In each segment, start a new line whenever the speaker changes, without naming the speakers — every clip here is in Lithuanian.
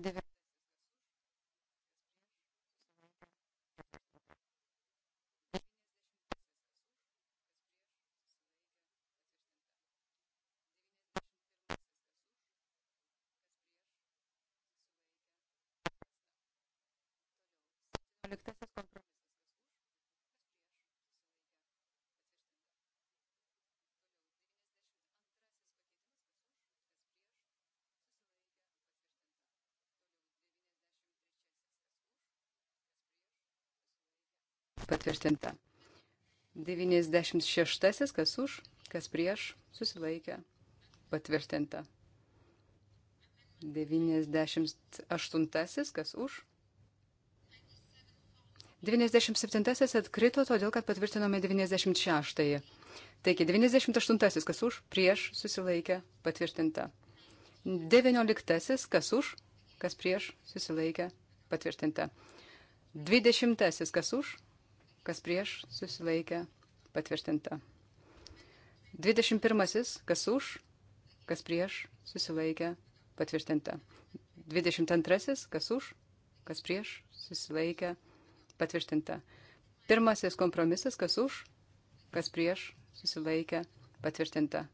Deve Liktasis patvirtinta. 96. Kas už, kas prieš, susilaikė, patvirtinta. 98. Kas už. 97 atkrito, todėl kad patvirtinome 96. -ąjį. Taigi 98 kas už, prieš susilaikė, patvirtinta. 19 kas už, kas prieš susilaikė, patvirtinta. 20 kas už, kas prieš, susilaikė, patvirtinta. 21. Kas už, kas prieš, susilaikė, patvirtinta. 22. Kas už, kas prieš, susilaikė, patvirtinta. Pirmasis kompromisas, kas už, kas prieš, susilaikė, patvirtinta.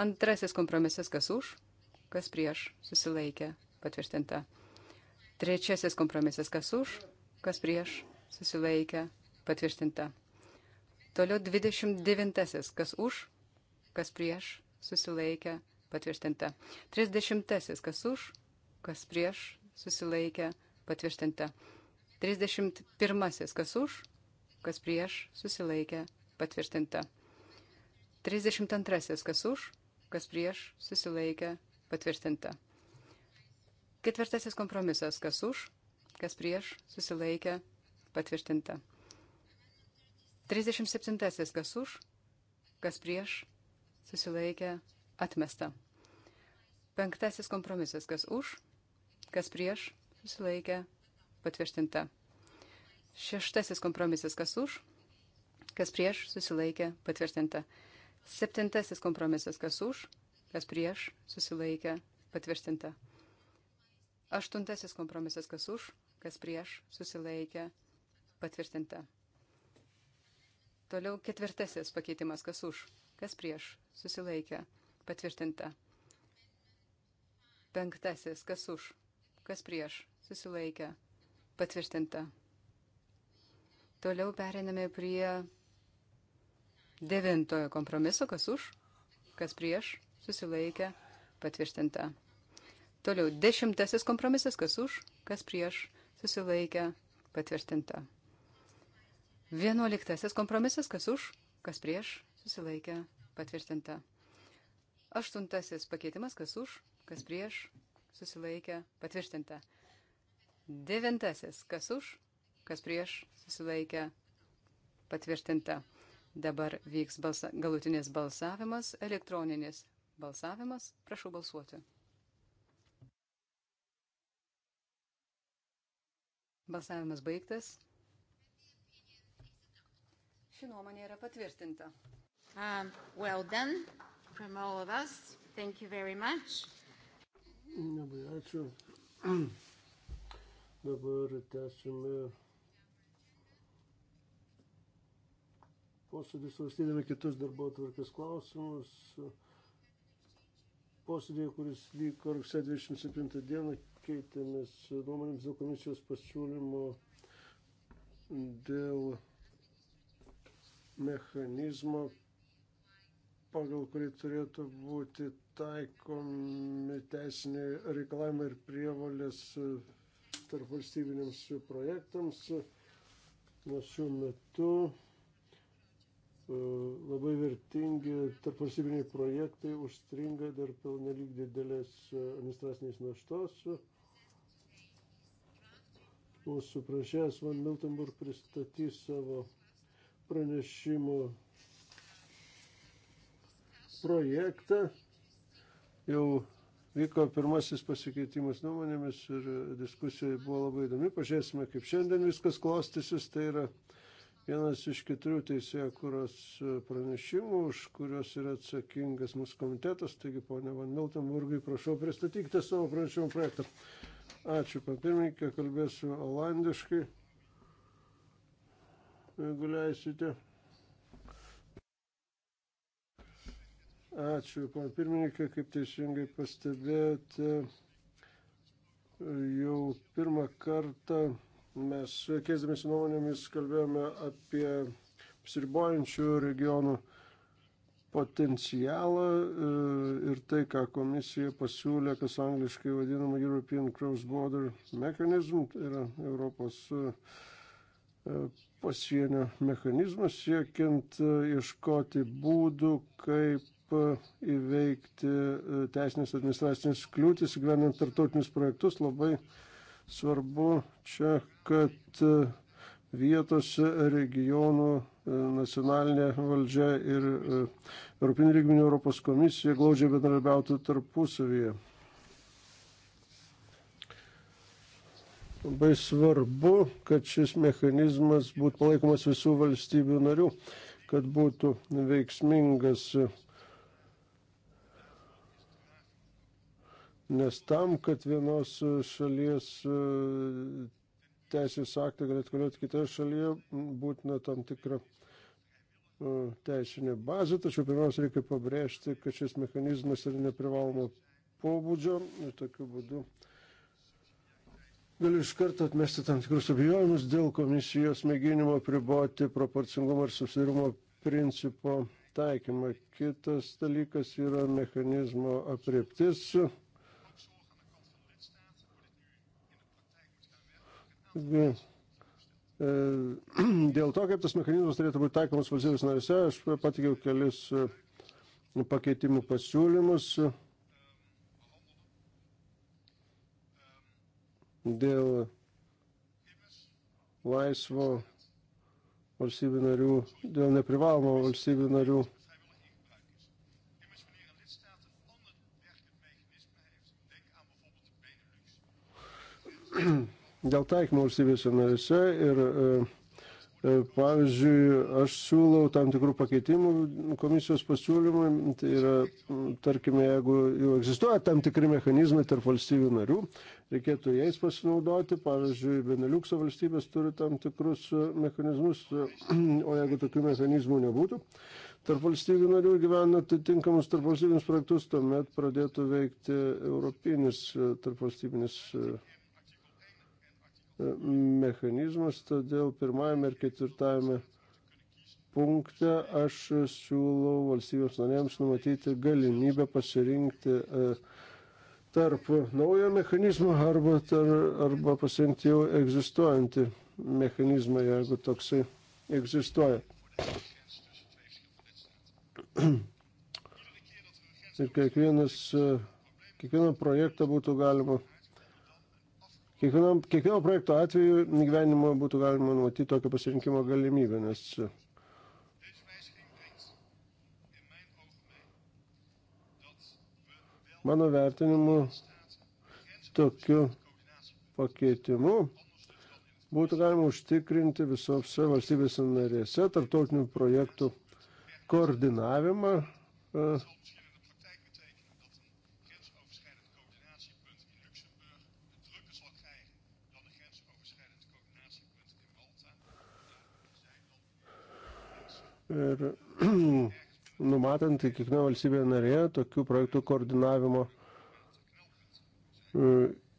Antrasis kompromisas, kas už, kas prieš, susilaikė, patvirtinta. Trečiasis kompromisas, kas už, kas prieš, susilaikė, patvirtinta. Toliau 29. Kas už, kas prieš, susilaikė, patvirtinta. 30. Kas už, kas prieš, susilaikė, patvirtinta. 31. Kas už, kas prieš, susilaikė, patvirtinta. 32. Kas už, kas prieš, susilaikė, patvirtinta. Ketvirtasis kompromisas. Kas už, kas prieš, susilaikė, patvirtinta. 37. Kas už, kas prieš, susilaikė, atmesta. Penktasis kompromisas. Kas už, kas prieš, susilaikė, patvirtinta. Šeštasis kompromisas. Kas už, kas prieš, susilaikė, patvirtinta. Septintasis kompromisas. Kas už, kas prieš, susilaikė, patvirtinta. Aštuntasis kompromisas. Kas už, kas prieš, susilaikė, patvirtinta. Toliau ketvirtasis pakeitimas, kas už, kas prieš, susilaikė, patvirtinta. Penktasis, kas už, kas prieš, susilaikė, patvirtinta. Toliau periname prie devintojo kompromiso, kas už, kas prieš, susilaikė, patvirtinta. Toliau dešimtasis kompromisas, kas už, kas prieš, susilaikė, patvirtinta. Vienuoliktasis kompromisas, kas už, kas prieš, susilaikė, patvirtinta. Aštuntasis pakeitimas, kas už, kas prieš, susilaikė, patvirtinta. Devintasis, kas už, kas prieš, susilaikė, patvirtinta. Dabar vyks balsa, galutinis balsavimas, elektroninis balsavimas, prašau balsuoti. Balsavimas baigtas. Ši nuomonė yra patvirtinta. Um, well done from all of us. Thank you very much.
Labai ačiū. Dabar tęsime posėdį svarstydami kitus darbo atvarkės klausimus. Posėdį, kuris vyko rugsėjo 27 dieną, keitėmės nuomonėms dėl komisijos pasiūlymo dėl mechanizmo, pagal kurį turėtų būti taikomi teisiniai reikalavimai ir prievalės tarp valstybinėms projektams. Nuo šių metų e, labai vertingi tarp valstybiniai projektai užstringa dar pilnelyg didelės administracinės naštos. Mūsų prašėjas Van Miltenburg pristatys savo pranešimo projektą. Jau vyko pirmasis pasikeitimas nuomonėmis ir diskusija buvo labai įdomi. Pažiūrėsime, kaip šiandien viskas klostysis. Tai yra vienas iš keturių teisėjų, kurios pranešimų, už kuriuos yra atsakingas mūsų komitetas. Taigi, ponia Van Miltenburgai, prašau, pristatykite savo pranešimų projektą. Ačiū, papirminkė, kalbėsiu olandiškai jeigu leisite. Ačiū, pan pirmininkai, kaip teisingai pastebėjote, jau pirmą kartą mes keisdamės nuomonėmis kalbėjome apie apsiribojančių regionų potencialą e, ir tai, ką komisija pasiūlė, kas angliškai vadinama European Cross Border Mechanism, tai yra Europos e, pasienio mechanizmas, siekiant e, ieškoti būdų, kaip e, įveikti e, teisinės administracinės kliūtis, gyvenant tartautinius projektus. Labai svarbu čia, kad vietos regionų nacionalinė valdžia ir Europinė lygmenių Europos komisija glaudžiai bendradarbiautų tarpusavyje. Labai svarbu, kad šis mechanizmas būtų laikomas visų valstybių narių, kad būtų veiksmingas Nes tam, kad vienos šalies e, teisės aktai galėtų galioti kitoje šalyje, būtina tam tikra e, teisinė bazė. Tačiau pirmiausia, reikia pabrėžti, kad šis mechanizmas yra neprivalomo pobūdžio ir tokiu būdu Galiu iš karto atmesti tam tikrus abejojimus dėl komisijos mėginimo priboti proporcingumo ir susidarimo principo taikymą. Kitas dalykas yra mechanizmo apriptis. E, dėl to, kaip tas mechanizmas turėtų būti taikomas valstybės narėse, aš patikiau kelis e, pakeitimų pasiūlymus. dėl laisvo valstybių narių, dėl neprivalomo valstybių narių. Dėl taikymo valstybėse narėse ir e, e, pavyzdžiui, aš siūlau tam tikrų pakeitimų komisijos pasiūlymui, tai yra, tarkime, jeigu jau egzistuoja tam tikri mechanizmai tarp valstybių narių, reikėtų jais pasinaudoti. Pavyzdžiui, Beneliukso valstybės turi tam tikrus e, mechanizmus, e, o jeigu tokių mechanizmų nebūtų, tarp valstybių narių gyvenant atitinkamus tarp valstybinius projektus, tuomet pradėtų veikti europinis e, tarp valstybinis mechanizmas, todėl pirmajame ir ketvirtajame punkte aš siūlau valstybės narėms numatyti galimybę pasirinkti uh, tarp naujo mechanizmo arba, tar, arba pasirinkti jau egzistuojantį mechanizmą, jeigu toksai egzistuoja. Ir kiekvienas, kiekvieną projektą būtų galima, kiekvieno, kiekvieno projekto atveju gyvenimo būtų galima numatyti tokią pasirinkimo galimybę, nes Mano vertinimu, tokiu pakeitimu būtų galima užtikrinti visose valstybėse narėse tarptautinių projektų koordinavimą. E, ir numatant tai kiekvieną valstybę narėje tokių projektų koordinavimo e,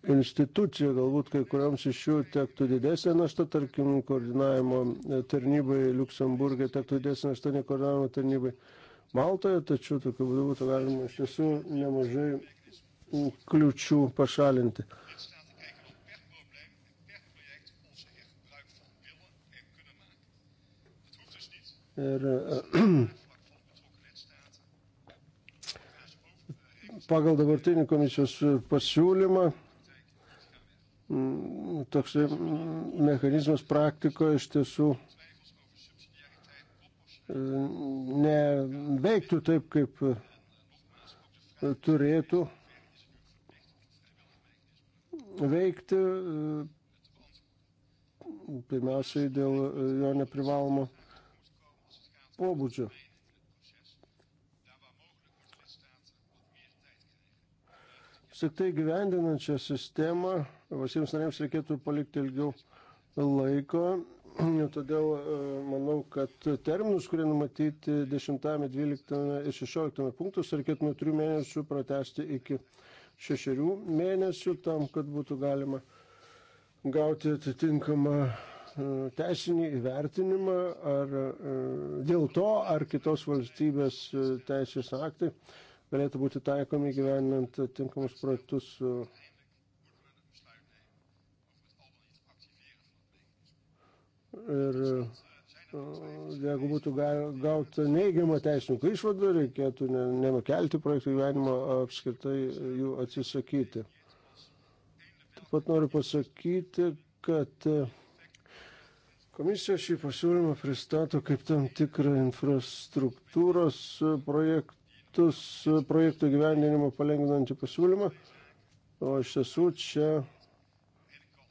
institucijų, galbūt kai kuriams iš jų tektų didesnė našta, tarkim, koordinavimo e, tarnybai Luksemburgė tektų didesnė našta nei koordinavimo tarnybai Maltoje, tačiau tokiu būdu būtų galima iš tiesų nemažai kliučių pašalinti. Ir e, pagal dabartinį komisijos pasiūlymą mm, toks mm, mechanizmas praktikoje iš tiesų mm, neveiktų taip, kaip e, turėtų veikti, e, pirmiausiai dėl e, jo neprivalomo pobūdžio. Tik tai gyvendinančią sistemą valstybėms narėms reikėtų palikti ilgiau laiko, todėl e, manau, kad terminus, kurie numatyti 10, 12 ir 16 punktus, reikėtų nuo 3 mėnesių pratesti iki 6 mėnesių tam, kad būtų galima gauti atitinkamą e, teisinį įvertinimą ar e, dėl to, ar kitos valstybės teisės aktai galėtų būti taikomi gyvenant tinkamus projektus. E, ir e, jeigu būtų gauta neigiama teisininkų išvada, reikėtų nenukelti projektų gyvenimo, apskritai jų atsisakyti. Taip pat noriu pasakyti, kad e, Komisija šį pasiūlymą pristato kaip tam tikrą infrastruktūros projektą metus e, projektų gyvendinimo palengvinantį pasiūlymą. O iš tiesų čia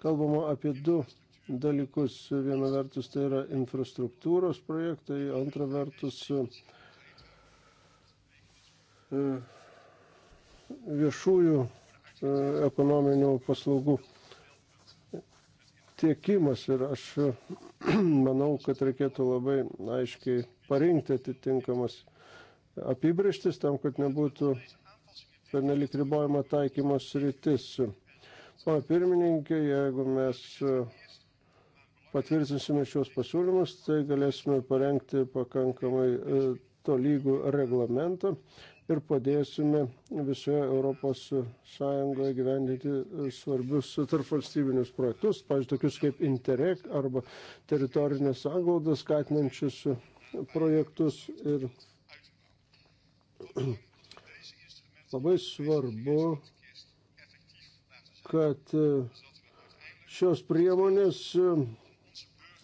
kalbama apie du dalykus. Viena vertus tai yra infrastruktūros projektai, antra vertus e, viešųjų e, ekonominių paslaugų tiekimas ir aš manau, kad reikėtų labai aiškiai parinkti atitinkamas apibrištis tam, kad nebūtų pernelik ribojama taikymos rytis. O pirmininkė, jeigu mes e, patvirtinsime šios pasiūlymus, tai galėsime parengti pakankamai e, tolygų reglamentą ir padėsime visoje Europos Sąjungoje gyvendinti e, svarbius tarpvalstybinius projektus, pavyzdžiui, tokius kaip Interreg arba teritorinės sąglaudas skatinančius projektus ir Labai svarbu, kad e, šios priemonės e,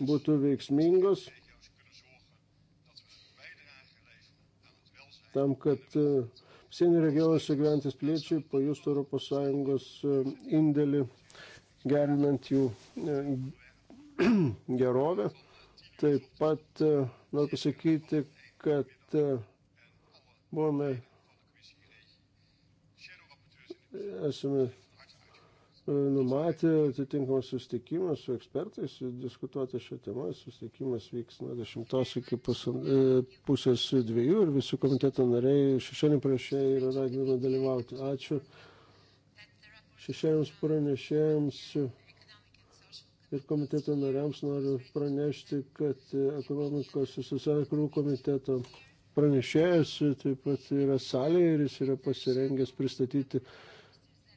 būtų veiksmingos tam, kad e, sienio regionuose gyventis pliečiai pajustų ES indėlį gerinant jų gerovę. Taip pat noriu pasakyti, kad Buvome, esame e, numatė atitinkamą susitikimą su ekspertais, diskutuoti šią temą. Susitikimas vyks nuo 10 iki e, pusės dviejų ir visi komiteto nariai šešėlį pranešėjai yra raginami dalyvauti. Ačiū šešėliams pranešėjams ir komiteto nariams noriu pranešti, kad ekonomikos ir socialinių komiteto pranešėjas taip pat yra salėje ir jis yra pasirengęs pristatyti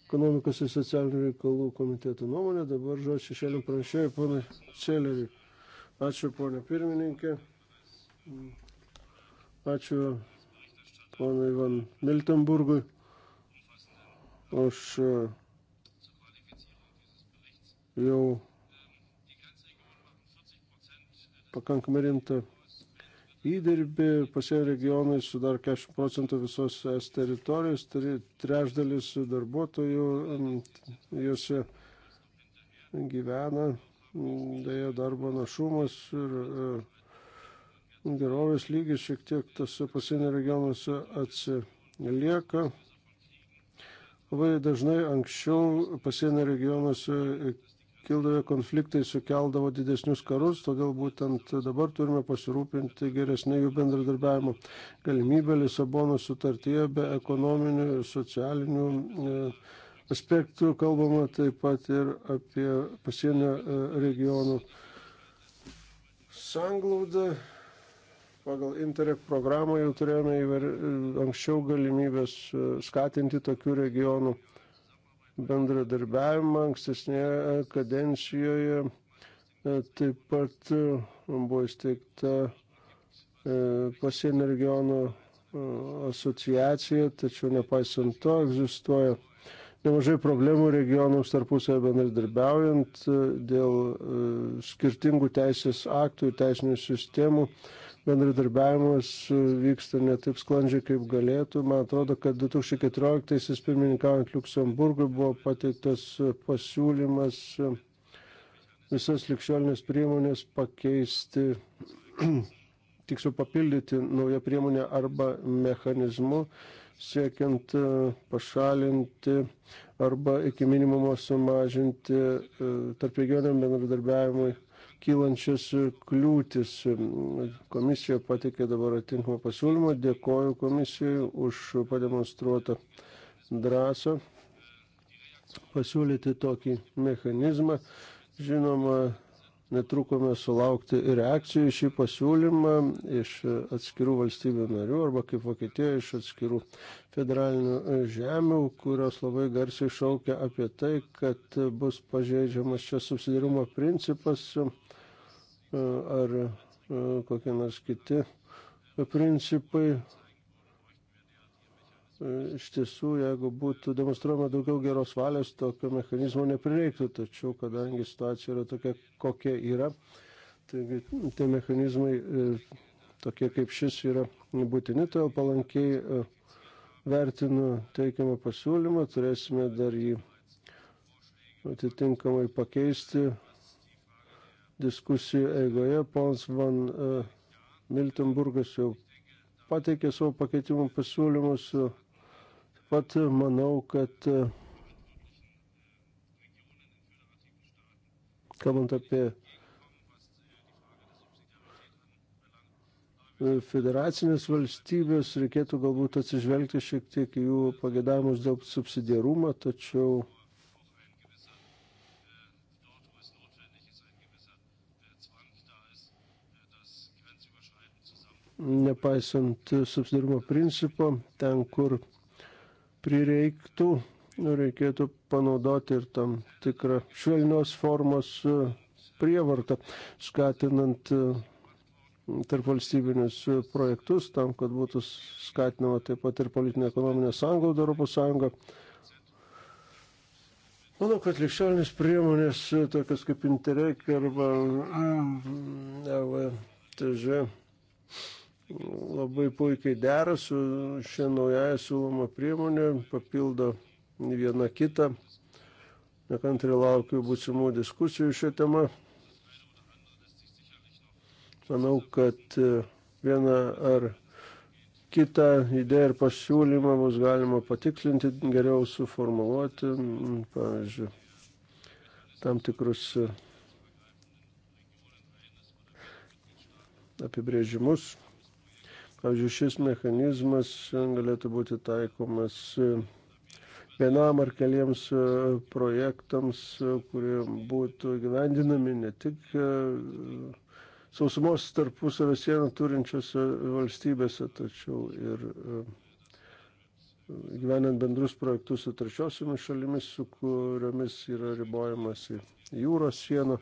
ekonomikos ir socialinių reikalų komiteto nuomonę. Dabar žodžiu šešėliam pranešėjai, ponai Celeriui. Ačiū, ponia pirmininkė. Ačiū, ponai Van Miltenburgui, už uh, jau pakankamai rimtą įdirbį, pasienio regionai sudar 40 procentų visos es teritorijos, trečdalis darbuotojų mm, juose gyvena, dėja mm, darbo našumas ir e, gerovės lygis šiek tiek tose pasienio regionuose atsilieka. Labai dažnai anksčiau pasienio regionuose kildavę konfliktai sukeldavo didesnius karus, todėl būtent dabar turime pasirūpinti geresnė jų bendradarbiavimo galimybė Lisabono sutartyje be ekonominių ir socialinių e, aspektų kalbama taip pat ir apie pasienio e, regionų sanglaudą pagal Interreg programą jau turėjome įvair, anksčiau galimybės e, skatinti tokių regionų bendradarbiavimą ankstesnėje kadencijoje. E, taip pat e, buvo įsteigta e, pasienio regionų asociacija, tačiau nepaisant to egzistuoja nemažai problemų regionams tarpusavio bendradarbiaujant dėl skirtingų teisės aktų ir teisinių sistemų bendradarbiavimas vyksta ne taip sklandžiai, kaip galėtų. Man atrodo, kad 2014-aisiais pirmininkaujant Luksemburgui buvo pateiktas pasiūlymas visas likščiolinės priemonės pakeisti, tiksliau papildyti naują priemonę arba mechanizmu, siekiant e, pašalinti arba iki minimumo sumažinti e, tarp regioniam bendradarbiavimui kylančias kliūtis. Komisija patikė dabar atinkamą pasiūlymą. Dėkoju komisijai už pademonstruotą drąsą pasiūlyti tokį mechanizmą. Žinoma, netrukome sulaukti reakcijų šį pasiūlymą iš atskirų valstybių narių arba kaip Vokietija iš atskirų federalinių žemių, kurios labai garsiai šaukia apie tai, kad bus pažeidžiamas čia subsidirumo principas e, ar e, kokie nors kiti principai iš tiesų, jeigu būtų demonstruojama daugiau geros valios, tokio mechanizmo neprireiktų, tačiau kadangi situacija yra tokia, kokia yra, taigi tie mechanizmai e, tokie kaip šis yra būtini, todėl tai palankiai e, vertinu teikiamą pasiūlymą, turėsime dar jį atitinkamai pakeisti diskusijų eigoje. Pons van e, Miltenburgas jau pateikė savo pakeitimų pasiūlymus. Uh, pat manau, kad e, kalbant apie e, federacinės valstybės, reikėtų galbūt atsižvelgti šiek tiek jų pagėdavimus dėl subsidiarumo, tačiau nepaisant subsidiarumo principo, ten, kur prireiktų, reikėtų panaudoti ir tam tikrą švelnios formos e, prievartą, skatinant e, tarp valstybinius e, projektus, tam, kad būtų skatinama taip pat ir politinė ekonominė sąngauda Europos Sąjunga. Manau, kad likščionis priemonės, tokias kaip Interreg arba LTŽ, labai puikiai dera su šią naująją siūlomą priemonę, papildo vieną kitą. Nekantri laukiu būsimų diskusijų šią temą. Manau, kad e, vieną ar kitą idėją ir pasiūlymą bus galima patikslinti, geriau suformuoluoti, pavyzdžiui, tam tikrus e, apibrėžimus Pavyzdžiui, šis mechanizmas galėtų būti taikomas vienam ar keliems e, projektams, e, kurie būtų gyvendinami ne tik e, sausumos tarpusavę sieną turinčiose valstybėse, tačiau ir gyvenant bendrus projektus su trečiosiomis šalimis, su kuriomis yra ribojamas jūros siena.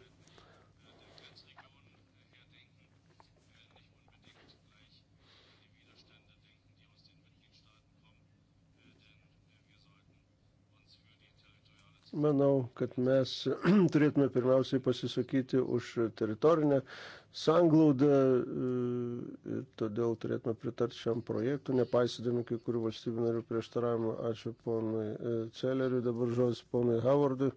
manau, kad mes turėtume pirmiausiai pasisakyti už teritorinę sanglaudą, e, todėl turėtume pritarti šiam projektui, nepaisydami kai kurių valstybių narių prieštaravimų. Ačiū ponui e, Celeriui, dabar žodis ponui Howardui.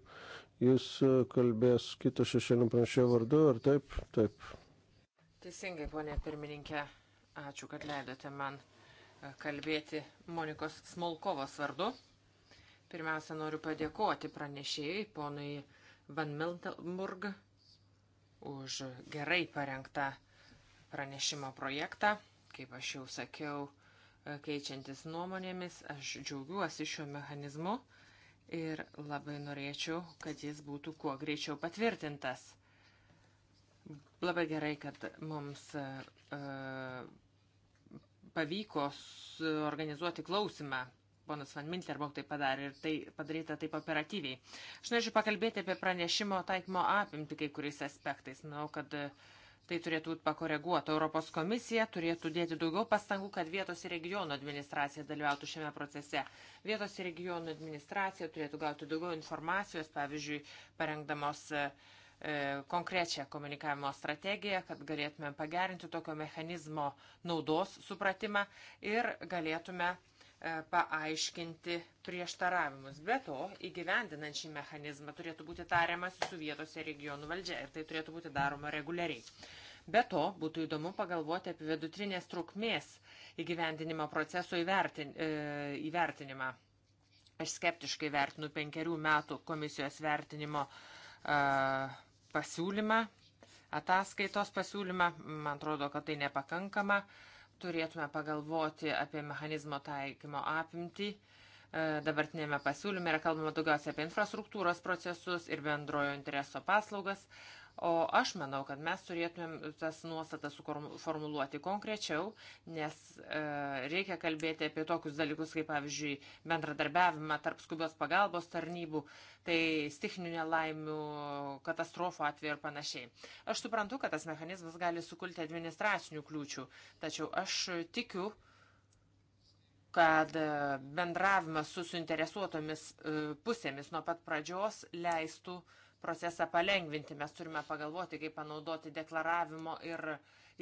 Jis e, kalbės kito šešėlį pranešėjo vardu, ar taip? Taip.
Teisingai, ponė pirmininkė, ačiū, kad leidote man kalbėti Monikos Smolkovos vardu. Pirmiausia, noriu padėkoti pranešėjai ponui Van Miltenburg už gerai parengtą pranešimo projektą. Kaip aš jau sakiau, keičiantis nuomonėmis, aš džiaugiuosi šiuo mechanizmu ir labai norėčiau, kad jis būtų kuo greičiau patvirtintas. Labai gerai, kad mums uh, pavyko organizuoti klausimą ponas Van Mintlerbauk tai padarė ir tai padaryta taip operatyviai. Aš norėčiau pakalbėti apie pranešimo taikymo apimti kai kuriais aspektais. Manau, kad e, tai turėtų būti pakoreguota. Europos komisija turėtų dėti daugiau pastangų, kad vietos ir regiono administracija dalyvautų šiame procese. Vietos ir regiono administracija turėtų gauti daugiau informacijos, pavyzdžiui, parengdamos e, e, konkrečią komunikavimo strategiją, kad galėtume pagerinti tokio mechanizmo naudos supratimą ir galėtume E, paaiškinti prieštaravimus. Be to, įgyvendinant šį mechanizmą turėtų būti tariamas su vietos ir regionų valdžia ir tai turėtų būti daroma reguliariai. Be to, būtų įdomu pagalvoti apie vidutinės trukmės įgyvendinimo proceso įvertin, e, įvertinimą. Aš skeptiškai vertinu penkerių metų komisijos vertinimo e, pasiūlymą, ataskaitos pasiūlymą. Man atrodo, kad tai nepakankama. E, turėtume pagalvoti apie mechanizmo taikymo apimtį. E, Dabartinėme pasiūlyme yra kalbama daugiausia apie infrastruktūros procesus ir bendrojo intereso paslaugas. O aš manau, kad mes turėtumėm tas nuostatas suformuluoti konkrečiau, nes e, reikia kalbėti apie tokius dalykus, kaip pavyzdžiui, bendradarbiavimą tarp skubios pagalbos tarnybų, tai stichinių nelaimių, katastrofų atveju ir panašiai. Aš suprantu, kad tas mechanizmas gali sukulti administracinių kliūčių, tačiau aš tikiu, kad e, bendravimas su suinteresuotomis e, pusėmis nuo pat pradžios leistų uh, procesą palengvinti. Mes turime pagalvoti, kaip panaudoti deklaravimo ir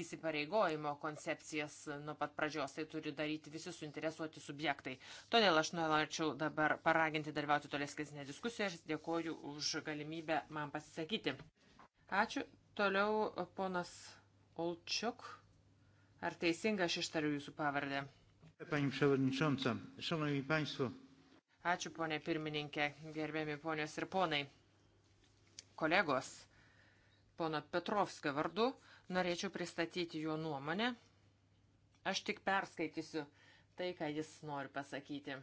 įsipareigojimo koncepcijas nuo pat pradžios. Tai turi daryti visi suinteresuoti subjektai. Todėl aš norėčiau dabar paraginti dalyvauti tolesnėse diskusijose. Dėkoju už galimybę man pasisakyti. Ačiū. Toliau ponas Olčiuk. Ar teisinga aš ištariu jūsų pavardę?
Pani Przewodnicząca, Szanowni Państwo.
Ačiū, ponė pirmininkė, gerbiami ponios ir ponai kolegos pono Petrovskio vardu, norėčiau pristatyti jo nuomonę. Aš tik perskaitysiu tai, ką jis nori pasakyti.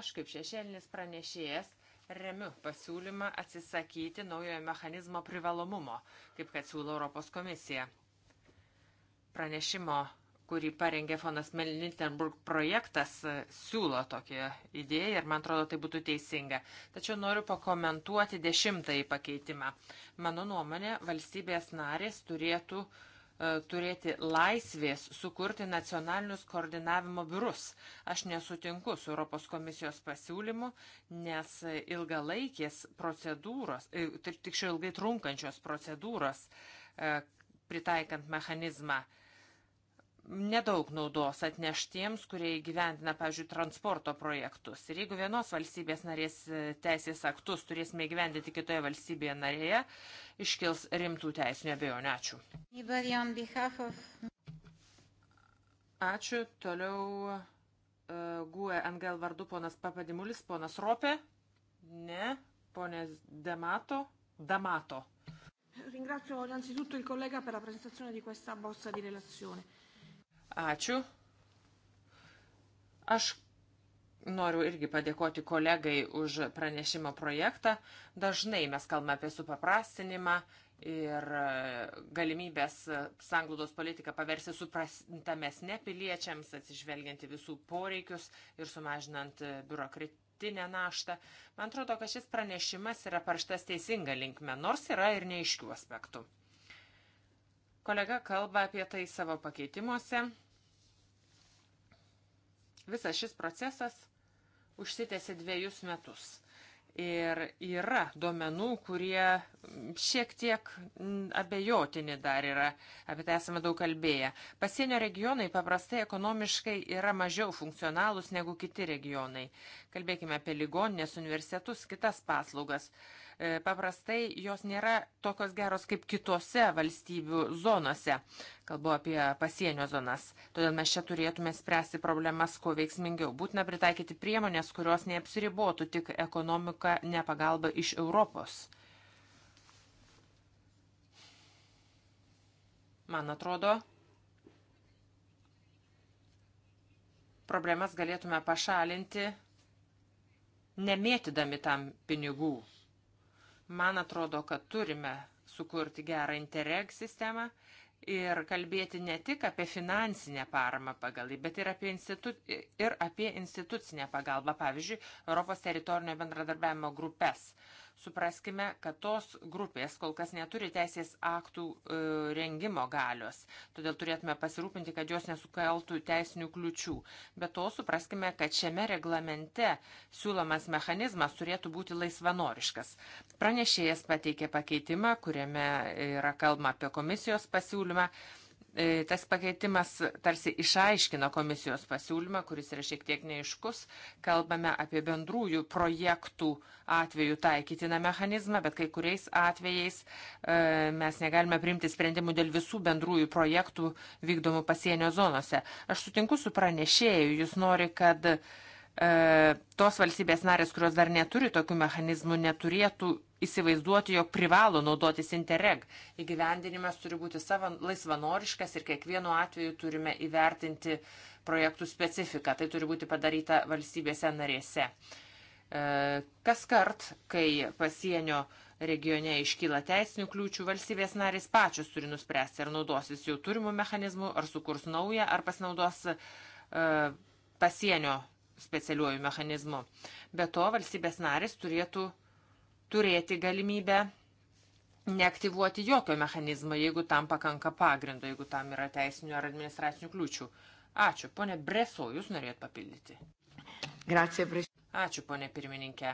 Aš kaip šešėlinis pranešėjas remiu pasiūlymą atsisakyti naujojo mechanizmo privalomumo, kaip kad siūlo Europos komisija. Pranešimo kurį parengė fonas Melnitenburg projektas, e, siūlo tokią idėją ir man atrodo tai būtų teisinga. Tačiau noriu pakomentuoti dešimtąjį pakeitimą. Mano nuomonė, valstybės narės turėtų uh, turėti laisvės sukurti nacionalinius koordinavimo biurus. Aš nesutinku su Europos komisijos pasiūlymu, nes ilgalaikės procedūros, e, tik šio ilgai trunkančios procedūros pritaikant mechanizmą uh, nedaug naudos atneš tiems, kurie įgyvendina, pavyzdžiui, transporto projektus. Ir jeigu vienos valstybės narės e, teisės aktus turėsime įgyvendinti kitoje valstybėje narėje, iškils rimtų teisinių abejonių.
Ačiū.
Ačiū. Toliau uh, e, guė NGL vardu ponas Papadimulis, ponas Ropė. Ne, ponės Demato. Damato. Ringrazio innanzitutto il collega per la presentazione di questa bozza di relazione. Ačiū. Aš noriu irgi padėkoti kolegai už pranešimo projektą. Dažnai mes kalbame apie supaprastinimą ir e, galimybės e, sanglaudos politiką paversti suprantamesnė piliečiams, atsižvelgianti visų poreikius ir sumažinant e, biurokratiją nuolatinę naštą. Man atrodo, kad šis pranešimas yra parštas teisinga linkme, nors yra ir neiškių aspektų. Kolega kalba apie tai savo pakeitimuose. Visas šis procesas užsitęsė dviejus metus. Ir yra duomenų, kurie šiek tiek abejotini dar yra, apie tai esame daug kalbėję. Pasienio regionai paprastai ekonomiškai yra mažiau funkcionalūs negu kiti regionai. Kalbėkime apie ligoninės, universitetus, kitas paslaugas. E, paprastai jos nėra tokios geros kaip kitose valstybių zonose. Kalbu apie pasienio zonas. Todėl mes čia turėtume spręsti problemas kuo veiksmingiau. Būtina pritaikyti priemonės, kurios neapsiribotų tik ekonomiką, ne pagalba iš Europos. Man atrodo, problemas galėtume pašalinti, nemėtydami tam pinigų. Man atrodo, kad turime sukurti gerą Interreg sistemą ir kalbėti ne tik apie finansinę paramą pagal jį, bet ir apie, institu ir apie institucinę pagalbą, pavyzdžiui, Europos teritorinio bendradarbiavimo grupės. Uh, Supraskime, kad tos grupės kol kas neturi teisės aktų e, rengimo galios, todėl turėtume pasirūpinti, kad jos nesukeltų teisinių kliučių. Be to, supraskime, kad šiame reglamente siūlomas mechanizmas turėtų būti laisvanoriškas. Pranešėjas pateikė pakeitimą, kuriame yra kalba apie komisijos pasiūlymą. E, E, tas pakeitimas tarsi išaiškina komisijos pasiūlymą, kuris yra šiek tiek neiškus. Kalbame apie bendrųjų projektų atvejų taikytiną mechanizmą, bet kai kuriais atvejais e, mes negalime priimti sprendimų dėl visų bendrųjų projektų vykdomų pasienio zonose. Aš sutinku su pranešėju, jis nori, kad E, tos valstybės narės, kurios dar neturi tokių mechanizmų, neturėtų įsivaizduoti, jog privalo naudotis Interreg. Įgyvendinimas turi būti savo laisvanoriškas ir kiekvienu atveju turime įvertinti projektų specifiką. Tai turi būti padaryta valstybėse narėse. E, kas kart, kai pasienio regione iškyla teisinių kliūčių, valstybės narės pačios turi nuspręsti, ar naudosis jau turimų mechanizmų, ar sukurs naują, ar pasinaudos e, pasienio specialiuoju mechanizmu. Be to, valstybės narės turėtų turėti galimybę neaktyvuoti jokio mechanizmo, jeigu tam pakanka pagrindo, jeigu tam yra teisinių ar administracinių kliūčių. Ačiū, ponė Breso, jūs norėjot papildyti. Grazie, Breso. Ačiū, ponė pirmininkė.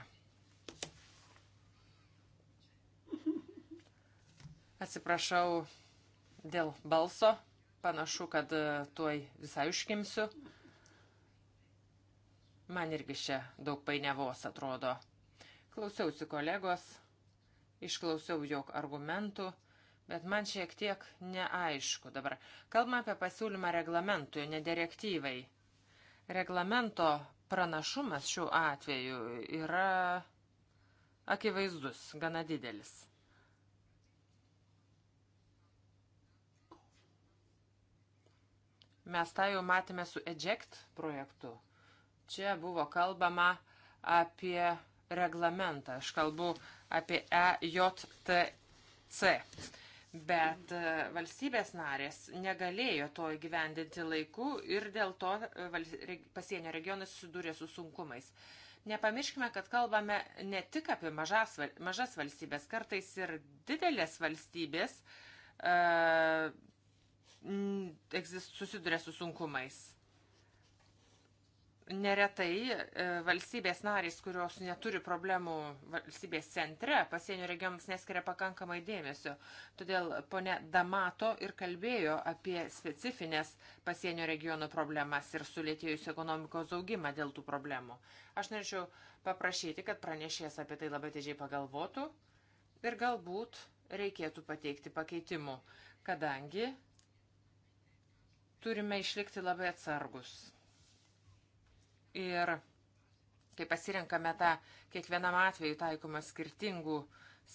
Atsiprašau dėl balso. Panašu, kad e, tuoj visai užkimsiu. Man irgi čia daug painiavos atrodo. Klausiausi kolegos, išklausiau jog argumentų, bet man šiek tiek neaišku dabar. Kalbame apie pasiūlymą reglamentui, ne direktyvai. Reglamento pranašumas šiuo atveju yra akivaizdus, gana didelis. Mes tą jau matėme su Eject projektu. Čia buvo kalbama apie reglamentą. Aš kalbu apie EJTC. Bet e, valstybės narės negalėjo to įgyvendinti laiku ir dėl to e, pasienio regionai susidūrė su sunkumais. Nepamirškime, kad kalbame ne tik apie mažas, mažas valstybės, kartais ir didelės valstybės uh, e, susiduria su sunkumais neretai e, valstybės narys, kurios neturi problemų valstybės centre, pasienio regionams neskiria pakankamai dėmesio. Todėl ponė Damato ir kalbėjo apie specifines pasienio regionų problemas ir sulėtėjus ekonomikos augimą dėl tų problemų. Aš norėčiau paprašyti, kad pranešės apie tai labai težiai pagalvotų ir galbūt reikėtų pateikti pakeitimų, kadangi turime išlikti labai atsargus Ir kai pasirenkame tą kiekvienam atveju taikomą skirtingų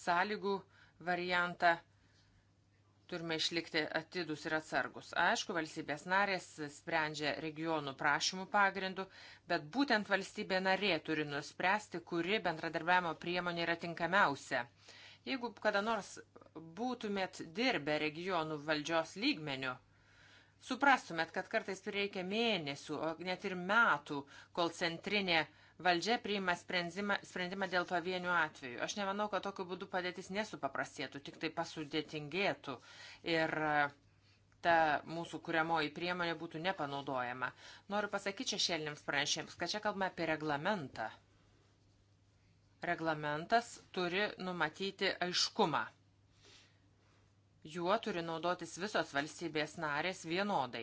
sąlygų variantą, turime išlikti atidus ir atsargus. Aišku, valstybės narės sprendžia regionų prašymų pagrindų, bet būtent valstybė narė turi nuspręsti, kuri bendradarbiavimo priemonė yra tinkamiausia. Jeigu kada nors būtumėt dirbę regionų valdžios lygmenių, suprastumėt, kad kartais prireikia mėnesių, o net ir metų, kol centrinė valdžia priima sprendimą, sprendimą dėl pavienių atvejų. Aš nemanau, kad tokiu būdu padėtis nesupaprastėtų, tik tai pasudėtingėtų. Ir e, ta mūsų kuriamoji priemonė būtų nepanaudojama. Noriu pasakyti šešėlinėms pranešėjams, kad čia kalbame apie reglamentą. Reglamentas turi numatyti aiškumą. Juo turi naudotis visos valstybės narės vienodai.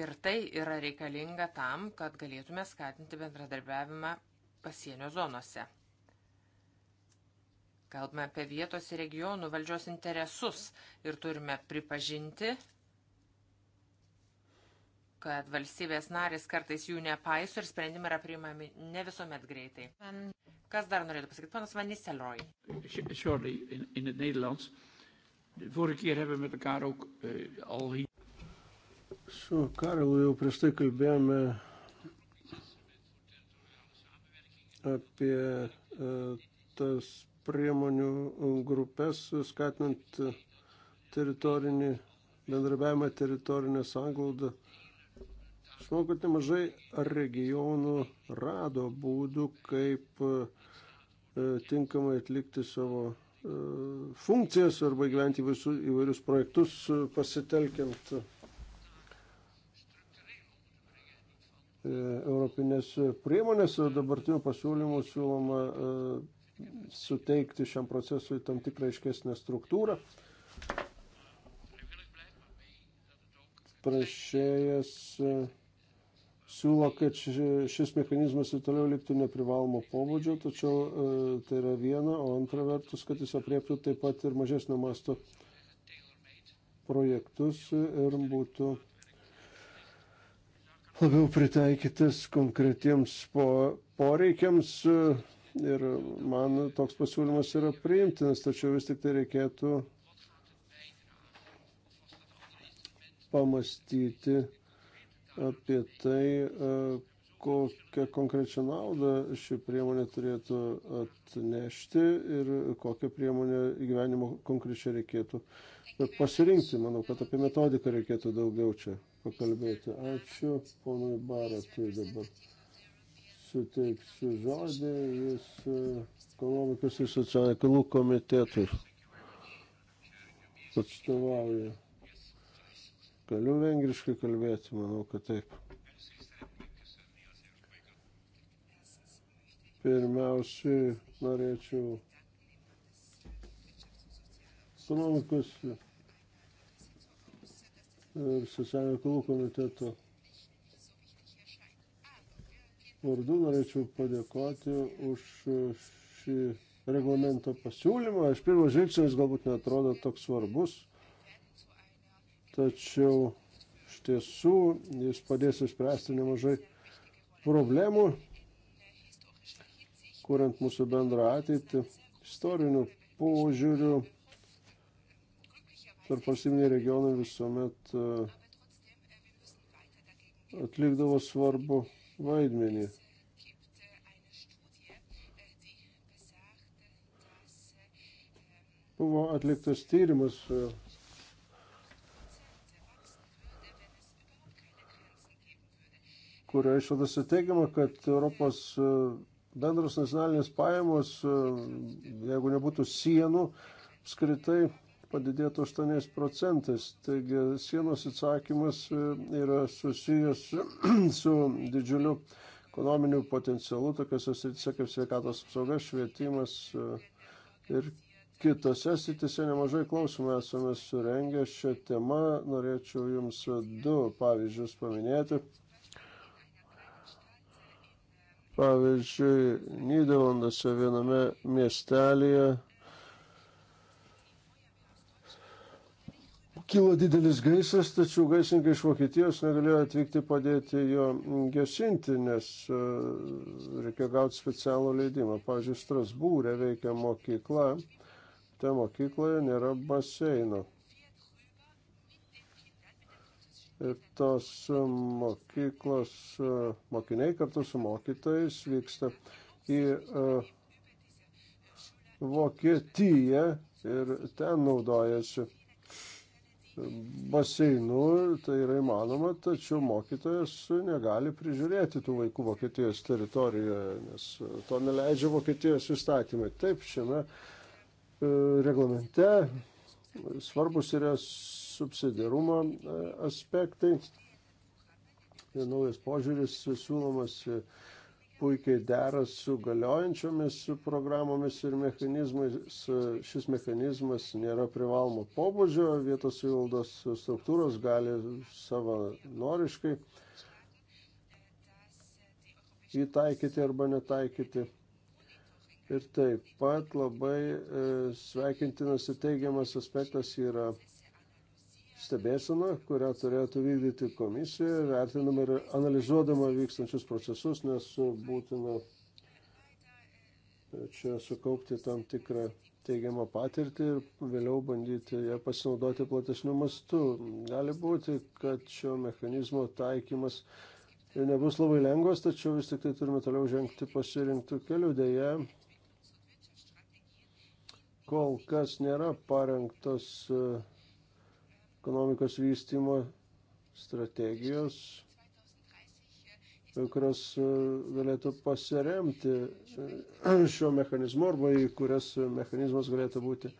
Ir tai yra reikalinga tam, kad galėtume skatinti bendradarbiavimą pasienio zonose. Kalbame apie vietos ir regionų valdžios interesus ir turime pripažinti, kad valstybės narės kartais jų nepaiso ir sprendimai yra priimami ne visuomet greitai. Kas dar norėtų pasakyti? Panas Vaniselroj.
Sorry, in, in het Nederlands. De vorige
keer hebben we met elkaar ook uh, al hier.
Su Karelu jau prieš tai kalbėjome apie uh, eh, tas priemonių eh, grupės, skatinant teritorinį bendrabiavimą, teritorinę sąglaudą. Aš manau, kad nemažai regionų rado būdų, kaip e, tinkamai atlikti savo e, funkcijas arba gyventi įvairius projektus e, pasitelkiant europinės priemonės. Dabartinių pasiūlymų siūloma suteikti šiam procesui tam tikrą aiškesnę struktūrą. Prašėjas siūlo, kad šis mechanizmas ir toliau liktų neprivalomo pobūdžio, tačiau e, tai yra viena, o antra vertus, kad jis apriektų taip pat ir mažesnio masto projektus ir būtų labiau pritaikytas konkretiems poreikiams. E, ir man toks pasiūlymas yra priimtinas, tačiau vis tik tai reikėtų pamastyti apie tai, e, kokią konkrečią naudą ši priemonė turėtų atnešti ir kokią priemonę gyvenimo konkrečiai reikėtų pasirinkti. Manau, kad apie metodiką reikėtų daugiau čia pakalbėti. Ačiū ponui Baratui dabar. Suteiksiu žodį jis e, ekonomikos ir socialinių reikalų komitetui atstovauja. Galiu vengriškai kalbėti, manau, kad taip. Pirmiausiai norėčiau ekonomikos ir socialinių kalų komiteto vardu norėčiau padėkoti už šį reglamento pasiūlymą. Iš pirmo žvilgsnio jis galbūt netrodo toks svarbus, tačiau iš tiesų jis padės išspręsti nemažai problemų, kuriant mūsų bendrą ateitį. Istorinių požiūrių tarp valstybiniai regionai visuomet e, atlikdavo svarbu vaidmenį. Buvo atliktas tyrimas, e, kurio išvadose teigiama, kad Europos e, bendros nacionalinės pajamos, e, jeigu nebūtų sienų, apskritai padidėtų 8 procentais. Taigi sienos atsakymas e, yra susijęs su didžiuliu ekonominiu potencialu, tokiuose srityse kaip sveikatos apsauga, švietimas ir kitose srityse nemažai klausimų esame surengę šią temą. Norėčiau Jums du pavyzdžius paminėti. Pavyzdžiui, Niderlanduose viename miestelėje kilo didelis gaisras, tačiau gaisrininkai iš Vokietijos negalėjo atvykti padėti jo gesinti, nes e, reikėjo gauti specialų leidimą. Pavyzdžiui, Strasbūrė veikia mokykla, ten mokykloje nėra baseino tos mokyklos mokiniai kartu su mokytojais vyksta į e, Vokietiją ir ten naudojasi baseinu, tai yra įmanoma, tačiau mokytojas negali prižiūrėti tų vaikų Vokietijos teritorijoje, nes to neleidžia Vokietijos įstatymai. Taip, šiame e, reglamente svarbus yra subsidiarumo e, aspektai. Ir naujas požiūris siūlomas e, puikiai dera su galiojančiomis programomis ir mechanizmais. E, šis mechanizmas nėra privalomo pobūdžio, vietos savivaldos struktūros gali savanoriškai jį taikyti arba netaikyti. Ir taip pat labai sveikintinas ir teigiamas aspektas yra stebėsena, kurią turėtų vykdyti komisija, vertinama ir analizuodama vykstančius procesus, nes būtina čia sukaupti tam tikrą teigiamą patirtį ir vėliau bandyti ją pasinaudoti platesniu mastu. Gali būti, kad šio mechanizmo taikymas nebus labai lengvas, tačiau vis tik tai turime toliau žengti pasirinktų kelių. Deja, kol kas nėra parengtos uh, ekonomikos vystymo strategijos, kurios e, galėtų pasiremti e, šio mechanizmu arba į kurias mechanizmas galėtų būti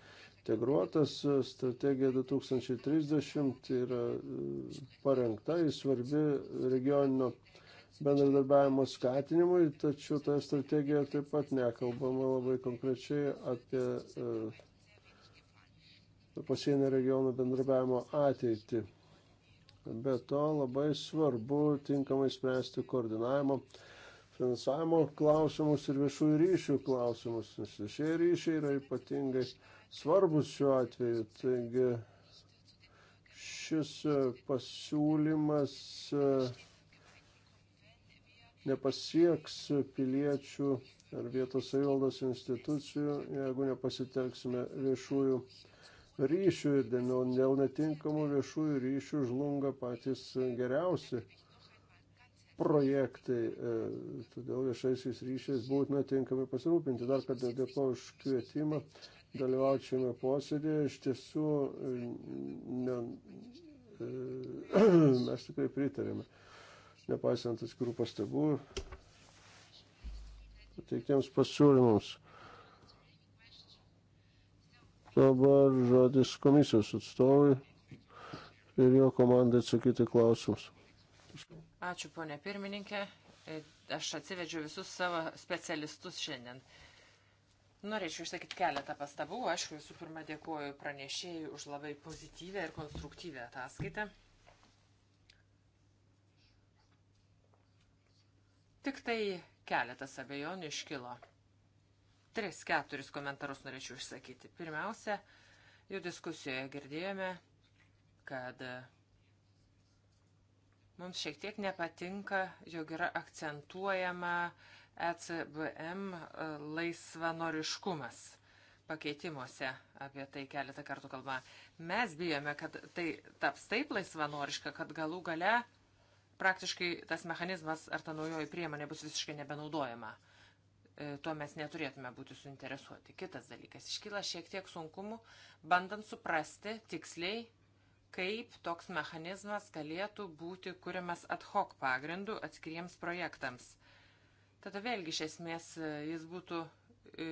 integruotas. Strategija 2030 yra e, parengta, jis svarbi regioninio bendradarbiavimo skatinimui, tačiau toje strategijoje taip pat nekalbama labai konkrečiai apie pasienio regionų bendrabiavimo ateitį. Be to labai svarbu tinkamai spręsti koordinavimo, finansavimo klausimus ir viešųjų ryšių klausimus, nes šie ryšiai yra ypatingai svarbus šiuo atveju. Taigi šis e, pasiūlymas e, nepasieks piliečių ar vietos savivaldos institucijų, jeigu nepasitelksime viešųjų ryšių ryšių ir dėl netinkamų viešųjų ryšių žlunga patys geriausi projektai. E, todėl viešaisiais ryšiais būtina tinkamai pasirūpinti. Dar kartą dėkoju už kvietimą dalyvauti šiame posėdėje. Iš tiesų, ne, mes tikrai pritarėme, nepaisant atskirų pastabų, pateiktiems pasiūlymams. Dabar žodis komisijos atstovui ir jo komandai atsakyti klausimus.
Ačiū, ponė pirmininkė. Aš atsivedžiu visus savo specialistus šiandien. Norėčiau išsakyti keletą pastabų. Aš visų pirma dėkuoju pranešėjai už labai pozityvę ir konstruktyvę ataskaitą. Tik tai keletas abejonių iškilo. Tris, keturis komentarus norėčiau išsakyti. Pirmiausia, jau diskusijoje girdėjome, kad e, mums šiek tiek nepatinka, jog yra akcentuojama ECBM e, laisvanoriškumas pakeitimuose apie tai keletą kartų kalba. Mes bijome, kad tai taps taip laisvanoriška, kad galų gale praktiškai tas mechanizmas ar ta naujoji priemonė bus visiškai nebenaudojama. Uh, E, Tuo mes neturėtume būti suinteresuoti. Kitas dalykas, iškyla šiek tiek sunkumų, bandant suprasti tiksliai, kaip toks mechanizmas galėtų būti kuriamas ad hoc pagrindu atskiriems projektams. Tada vėlgi iš esmės e, jis būtų e,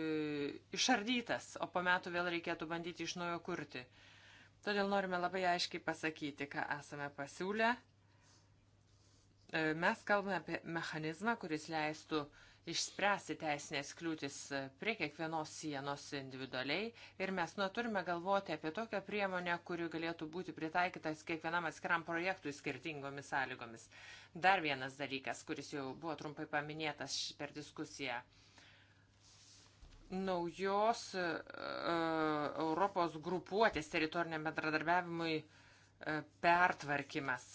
išardytas, o po metų vėl reikėtų bandyti iš naujo kurti. Todėl norime labai aiškiai pasakyti, ką esame pasiūlę. E, mes kalbame apie mechanizmą, kuris leistų e, išspręsti teisinės kliūtis e, prie kiekvienos sienos individualiai ir mes nu turime galvoti apie tokią priemonę, kuri galėtų būti pritaikytas kiekvienam atskiram projektui skirtingomis sąlygomis. Dar vienas dalykas, kuris jau buvo trumpai paminėtas per diskusiją. Naujos uh, Europos grupuotės teritoriniam bendradarbiavimui uh, pertvarkymas.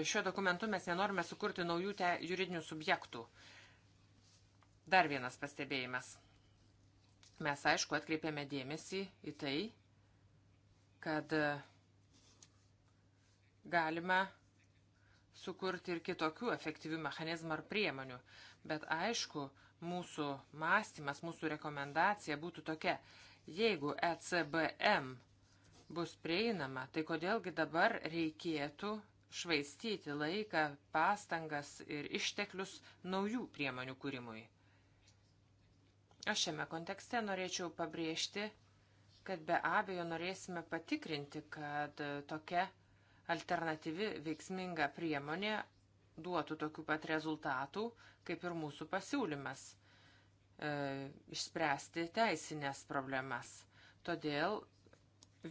Šiuo dokumentu mes nenorime sukurti naujų te, juridinių subjektų. Uh, Dar vienas pastebėjimas. Mes, aišku, atkreipėme dėmesį į tai, kad e, galima sukurti ir kitokių efektyvių mechanizmų ar priemonių. Bet aišku, mūsų mąstymas, mūsų rekomendacija būtų tokia, jeigu ECBM bus prieinama, tai kodėlgi dabar reikėtų švaistyti laiką, pastangas ir išteklius naujų priemonių kūrimui. Aš šiame kontekste norėčiau pabrėžti, kad be abejo norėsime patikrinti, kad tokia alternatyvi veiksminga priemonė duotų tokių pat rezultatų, kaip ir mūsų pasiūlymas e, išspręsti teisinės problemas. Todėl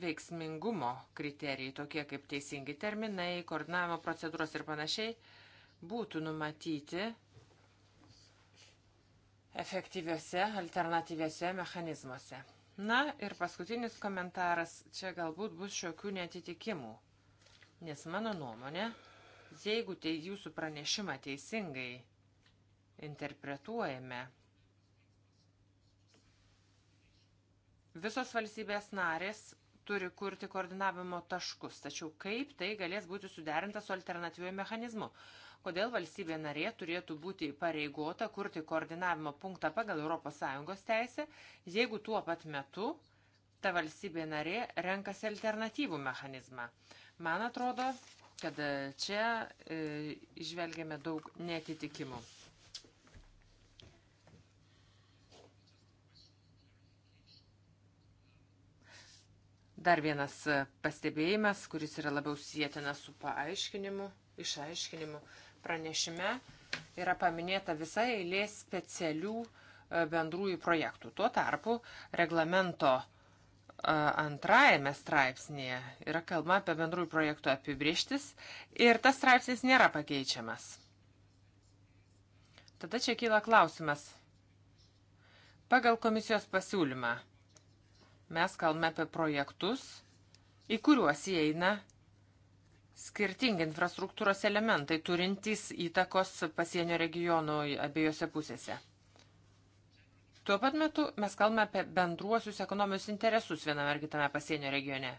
veiksmingumo kriterijai, tokie kaip teisingi terminai, koordinavimo procedūros ir panašiai, būtų numatyti efektyviuose alternatyviuose mechanizmuose. Na ir paskutinis komentaras, čia galbūt bus šiokių netitikimų, nes mano nuomonė, jeigu tai jūsų pranešimą teisingai interpretuojame, visos valstybės narės turi kurti koordinavimo taškus, tačiau kaip tai galės būti suderinta su alternatyviu mechanizmu kodėl valstybė narė turėtų būti pareigota kurti koordinavimo punktą pagal ES teisę, jeigu tuo pat metu ta valstybė narė renkasi alternatyvų mechanizmą. Man atrodo, kad čia e, išvelgiame daug netitikimų. Dar vienas pastebėjimas, kuris yra labiau sėtinas su paaiškinimu, išaiškinimu pranešime yra paminėta visa eilė specialių e, bendrųjų projektų. Tuo tarpu reglamento e, antrajame straipsnėje yra kalba apie bendrųjų projektų apibrieštis ir tas straipsnis nėra pakeičiamas. Tada čia kyla klausimas. Pagal komisijos pasiūlymą mes kalbame apie projektus, į kuriuos įeina skirtingi infrastruktūros elementai turintys įtakos pasienio regionui abiejose pusėse. Tuo pat metu mes kalbame apie bendruosius ekonomijos interesus viename ar kitame pasienio regione.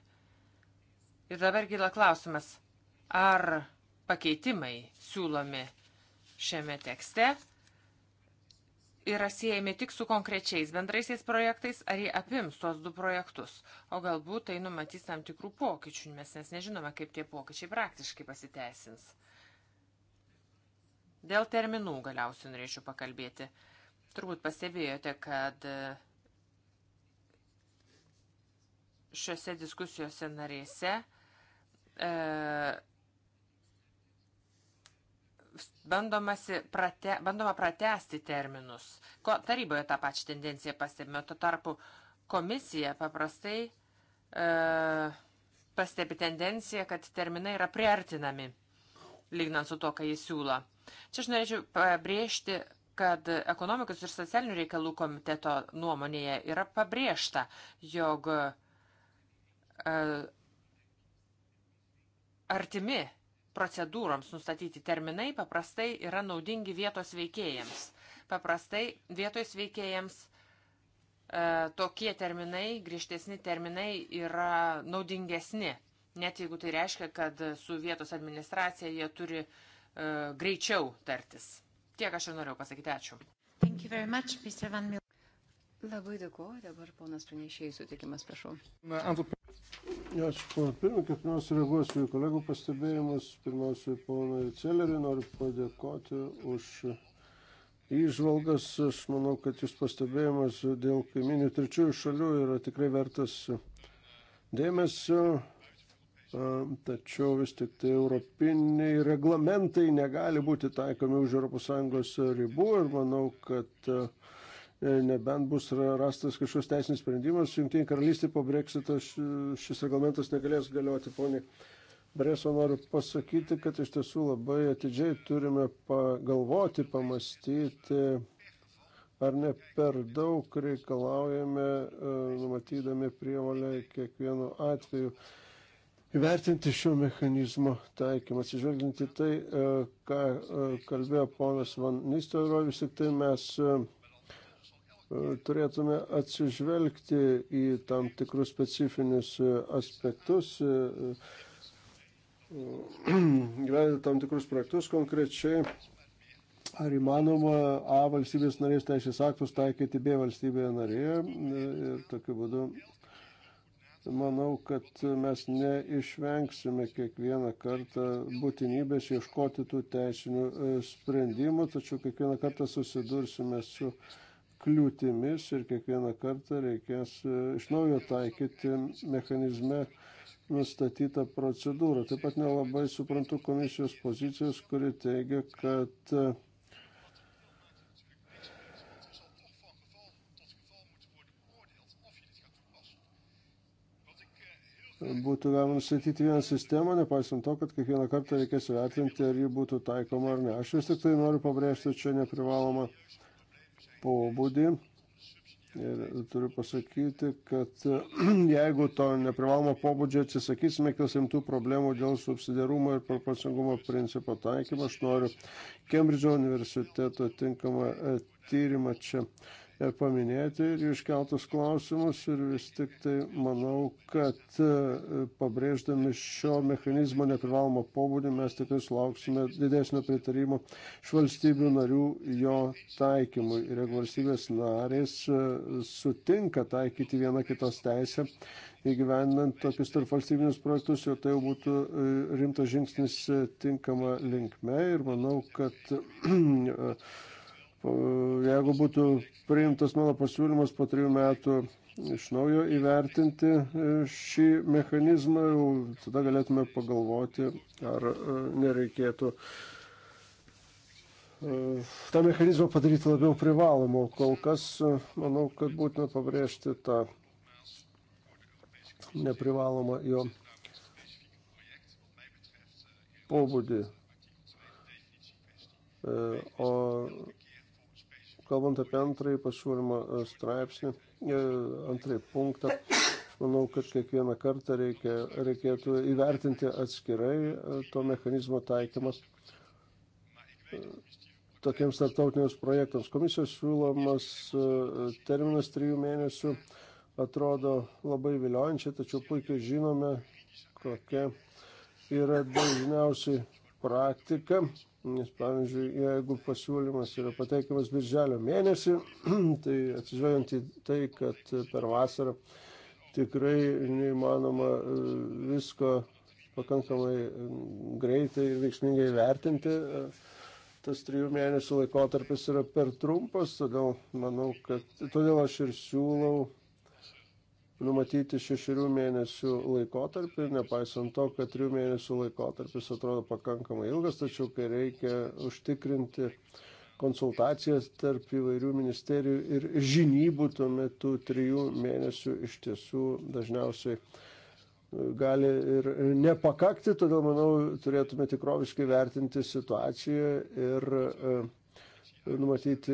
Ir dabar gila klausimas, ar pakeitimai siūlomi šiame tekste yra siejami tik su konkrečiais bendraisiais projektais, ar jie apims tuos du projektus. O galbūt tai numatys tam tikrų pokyčių, mes nes nežinome, kaip tie pokyčiai praktiškai pasiteisins. Dėl terminų galiausiai norėčiau pakalbėti. Turbūt pastebėjote, kad e, šiuose diskusijose narėse e, prate, bandoma pratesti terminus. Ko taryboje tą pačią tendenciją pastebime, tuo tarpu komisija paprastai e, pastebi tendenciją, kad terminai yra priartinami, lygnant su to, ką jis siūlo. Čia aš norėčiau pabrėžti kad ekonomikos ir socialinių reikalų komiteto nuomonėje yra pabrėžta, jog e, artimi procedūroms nustatyti terminai paprastai yra naudingi vietos veikėjams. Paprastai vietos veikėjams e, tokie terminai, griežtesni terminai yra naudingesni, net jeigu tai reiškia, kad su vietos administracija jie turi e, greičiau tartis.
Tiek aš ir norėjau pasakyti. Ačiū. Much, Labai dėkuoju. Dabar ponas pranešėjai sutikimas, prašau.
Ačiū, pana pirmininkė, pirmiausia reaguosiu į kolegų pastebėjimus, pirmiausia į poną Celerį, noriu padėkoti už įžvalgas. Aš manau, kad jūs pastebėjimas dėl kaiminių trečiųjų šalių yra tikrai vertas dėmesio, tačiau vis tik tai europiniai reglamentai negali būti taikomi už ES ribų ir manau, kad E, nebent bus rastas kažkoks teisinis sprendimas, Junktinė karalystė po breksito šis reglamentas negalės galioti, poniai. Breso noriu pasakyti, kad iš tiesų labai atidžiai turime pagalvoti, pamastyti, ar ne per daug reikalaujame, e, numatydami prievalę kiekvienu atveju. Įvertinti šio mechanizmo taikymą, atsižvelginti tai, e, ką kalbėjo ponas Van Nistelrooy, vis tik tai mes turėtume atsižvelgti į tam tikrus specifinius aspektus, gyventi tam tikrus projektus konkrečiai. Ar įmanoma A valstybės narės teisės aktus taikyti B valstybėje narėje ir tokiu būdu manau, kad mes neišvengsime kiekvieną kartą būtinybės ieškoti tų teisinių sprendimų, tačiau kiekvieną kartą susidursime su uh, kliūtimis ir kiekvieną kartą reikės e, iš naujo taikyti mechanizme nustatytą procedūrą. Taip pat nelabai suprantu komisijos pozicijos, kuri teigia, kad e, būtų galima nustatyti vieną sistemą, nepaisant to, kad kiekvieną kartą reikės vertinti, ar ji būtų taikoma ar ne. Aš vis tik tai noriu pabrėžti čia neprivalomą pobūdį. Ir turiu pasakyti, kad jeigu to neprivalomo pobūdžio atsisakysime, kils rimtų problemų dėl subsidiarumo ir proporcingumo principo taikymo. Aš noriu Kembridžo universiteto tinkamą e, tyrimą čia ir e, paminėti ir iškeltus klausimus ir vis tik tai manau, kad e, pabrėždami šio mechanizmo neprivalomą pobūdį mes tikrai sulauksime didesnio pritarimo iš valstybių narių jo taikymui. Ir jeigu valstybės narės e, sutinka taikyti vieną kitos teisę, įgyvendinant tokius tarp valstybinius projektus, jo tai jau būtų rimtas žingsnis tinkama linkme ir manau, kad E, jeigu būtų priimtas mano pasiūlymas po trijų metų iš naujo įvertinti e, šį mechanizmą, tada galėtume pagalvoti, ar e, nereikėtų tą mechanizmą padaryti labiau privalomą. Kol kas manau, kad būtina pabrėžti tą neprivalomą jo pobūdį. O Kalbant apie antrąjį pasiūlymo e, straipsnį, e, antrąjį punktą, aš manau, kad kiekvieną kartą reikia, reikėtų įvertinti atskirai e, to mechanizmo taikymas tokiems tarptautiniams projektams. Komisijos siūlomas terminas trijų mėnesių atrodo labai viliojančiai, tačiau puikiai žinome, kokia yra dažniausiai praktiką, nes pavyzdžiui, jeigu pasiūlymas yra pateikiamas birželio mėnesį, tai atsižvelgiant į tai, kad per vasarą tikrai neįmanoma e, visko pakankamai e, greitai ir veiksmingai vertinti, e, tas trijų mėnesių laikotarpis yra per trumpas, todėl manau, kad todėl aš ir siūlau numatyti šešių mėnesių laikotarpį, nepaisant to, kad trijų mėnesių laikotarpis atrodo pakankamai ilgas, tačiau kai reikia užtikrinti konsultacijas tarp įvairių ministerijų ir žinybų, tuomet tų trijų mėnesių iš tiesų dažniausiai gali ir nepakakti, todėl manau turėtume tikroviškai vertinti situaciją ir uh, numatyti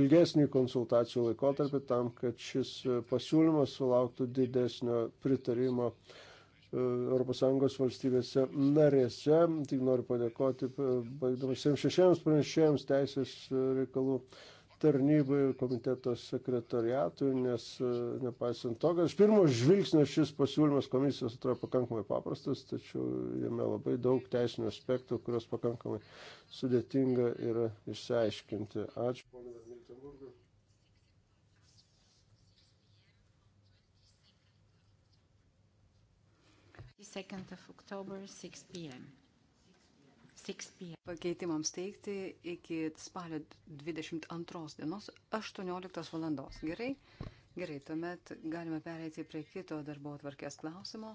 ilgesnį konsultacijų laikotarpį tam, kad šis pasiūlymas sulauktų didesnio pritarimo e, ES valstybėse narėse. Tik noriu padėkoti e, baigdamas šešiems pranešėjams teisės reikalų tarnybai, komiteto sekretariatui, nes e, nepaisant to, kad iš pirmo žvilgsnio šis pasiūlymas komisijos atrodo pakankamai paprastas, tačiau jame labai daug teisinių aspektų, kurios pakankamai sudėtinga yra išsiaiškinti. Ačiū, ponė Miltenburgai.
second of October, 6 p.m. Pakeitimams teikti iki spalio 22 dienos 18 valandos. Gerai? Gerai, tuomet galime pereiti prie kito darbo atvarkės klausimo.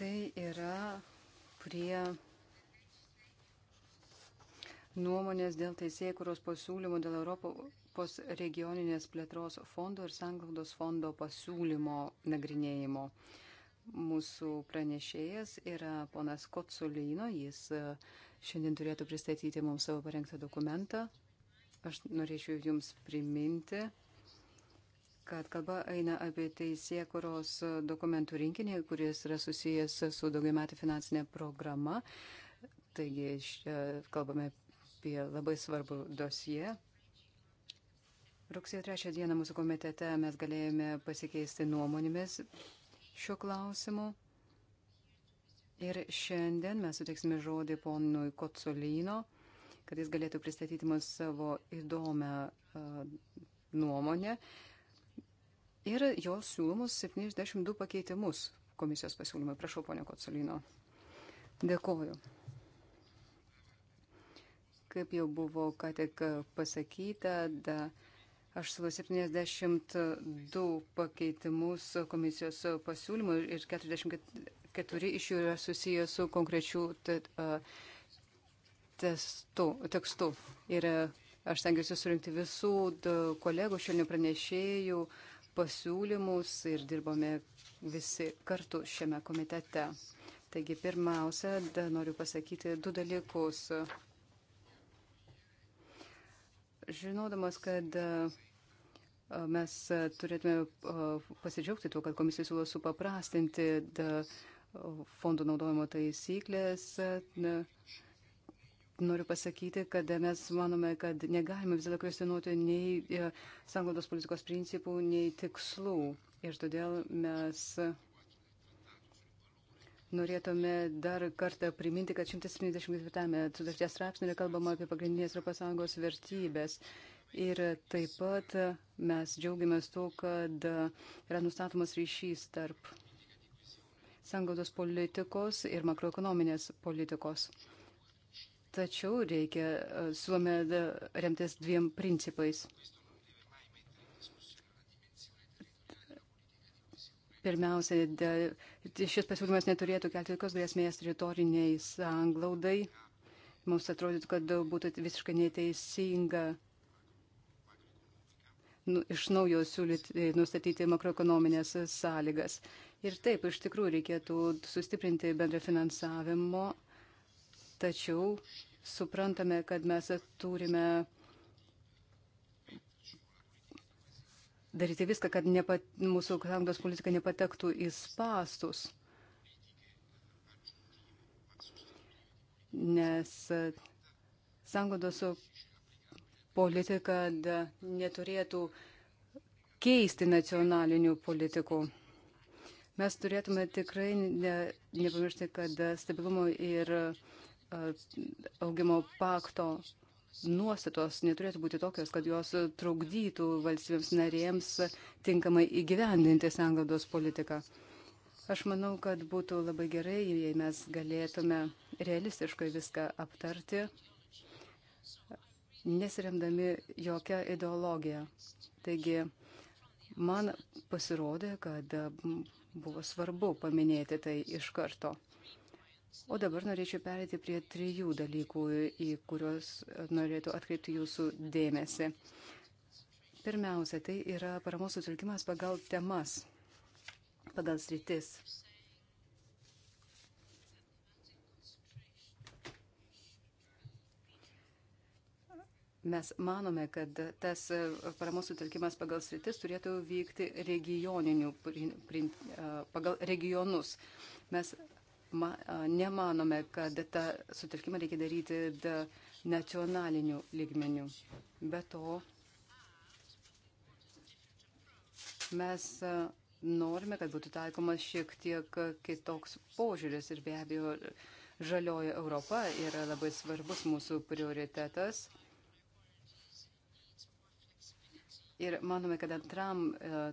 Tai yra prie nuomonės dėl teisėkuros pasiūlymo dėl Europos regioninės plėtros fondo ir sanglaudos fondo pasiūlymo nagrinėjimo. Uh, Mūsų pranešėjas yra ponas Kotsulino, jis e, šiandien turėtų pristatyti mums savo parengtą dokumentą. Aš norėčiau Jums priminti, kad kalba eina apie teisėkuros dokumentų rinkinį, kuris yra susijęs su daugiametė finansinė programa. Taigi kalbame apie labai svarbų dosiją. Rugsėjo 3 dieną mūsų komitete mes galėjome pasikeisti nuomonėmis šiuo klausimu. Ir šiandien mes suteiksime žodį ponui Kotsolino, kad jis galėtų pristatyti mums savo įdomią uh, nuomonę ir jo siūlomus 72 pakeitimus komisijos pasiūlymai. Prašau, ponio Kotsolino. Dėkoju. Kaip jau buvo ką tik pasakyta, da, uh, Aš siūlau 72 pakeitimus komisijos pasiūlymų ir 44 iš jų yra susiję su konkrečiu testu, tekstu. Ir aš stengiuosi surinkti visų kolegų šilnių pranešėjų pasiūlymus ir dirbome visi kartu šiame komitete. Taigi pirmiausia, da, noriu pasakyti du dalykus. Žinodamas, kad Mes turėtume pasidžiaugti tuo, kad komisija siūlo supaprastinti fondų naudojimo taisyklės. Noriu pasakyti, kad mes manome, kad negalime vis dėlto kvestionuoti nei sanglaudos politikos principų, nei tikslų. Ir todėl mes Norėtume dar kartą priminti, kad 174 sutarties straipsnėje kalbama apie pagrindinės Europos Sąjungos vertybės. Ir taip pat mes džiaugiamės tuo, kad yra nustatomas ryšys tarp sanglaudos politikos ir makroekonominės politikos. Tačiau reikia e, suome e, remtis dviem principais. Pirmiausia, šis pasiūlymas neturėtų kelti jokios grėsmės teritoriniai sanglaudai. Mums atrodytų, kad būtų visiškai neteisinga nu, iš naujo siūlyti, e, nustatyti makroekonominės sąlygas. Ir taip, iš tikrųjų, reikėtų sustiprinti bendrą finansavimo, tačiau suprantame, kad mes turime daryti viską, kad nepat, mūsų sąjungos politika nepatektų į spastus. Nes sąjungos politika neturėtų keisti nacionalinių politikų. Mes turėtume tikrai ne, nepamiršti, kad stabilumo ir augimo pakto nuostatos neturėtų būti tokios, kad jos trukdytų valstybėms narėms tinkamai įgyvendinti sanglaudos politiką. Aš manau, kad būtų labai gerai, jei mes galėtume realistiškai viską aptarti nesiremdami jokią ideologiją. Taigi, man pasirodė, kad buvo svarbu paminėti tai iš karto. O dabar norėčiau perėti prie trijų dalykų, į kuriuos norėtų atkreipti jūsų dėmesį. Pirmiausia, tai yra paramos sutrikimas pagal temas, pagal sritis. Mes manome, kad tas e, paramos sutelkimas pagal sritis turėtų vykti regioninių, e, pagal regionus. Mes ma, e, nemanome, kad tą sutelkimą reikia daryti nacionaliniu lygmeniu. Be to, mes norime, kad būtų taikomas šiek tiek kitoks požiūris ir be abejo žalioji Europa yra labai svarbus mūsų prioritetas. Ir manome, kad antram e,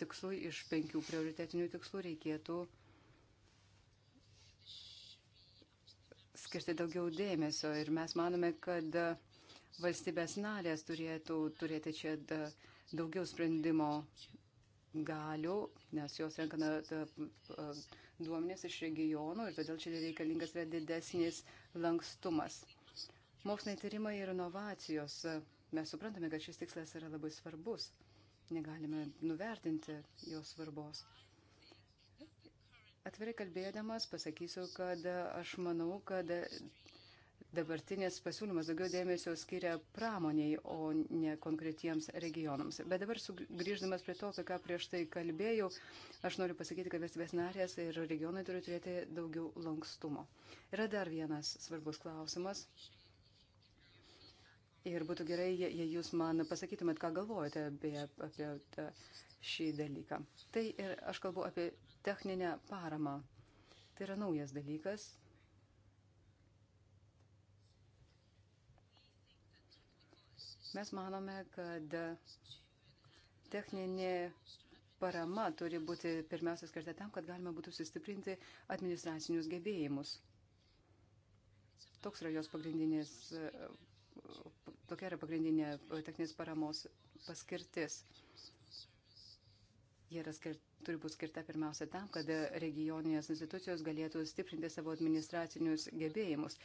tikslui iš penkių prioritetinių tikslų reikėtų skirti daugiau dėmesio. Ir mes manome, kad e, valstybės narės turėtų turėti čia e, daugiau sprendimo galių, nes jos renkana duomenės iš regionų ir todėl čia reikalingas yra didesnis lankstumas. Moksliniai tyrimai ir inovacijos Mes suprantame, kad šis tikslas yra labai svarbus. Negalime nuvertinti jo svarbos. Atvirai kalbėdamas pasakysiu, kad aš manau, kad dabartinės pasiūlymas daugiau dėmesio skiria pramoniai, o ne konkretiems regionams. Bet dabar sugrįždamas prie to, apie ką prieš tai kalbėjau, aš noriu pasakyti, kad valstybės narės ir regionai turi turėti daugiau lankstumo. Yra dar vienas svarbus klausimas. Ir būtų gerai, jei jūs man pasakytumėt, ką galvojate apie, apie šį dalyką. Tai ir aš kalbu apie techninę paramą. Tai yra naujas dalykas. Mes manome, kad techninė parama turi būti pirmiausia skirta tam, kad galima būtų sustiprinti administracinius gebėjimus. Toks yra jos pagrindinis Tokia yra pagrindinė e, techninės paramos paskirtis. Jie skir, turi būti skirta pirmiausia tam, kad regioninės institucijos galėtų stiprinti savo administracinius gebėjimus.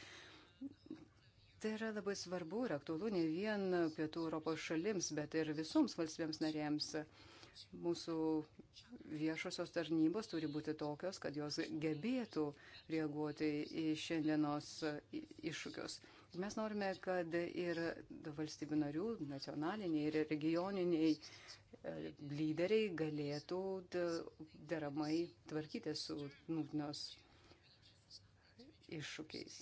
Tai yra labai svarbu ir aktualu ne vien pietų Europos šalims, bet ir visoms valstybėms narėms. Mūsų viešosios tarnybos turi būti tokios, kad jos gebėtų reaguoti į šiandienos iššūkius. Mes norime, kad ir valstybių narių, nacionaliniai ir regioniniai e, lyderiai galėtų deramai tvarkyti su nūtinios iššūkiais.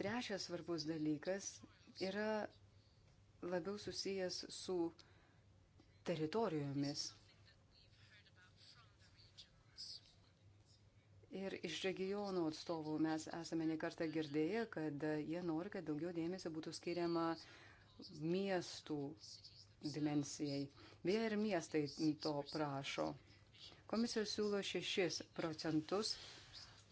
Trečias svarbus dalykas yra labiau susijęs su teritorijomis. Ir iš regionų atstovų mes esame nekartą girdėję, kad jie nori, kad daugiau dėmesio būtų skiriama miestų dimensijai. Vėja ir miestai to prašo. Komisija siūlo 6 procentus.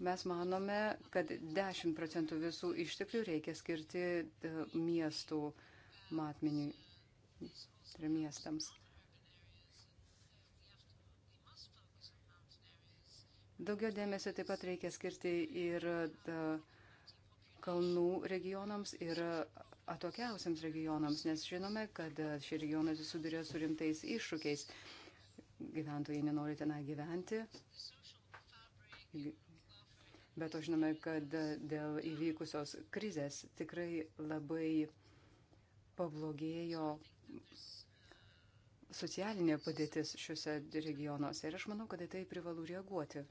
Mes manome, kad 10 procentų visų išteklių reikia skirti e, miestų matmeniui, tai yra miestams. Daugiau dėmesio taip pat reikia skirti ir kalnų regionams ir atokiausiams regionams, nes žinome, kad šie regionai susiduria su rimtais iššūkiais. Gyventojai nenori tenai gyventi. Bet to žinome, kad dėl įvykusios krizės tikrai labai pablogėjo socialinė padėtis šiuose regionuose ir aš manau, kad į tai privalu reaguoti.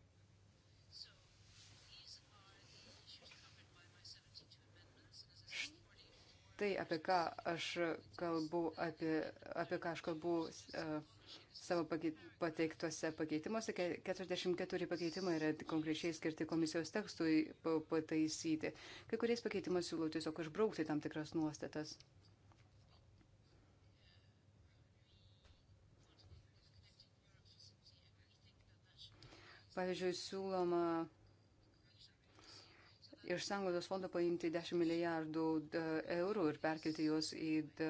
tai, apie ką aš kalbu, apie, apie ką aš kalbu uh, savo pateiktuose pakeitimuose, 44 pakeitimai yra konkrečiai skirti komisijos tekstui pataisyti. Kai kuriais pakeitimais siūlau tiesiog išbraukti tam tikras nuostatas. Pavyzdžiui, siūloma iš Sanglaudos fondo paimti 10 milijardų e, eurų ir perkelti juos į e,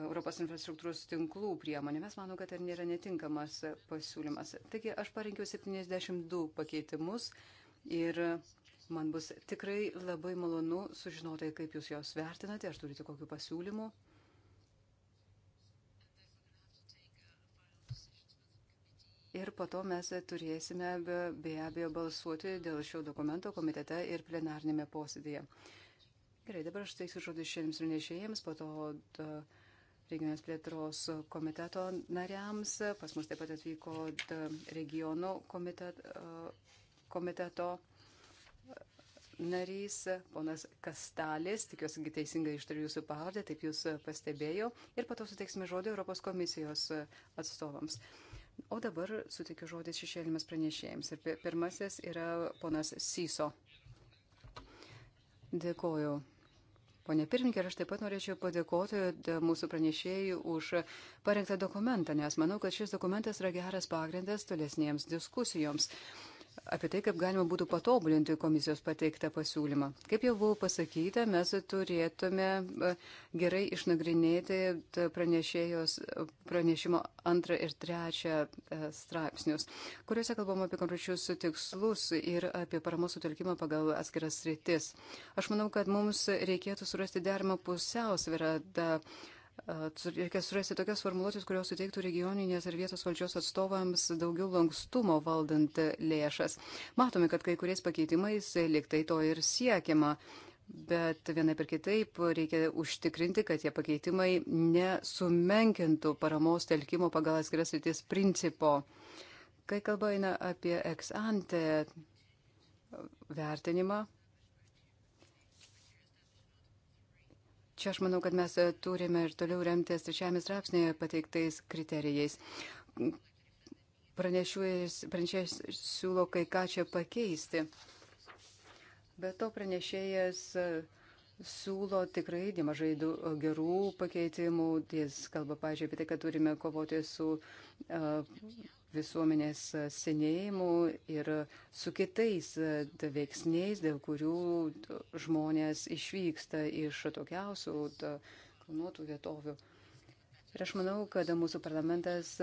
Europos infrastruktūros tinklų priemonė. Mes manome, kad tai nėra netinkamas pasiūlymas. Taigi aš parinkiau 72 pakeitimus ir man bus tikrai labai malonu sužinoti, kaip jūs juos vertinate, ar turite kokiu pasiūlymu. Ir po to mes turėsime be, be abejo balsuoti dėl šio dokumento komitete ir plenarnėme posėdėje. Gerai, dabar aš teiksiu žodį šiems pranešėjams, po to regionės plėtros komiteto nariams. Pas mus taip pat atvyko regiono komitet, komiteto narys, ponas Kastalis, tikiuosi teisingai ištariu jūsų pavardę, taip jūs pastebėjau. Ir po to suteiksime žodį Europos komisijos atstovams. Uh, O dabar sutikiu žodis šešėlimas pranešėjams. Ir pirmasis yra ponas Syso. Dėkoju. Pone pirmininkė, aš taip pat norėčiau padėkoti mūsų pranešėjai už parengtą dokumentą, nes manau, kad šis dokumentas yra geras pagrindas tolesniems diskusijoms apie tai, kaip galima būtų patobulinti komisijos pateiktą pasiūlymą. Kaip jau buvo pasakyta, mes turėtume e, gerai išnagrinėti pranešimo antrą ir trečią e, straipsnius, kuriuose kalbama apie konkrečius tikslus ir apie paramos sutelkimą pagal atskiras rytis. Aš manau, kad mums reikėtų surasti dermą pusiausvyrą. Da, Reikia surasti tokias formuluotės, kurios suteiktų regioninės ir vietos valdžios atstovams daugiau lankstumo valdant lėšas. Matome, kad kai kuriais pakeitimais liktai to ir siekiama. Bet vienai per kitaip reikia užtikrinti, kad tie pakeitimai nesumenkintų paramos telkimo pagal atskiras rytis principo. Kai kalba eina apie ex ante vertinimą, Čia aš manau, kad mes e, turime ir toliau remtis šiame straipsnėje pateiktais kriterijais. Pranešėjas siūlo kai ką čia pakeisti. Bet to pranešėjas e, siūlo tikrai nemažai e, gerų pakeitimų. Jis kalba, pažiūrėjau, apie tai, kad turime kovoti su uh, visuomenės senėjimu ir su kitais veiksniais, dėl kurių žmonės išvyksta iš atokiausių kalnuotų vietovių. Ir aš manau, kad mūsų parlamentas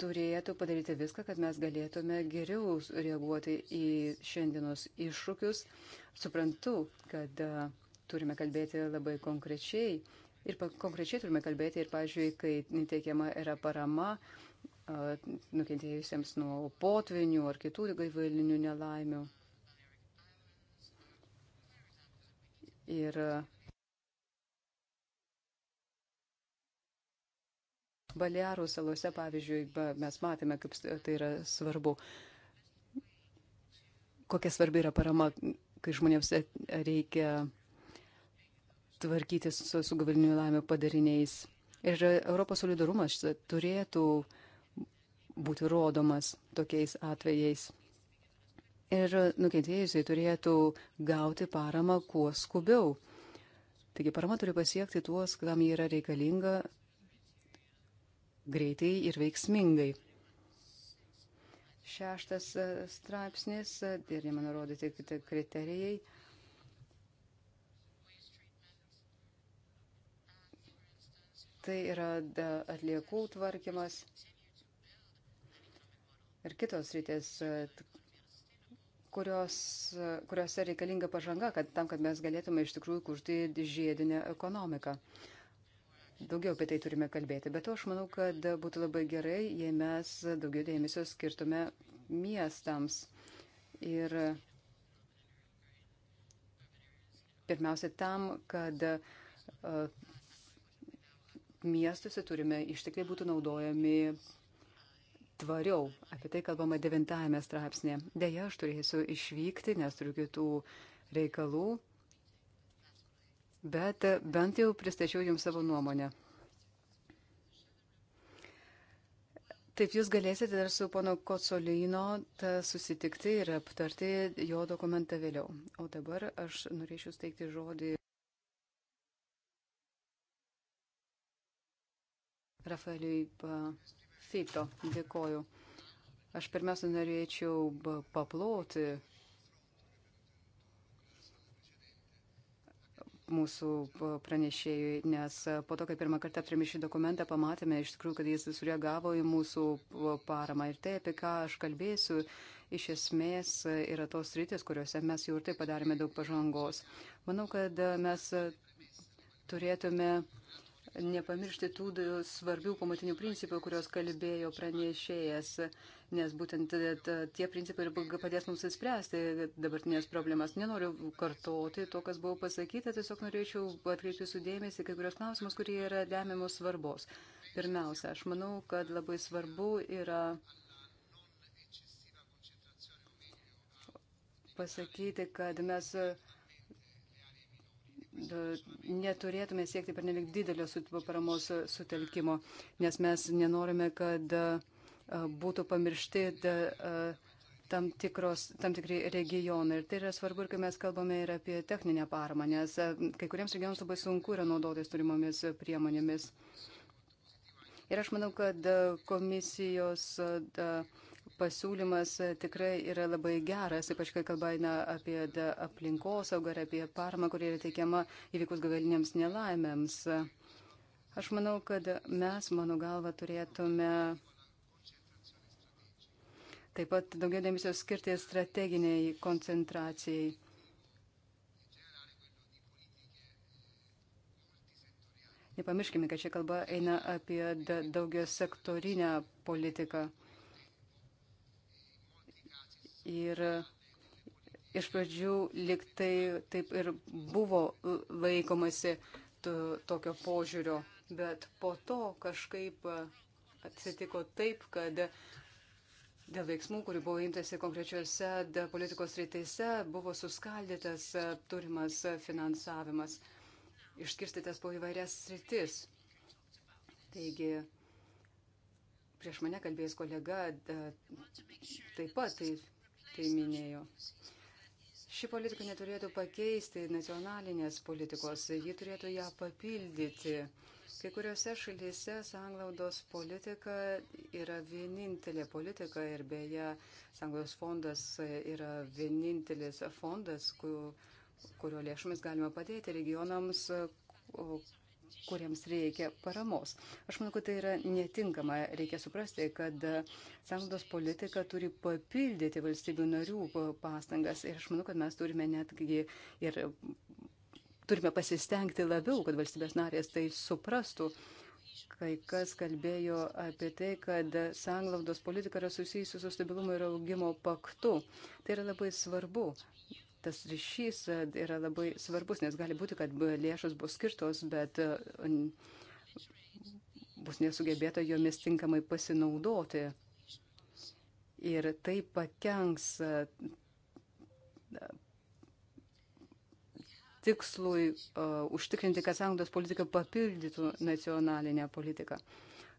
turėtų padaryti viską, kad mes galėtume geriau reaguoti į šiandienos iššūkius. Suprantu, kad turime kalbėti labai konkrečiai ir konkrečiai turime kalbėti ir, pavyzdžiui, kai teikiama yra parama nukentėjusiems nuo potvinių ar kitų gaivalinių nelaimių. Ir Balearų salose, pavyzdžiui, mes matėme, kaip tai yra svarbu. Kokia svarbi yra parama, kai žmonėms e, reikia tvarkytis su, su gavalinių laimio padariniais. Ir Europos solidarumas turėtų uh, būti rodomas tokiais atvejais. Ir nukentėjusiai turėtų gauti paramą kuo skubiau. Taigi parama turi pasiekti tuos, kam jie yra reikalinga greitai ir veiksmingai. Šeštas e, straipsnis, e, ir jame nurodyti kriterijai. Tai yra atliekų tvarkymas ir kitos rytis, kurios, kuriuose reikalinga pažanga, kad tam, kad mes galėtume iš tikrųjų kurti žiedinę ekonomiką. Daugiau apie tai turime kalbėti, bet aš manau, kad būtų labai gerai, jei mes daugiau dėmesio skirtume miestams. Ir pirmiausia tam, kad e, miestuose turime ištekliai būtų naudojami tvariau. Apie tai kalbama devintajame straipsnė. Deja, aš turėsiu išvykti, nes turiu kitų reikalų. Bet bent jau pristačiau Jums savo nuomonę. Taip, jūs galėsite dar su pono Kocolino susitikti ir aptarti jo dokumentą vėliau. O dabar aš norėčiau steigti žodį Rafaeliui Fito. Dėkoju. Aš pirmiausia norėčiau paploti mūsų pranešėjui, nes po to, kai pirmą kartą aptarėme šį dokumentą, pamatėme iš tikrųjų, kad jis sureagavo į mūsų paramą. Ir tai, apie ką aš kalbėsiu, iš esmės yra tos rytis, kuriuose mes jau ir taip padarėme daug pažangos. Manau, kad mes turėtume nepamiršti tų svarbių pamatinių principų, kurios kalbėjo pranešėjas, nes būtent e, tie principai ir padės mums įspręsti dabartinės problemas. Nenoriu kartoti to, kas buvo pasakyta, tiesiog norėčiau atkreipti sudėmėsi kai kurios klausimus, kurie yra lemiamos svarbos. Pirmiausia, aš manau, kad labai svarbu yra pasakyti, kad mes uh, neturėtume siekti per nelik didelio paramos sutelkimo, nes mes nenorime, kad būtų pamiršti tam, tikros, tam tikri regionai. Ir tai yra svarbu, ir kai mes kalbame ir apie techninę paramą, nes kai kuriems regionams labai sunku yra naudotis turimomis priemonėmis. Ir aš manau, kad komisijos. Da, pasiūlymas tikrai yra labai geras, ypač kai kalba eina apie aplinkosaugą ir apie paramą, kuri yra teikiama įvykus gaveliniams nelaimėms. Aš manau, kad mes, mano galva, turėtume taip pat daugiau dėmesio skirti strateginiai koncentracijai. Nepamirškime, kad čia kalba eina apie daugia sektorinę politiką. Ir iš pradžių liktai taip ir buvo laikomasi to, tokio požiūrio, bet po to kažkaip atsitiko taip, kad dėl veiksmų, kurių buvo imtasi konkrečiuose politikos rytise, buvo suskaldytas e, turimas e, finansavimas, išskirstytas po įvairias sritis. Taigi, prieš mane kalbėjęs kolega da, e, taip pat taip tai minėjo. Ši politika neturėtų pakeisti nacionalinės politikos, ji turėtų ją papildyti. Kai kuriuose šalyse sanglaudos politika yra vienintelė politika ir beje, sanglaudos fondas yra vienintelis fondas, kurio lėšomis galima padėti regionams, kuriems reikia paramos. Aš manau, kad tai yra netinkama. Reikia suprasti, kad sąnaudos politika turi papildyti valstybių narių pastangas. Ir aš manau, kad mes turime netgi ir turime pasistengti labiau, kad valstybės narės tai suprastų. Kai kas kalbėjo apie tai, kad sąnglaudos politika yra susijusi su stabilumo ir augimo paktu. Tai yra labai svarbu, tas ryšys e, yra labai svarbus, nes gali būti, kad lėšos bus skirtos, bet e, bus nesugebėta jomis tinkamai pasinaudoti. Ir tai pakenks e, tikslui uh, užtikrinti, kad sąjungos politika papildytų nacionalinę politiką.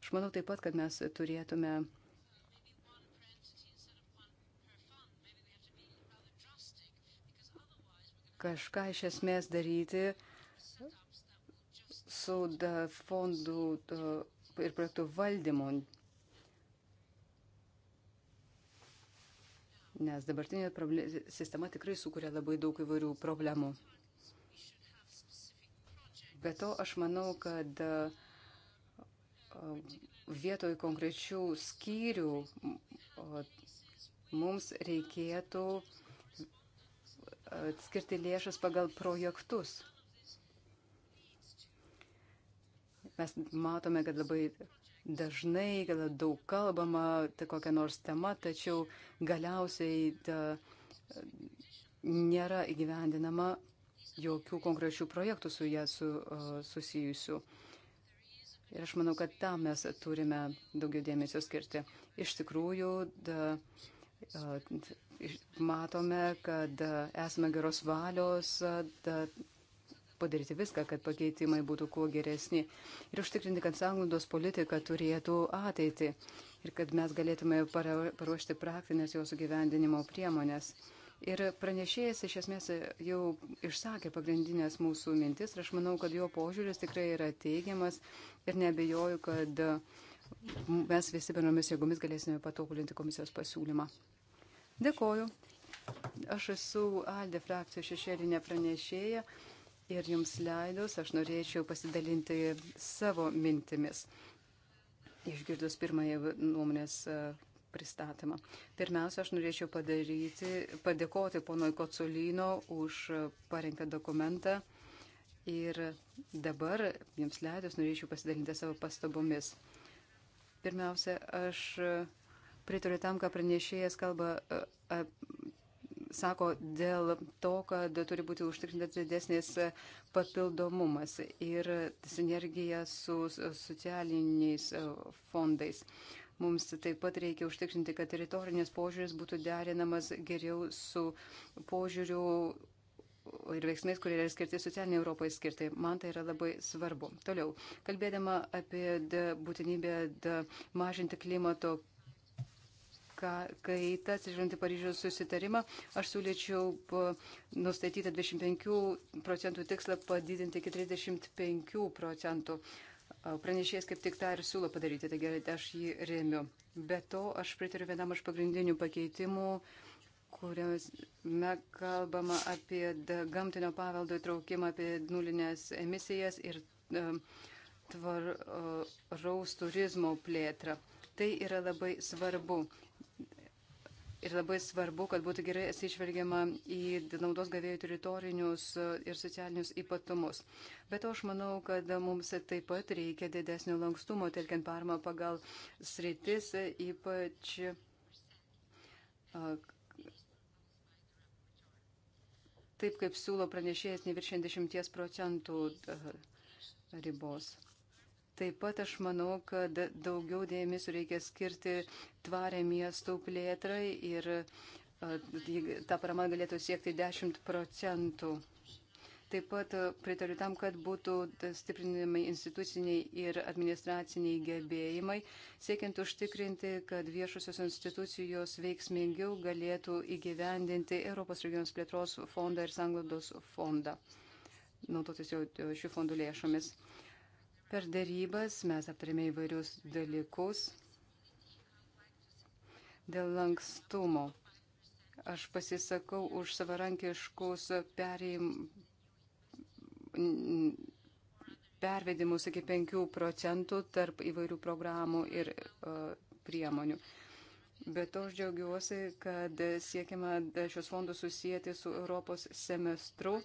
Aš manau taip pat, kad mes turėtume uh, kažką iš esmės daryti su fondų ir projektų valdymu. Nes dabartinė sistema tikrai sukuria labai daug įvairių problemų. Be to, aš manau, kad vietoj konkrečių skyrių mums reikėtų uh, skirti lėšas pagal projektus. Mes matome, kad labai dažnai, kad daug kalbama tai kokią nors temą, tačiau galiausiai ta, nėra įgyvendinama jokių konkrečių projektų su ją su, susijusių. Ir aš manau, kad tam mes turime daugiau dėmesio skirti. Iš tikrųjų, da, uh, matome, kad esame geros valios padaryti viską, kad pakeitimai būtų kuo geresni ir užtikrinti, kad sąjungos politika turėtų ateitį ir kad mes galėtume paruošti praktinės jos gyvendinimo priemonės. Ir pranešėjas iš esmės jau išsakė pagrindinės mūsų mintis ir aš manau, kad jo požiūris tikrai yra teigiamas ir nebejoju, kad mes visi bendromis jėgomis galėsime patobulinti komisijos pasiūlymą. Dėkoju. Aš esu Alde frakcijos šešėlinė pranešėja ir jums leidus aš norėčiau pasidalinti savo mintimis. Išgirdus pirmąją nuomonės e, pristatymą. Pirmiausia, aš norėčiau padaryti, padėkoti ponui Kocolino už parengtą dokumentą. Ir dabar jums leidus norėčiau pasidalinti savo pastabomis. Pirmiausia, aš pritariu tam, ką pranešėjas kalba, a, sako dėl to, kad turi būti užtikrintas didesnis papildomumas ir sinergija su socialiniais fondais. Mums taip pat reikia užtikrinti, kad teritorinės požiūris būtų derinamas geriau su požiūriu ir veiksmais, kurie yra skirti socialiniai Europai skirti. Man tai yra labai svarbu. Toliau, kalbėdama apie būtinybę mažinti klimato kaitą, atsižvelgiant į Paryžiaus susitarimą, aš siūlyčiau nustatyti 25 procentų tikslą padidinti iki 35 procentų. Pranešėjas kaip tik tą ir siūlo padaryti, taigi aš jį remiu. Be to, aš pritariu vienam iš pagrindinių pakeitimų kuriame kalbama apie gamtinio paveldo įtraukimą, apie nulinės emisijas ir tvaraus turizmo plėtrą. Tai yra labai svarbu. Ir labai svarbu, kad būtų gerai atsižvelgiama į naudos gavėjų teritorinius e, ir socialinius ypatumus. Bet aš manau, kad mums taip pat reikia didesnio lankstumo, telkiant parmą pagal sritis, e, ypač e, taip, kaip siūlo pranešėjas, ne virš 10 procentų ribos. Taip pat aš manau, kad daugiau dėmesio reikia skirti tvarę miestų plėtrai ir ta parama galėtų siekti 10 procentų. Taip pat pritariu tam, kad būtų stiprinami instituciniai ir administraciniai gebėjimai, siekiant užtikrinti, kad viešusios institucijos veiksmingiau galėtų įgyvendinti Europos regionos plėtros fondą ir sanglaudos fondą, naudotis jau šių fondų lėšomis. Uh, Per darybas mes aptarėme įvairius dalykus dėl lankstumo. Aš pasisakau už savarankiškus perėjim, pervedimus iki 5 procentų tarp įvairių programų ir uh, priemonių. Bet to aš džiaugiuosi, kad siekiama šios fondus susijęti su Europos semestru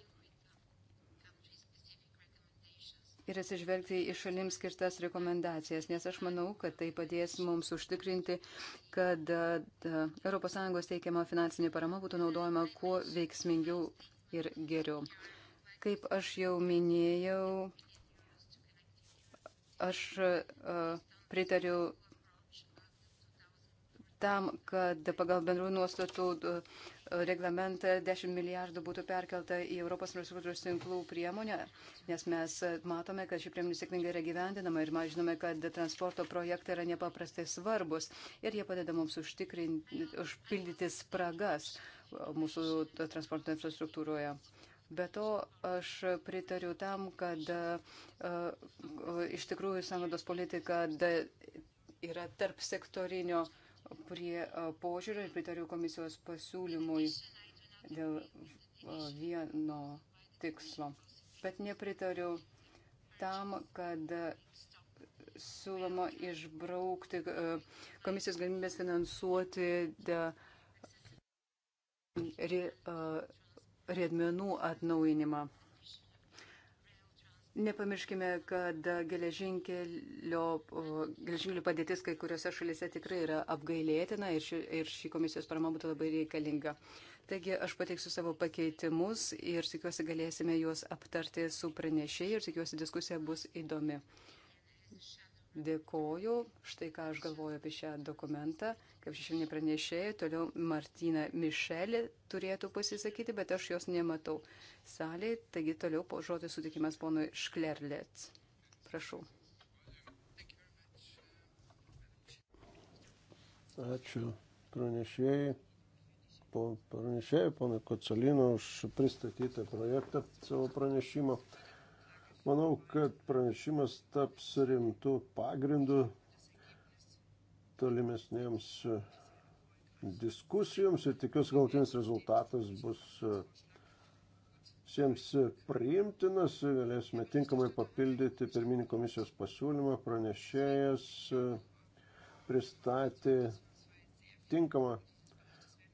ir atsižvelgti į šalims skirtas rekomendacijas, nes aš manau, kad tai padės mums užtikrinti, kad ES teikiama finansinė parama būtų naudojama kuo veiksmingiau ir geriau. Kaip aš jau minėjau, aš e, pritariu tam, kad pagal bendrų nuostatų e, reglamentą 10 milijardų būtų perkelta į Europos infrastruktūros tinklų priemonę, nes mes matome, kad ši priemonė sėkmingai yra gyvendinama ir žinome, kad transporto projektai yra nepaprastai svarbus ir jie padeda mums užpildyti spragas mūsų transporto infrastruktūroje. Be to, aš pritariu tam, kad uh, iš tikrųjų sąnaudos politika da, yra tarp sektorinio uh, prie požiūrio ir pritariu komisijos pasiūlymui dėl vieno tikslo. Bet nepritariu tam, kad siūloma išbraukti komisijos galimybės finansuoti riedmenų atnaujinimą. Nepamirškime, kad geležinkelio, geležinkelio padėtis kai kuriuose šalise tikrai yra apgailėtina ir ši, ir ši komisijos parama būtų labai reikalinga. Taigi aš pateiksiu savo pakeitimus ir tikiuosi galėsime juos aptarti su pranešėjai ir tikiuosi diskusija bus įdomi. Uh, Dėkoju, štai ką aš galvoju apie šią dokumentą. Kaip šešėlinė pranešėja, toliau Martina Mišelė turėtų pasisakyti, bet aš jos nematau salėje. Taigi toliau po žodį sutikimas ponui Šklerlėts. Prašau.
Ačiū pranešėjai, po, pranešėjai ponui Kocolino už pristatytą projektą savo pranešimo. Manau, kad pranešimas taps rimtų pagrindų tolimesnėms e, diskusijoms ir tikiuosi galtinis rezultatas bus e, visiems e, priimtinas, galėsime tinkamai papildyti pirminį komisijos pasiūlymą, pranešėjas pristatė tinkamą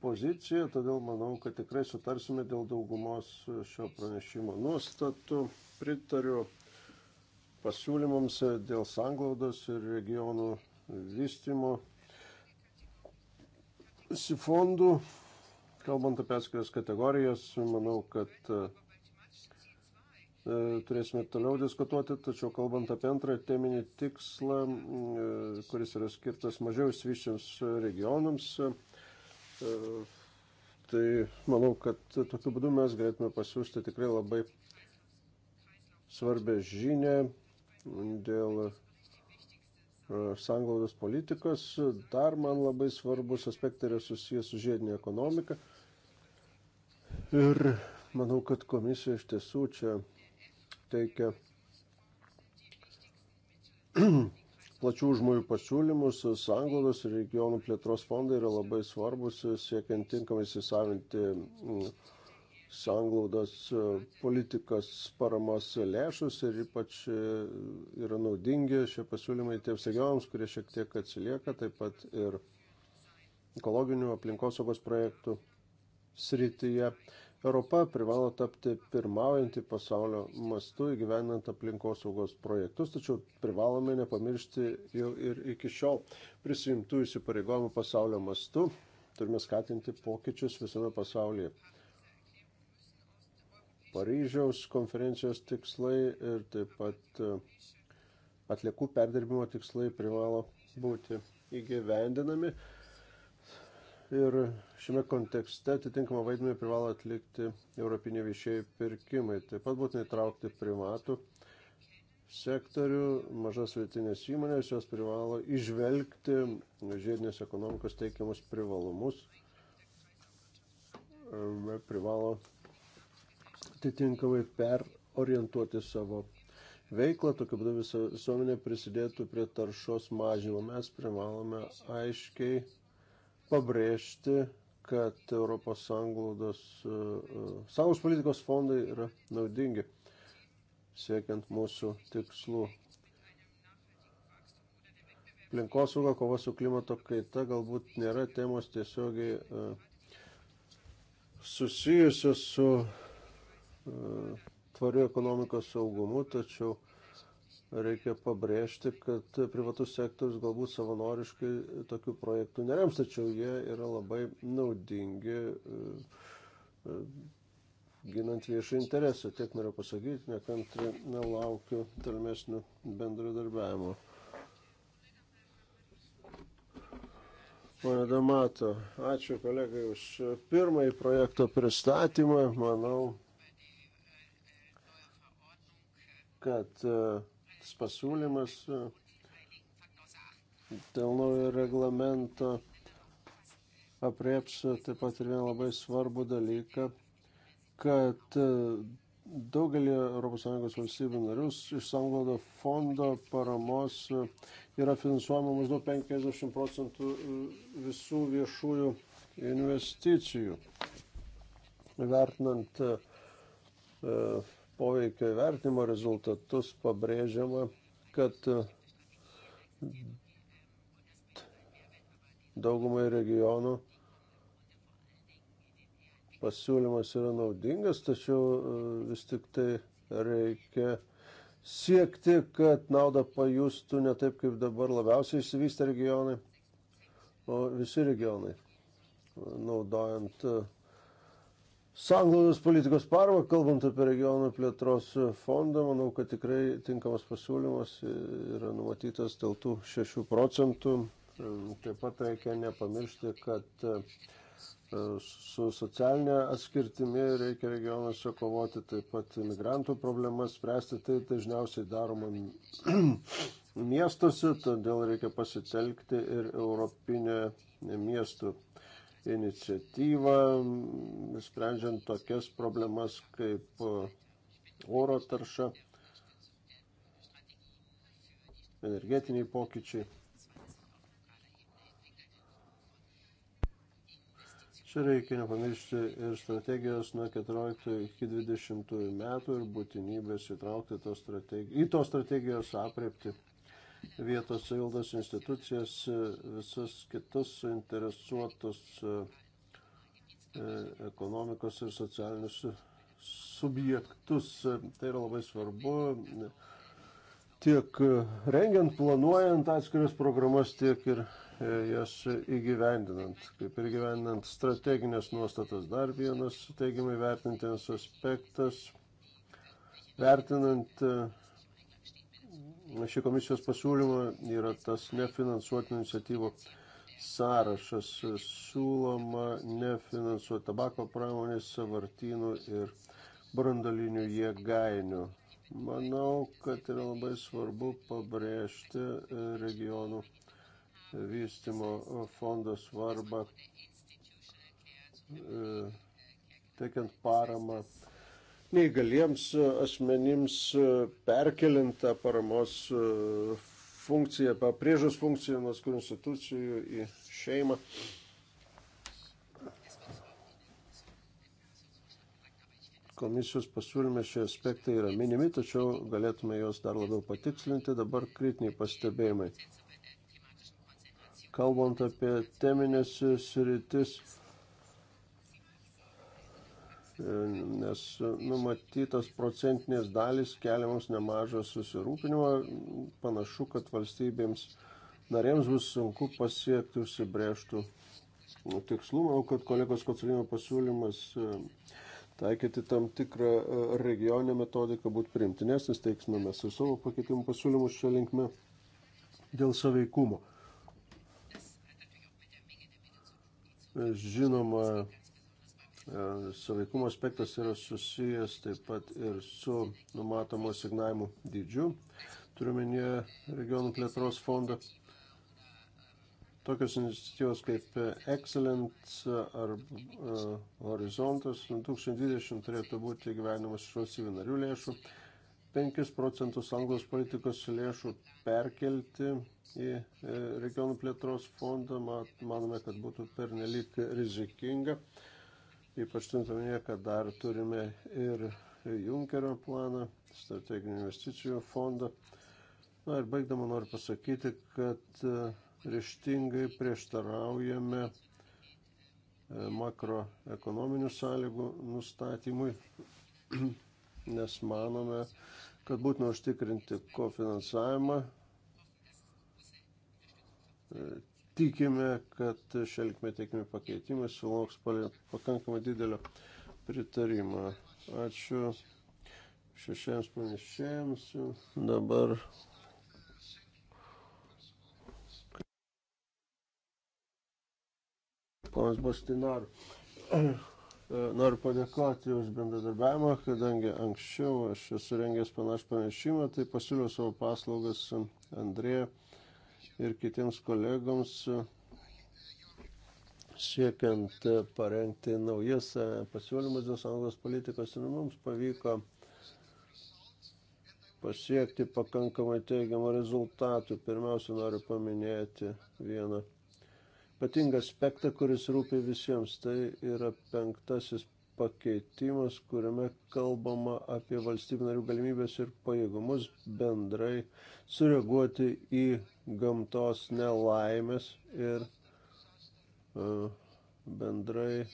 poziciją, todėl manau, kad tikrai sutarsime dėl daugumos šio pranešimo nuostatų. Pritariu pasiūlymams dėl sanglaudos ir regionų vystimo fondų. Kalbant apie atskiras kategorijas, manau, kad e, turėsime toliau diskutuoti, tačiau kalbant apie antrą teminį tikslą, e, kuris yra skirtas mažiau išsivyščiams regionams, E, tai manau, kad tokiu būdu mes galėtume pasiūsti tikrai labai svarbę žinę dėl e, sanglaudos politikos. Dar man labai svarbus aspektai yra susijęs su žiedinė ekonomika. Ir manau, kad komisija iš tiesų čia teikia plačių žmonių pasiūlymus, sanglodos ir regionų plėtros fondai yra labai svarbus, siekiant tinkamai įsisavinti mm, sanglaudos politikas paramos lėšus ir ypač e, yra naudingi šie pasiūlymai tiems regionams, kurie šiek tiek atsilieka, taip pat ir ekologinių aplinkosaugos projektų srityje. Europa privalo tapti pirmaujantį pasaulio mastu įgyvenant aplinkosaugos projektus, tačiau privalome nepamiršti jau ir iki šiol prisimtų įsipareigojimų pasaulio mastu. Turime skatinti pokyčius visame pasaulyje. Paryžiaus konferencijos tikslai ir taip pat e, atliekų perdirbimo tikslai privalo būti įgyvendinami. Ir šiame kontekste atitinkamą vaidmenį privalo atlikti Europiniai viešieji pirkimai. Taip pat būtinai traukti privatų sektorių, mažas vietinės įmonės, jos privalo išvelgti žiedinės ekonomikos teikiamus privalumus. E, privalo atitinkamai perorientuoti savo veiklą, tokiu būdu visa visuomenė prisidėtų prie taršos mažinimo. Mes privalome aiškiai pabrėžti, kad Europos sanglaudos, e, e, sąjungos politikos fondai yra naudingi siekiant mūsų tikslų. Aplinkosauga, kova su klimato kaita galbūt nėra temos tiesiogiai e, susijusios su tvariu ekonomikos saugumu, tačiau reikia pabrėžti, kad privatus sektorius galbūt savanoriškai tokių projektų nerems, tačiau jie yra labai naudingi e, e, ginant viešą interesą. Tiek noriu pasakyti, nekantri nelaukiu tolimesnių bendradarbiavimo. Pane Damato, ačiū kolegai už pirmąjį projekto pristatymą. Manau, kad uh, tas pasiūlymas e, dėl naujo reglamento aprieps taip pat ir vieną labai svarbų dalyką, kad e, daugelį ES valstybių narius iš sanglaudo fondo paramos e, yra finansuojama maždaug 50 procentų visų viešųjų investicijų. Vertinant uh, poveikio įvertinimo rezultatus pabrėžiama, kad daugumai regionų pasiūlymas yra naudingas, tačiau vis tik tai reikia siekti, kad naudą pajustų ne taip, kaip dabar labiausiai išsivystę regionai, o visi regionai, naudojant sanglaudos politikos parvą, kalbant apie regionų plėtros fondą, manau, kad tikrai tinkamas pasiūlymas yra numatytas dėl tų 6 procentų. Taip pat reikia nepamiršti, kad e, su socialinė atskirtimi reikia regionuose kovoti, taip pat imigrantų problemas spręsti, tai dažniausiai daroma miestuose, todėl reikia pasitelkti ir Europinę miestų iniciatyvą, sprendžiant tokias problemas kaip e, oro tarša, energetiniai pokyčiai. Čia reikia nepamiršti ir strategijos nuo 14 iki 20 metų ir būtinybės įtraukti tos į tos strategijos apriepti vietos savildos institucijas, visus kitus suinteresuotus e, ekonomikos ir socialinius subjektus. Tai yra labai svarbu e, tiek rengiant, planuojant atskiras programas, tiek ir e, jas įgyvendinant, kaip ir gyvendinant strateginės nuostatas. Dar vienas teigiamai vertintinas aspektas, vertinant šį komisijos pasiūlymą yra tas nefinansuotinų iniciatyvų sąrašas. Siūloma nefinansuoti tabako pramonės, savartynų ir brandalinių jėgainių. Manau, kad yra labai svarbu pabrėžti regionų vystimo fondo svarbą, e, teikiant paramą neįgaliems e, asmenims e, perkeliant tą paramos e, funkciją, priežos funkciją nuo skirų institucijų į šeimą. Komisijos pasiūlyme šie aspektai yra minimi, tačiau galėtume juos dar labiau patikslinti. Dabar kritiniai pastebėjimai. Kalbant apie teminės sritis, nes numatytos procentinės dalis keliamos nemažo susirūpinimo. Panašu, kad valstybėms narėms bus sunku pasiekti užsibrėžtų tikslų. Manau, kad kolegos Kocelino pasiūlymas e, taikyti tam tikrą e, regioninę metodiką būtų primtinesnis, teiksime mes ir savo pakeitimų pasiūlymus šią linkmę dėl saveikumo. Žinoma, E, saveikumo aspektas yra susijęs taip pat ir su numatomo signavimo dydžiu, turiuomenėje regionų plėtros fondą. Tokios iniciatyvos kaip Excellence ar uh, Horizontas 2020 turėtų būti gyvenimas iš valstybių narių lėšų, 5 procentus anglos politikos lėšų perkelti į e, regionų plėtros fondą, manome, kad būtų pernelik rizikinga. Uh, Ypač turintuomenėje, kad dar turime ir Junkerio planą, strateginių investicijų fondą. Na ir baigdama noriu pasakyti, kad e, ryštingai prieštaraujame e, makroekonominių sąlygų nustatymui, nes manome, kad būtina užtikrinti kofinansavimą e, tikime, kad šelkme teikimi pakeitimai sulauks pakankamai didelio pritarimą. Ačiū šešiems pranešėjams. Dabar. Ponas Bastinaru. Noriu padėkoti už bendradarbiavimą, kadangi anksčiau aš esu rengęs panašų pranešimą, tai pasiūliau savo paslaugas Andrėje ir kitiems kolegoms siekiant parengti naujas pasiūlymus dėl sąjungos politikos ir mums pavyko pasiekti pakankamai teigiamą rezultatų. Pirmiausia, noriu paminėti vieną ypatingą aspektą, kuris rūpi visiems. Tai yra penktasis pakeitimas, kuriame kalbama apie valstybių narių galimybės ir pajėgumus bendrai sureaguoti į gamtos nelaimės ir e, bendrai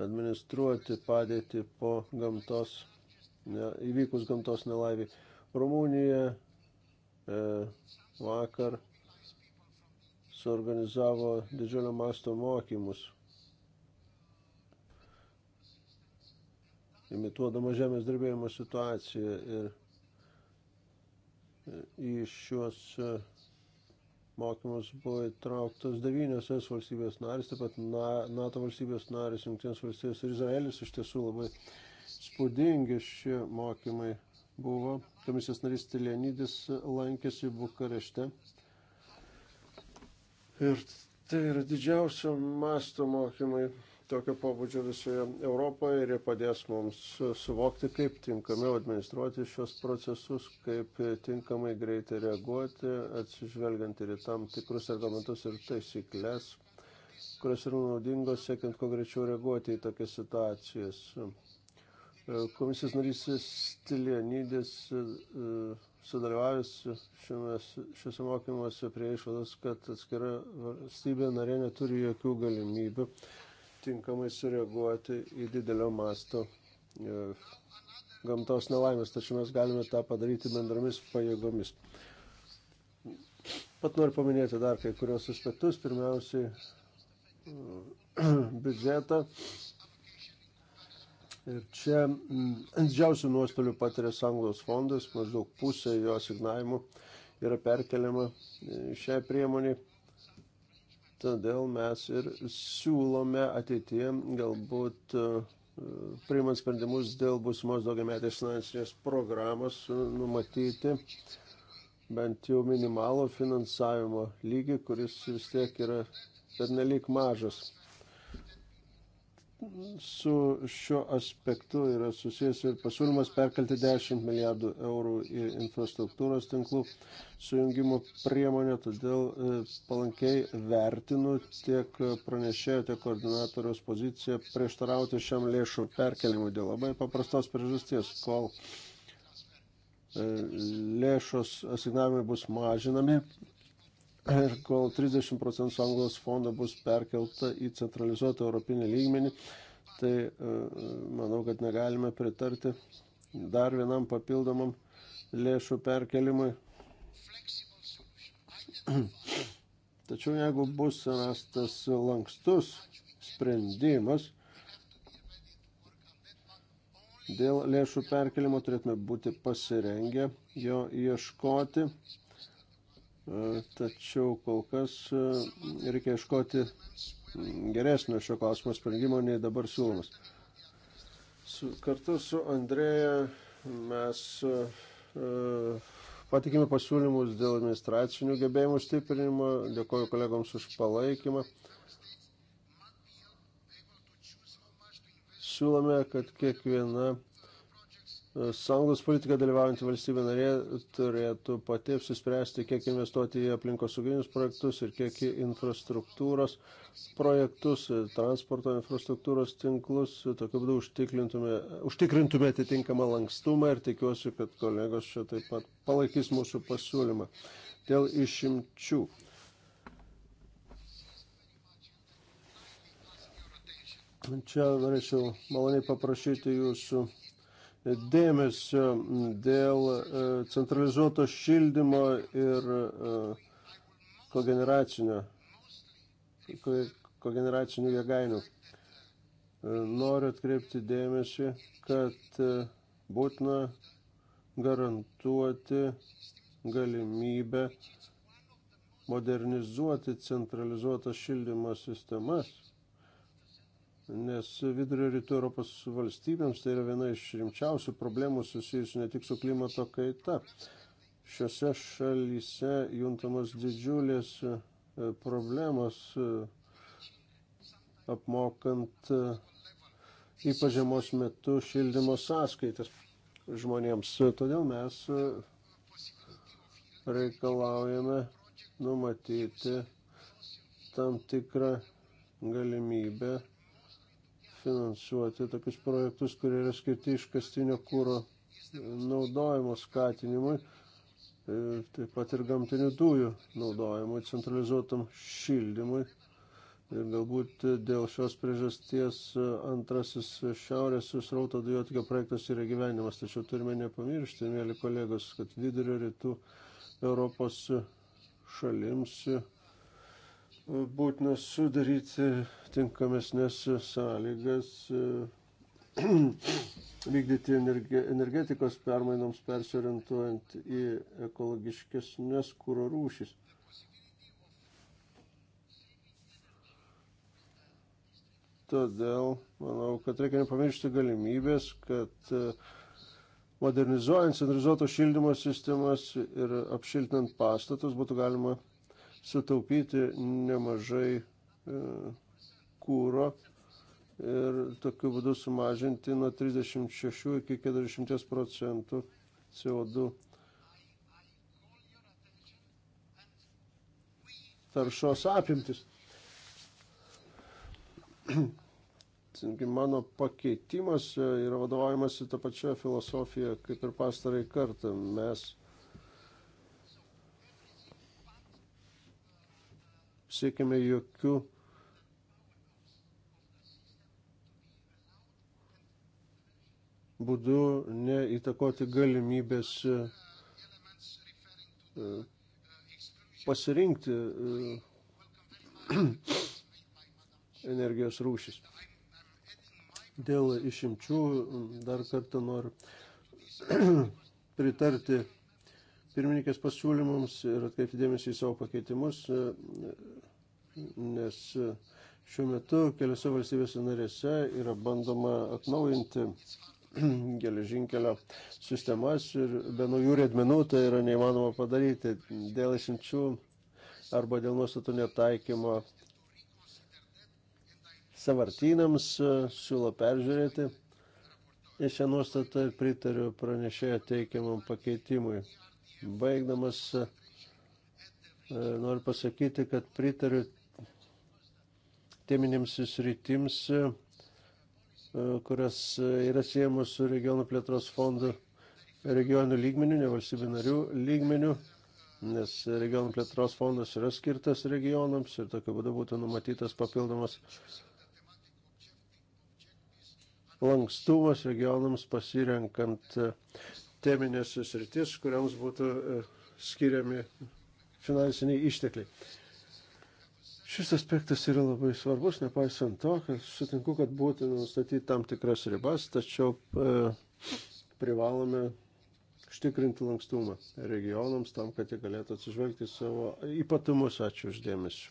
administruoti padėtį po gamtos, ne, įvykus gamtos nelaimiai. Rumunija e, vakar suorganizavo didžiulio masto mokymus, imituodama žemės drebėjimo situaciją ir į šiuos e, mokymus buvo įtrauktos devynios es valstybės narės, taip pat NATO valstybės narės, Junktinės valstybės ir Izraelis iš tiesų labai spūdingi šie mokymai buvo. Komisijos narys Tilianidis lankėsi Bukarešte. Ir tai yra didžiausio masto mokymai tokio pobūdžio visoje Europoje ir jie padės mums suvokti, kaip tinkamiau administruoti šios procesus, kaip tinkamai greitai reaguoti, atsižvelgiant ir į tam tikrus argumentus ir taisyklės, kurios yra naudingos, siekiant kuo greičiau reaguoti į tokias situacijas. Komisijos narys Stilienydis e, sudalyvavęs šiuose mokymuose prie išvados, kad atskira valstybė narė neturi jokių galimybių tinkamai sureaguoti į didelio masto e, gamtos nelaimės, tačiau mes galime tą padaryti bendromis pajėgomis. Pat noriu paminėti dar kai kurios aspektus. Pirmiausiai, biudžetą. Ir čia mm, didžiausių nuostolių patiria Sanglos fondas, maždaug pusė jo asignavimų yra perkeliama e, šiai priemonė. Todėl mes ir siūlome ateitie galbūt e, priimant sprendimus dėl būsimos daugiametės finansinės programos e, numatyti bent jau minimalų finansavimo lygį, kuris vis tiek yra per nelik mažas su šiuo aspektu yra susijęs ir pasiūlymas perkelti 10 milijardų eurų į infrastruktūros tinklų sujungimo priemonę, todėl e, palankiai vertinu tiek pranešėjo, tiek koordinatoriaus poziciją prieštarauti šiam lėšų perkelimui dėl labai paprastos priežasties, kol e, lėšos asignavimai bus mažinami Ir kol 30 procentų sąjungos fondo bus perkelta į centralizuotą europinį lygmenį, tai e, manau, kad negalime pritarti dar vienam papildomam lėšų perkelimui. Tačiau jeigu bus rastas lankstus sprendimas dėl lėšų perkelimo, turėtume būti pasirengę jo ieškoti tačiau kol kas e, reikia iškoti geresnio šio klausimo sprendimo nei dabar siūlomas. Su, kartu su Andrėja mes e, patikime pasiūlymus dėl administracinių gebėjimų stiprinimo. Dėkoju kolegoms už palaikymą. Siūlome, kad kiekviena E, sąjungos politika dalyvaujantį valstybę narė turėtų pati apsispręsti, kiek investuoti į aplinkosauginius projektus ir kiek į infrastruktūros projektus, e, transporto infrastruktūros tinklus. E, tokiu būdu užtikrintume, užtikrintume atitinkamą lankstumą ir tikiuosi, kad kolegos čia taip pat palaikys mūsų pasiūlymą dėl išimčių. Čia norėčiau maloniai paprašyti jūsų dėmesio dėl e, centralizuoto šildymo ir e, kogeneracinio, kogeneracinių jėgainių. E, noriu atkreipti dėmesį, kad būtina garantuoti galimybę modernizuoti centralizuotas šildymo sistemas nes vidurio rytų Europos valstybėms tai yra viena iš rimčiausių problemų susijusių ne tik su klimato kaita. Šiuose šalyse juntamos didžiulės e, problemos e, apmokant e, ypač žiemos metu šildymo sąskaitas žmonėms. Todėl mes reikalaujame numatyti tam tikrą galimybę finansuoti tokius projektus, kurie yra skirti iškastinio kūro naudojimo skatinimui, e, taip pat ir gamtinių dujų naudojimui, centralizuotam šildymui. Ir galbūt dėl šios priežasties e, antrasis šiaurės srauto dujotikio projektas yra gyvenimas. Tačiau turime nepamiršti, mėly kolegos, kad vidurio rytų Europos šalims būtina sudaryti tinkamesnės sąlygas e, vykdyti energetikos permainoms persiorientuojant į ekologiškesnės kūro rūšis. Todėl manau, kad reikia nepamiršti galimybės, kad e, modernizuojant centralizuoto šildymo sistemas ir apšiltinant pastatus būtų galima sutaupyti nemažai e, kūro ir tokiu būdu sumažinti nuo 36 iki 40 procentų CO2 taršos apimtis. Taigi mano pakeitimas e, yra vadovaujamasi tą pačią filosofiją kaip ir pastarai kartą. Mes siekime jokių būdų neįtakoti galimybės e, pasirinkti e, energijos rūšis. Dėl išimčių dar kartą noriu pritarti pirmininkės pasiūlymams ir atkreipti dėmesį į savo pakeitimus, nes šiuo metu keliose valstybėse narėse yra bandoma atnaujinti geležinkelio sistemas ir be naujų redmenų tai yra neįmanoma padaryti dėl išimčių arba dėl nuostatų netaikymo savartynams e, siūlo peržiūrėti. Ir šią nuostatą pritariu pranešėjo teikiamam pakeitimui. Baigdamas e, noriu pasakyti, kad pritariu teminėms sritims, e, kurios yra siejamos su regionų plėtros fondu regionų lygmenių, ne valstybių narių lygmenių, nes regionų plėtros fondas yra skirtas regionams ir tokiu būdu būtų numatytas papildomas lankstumas regionams pasirenkant teminės sritis, kuriams būtų e, skiriami finansiniai ištekliai. Šis aspektas yra labai svarbus, nepaisant to, kad sutinku, kad būtina nustatyti tam tikras ribas, tačiau e, privalome užtikrinti lankstumą regionams tam, kad jie galėtų atsižvelgti savo ypatumus. Ačiū uždėmesi.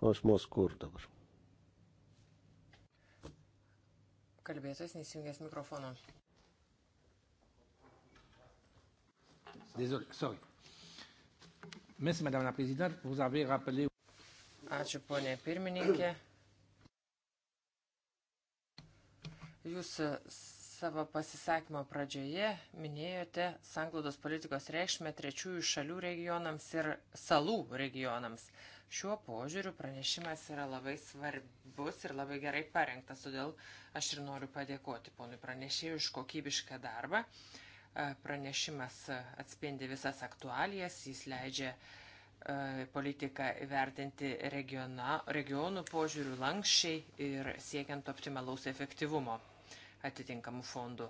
Panas Moskur dabar.
Kalbėtojas neįsijungęs mikrofono. Désolé, sorry. Merci, Madame la Présidente. Vous avez rappelé. Ačiū, ponė pirmininkė. Jūs e, savo pasisakymo pradžioje minėjote sanglaudos politikos reikšmę trečiųjų šalių regionams ir salų regionams. Šiuo požiūriu pranešimas yra labai svarbus ir labai gerai parengtas, todėl aš ir noriu padėkoti ponui pranešėjui už kokybišką darbą. Pranešimas atspindi visas aktualijas, jis leidžia politiką vertinti regiona, regionų požiūrių lankščiai ir siekiant optimalaus efektyvumo atitinkamų fondų.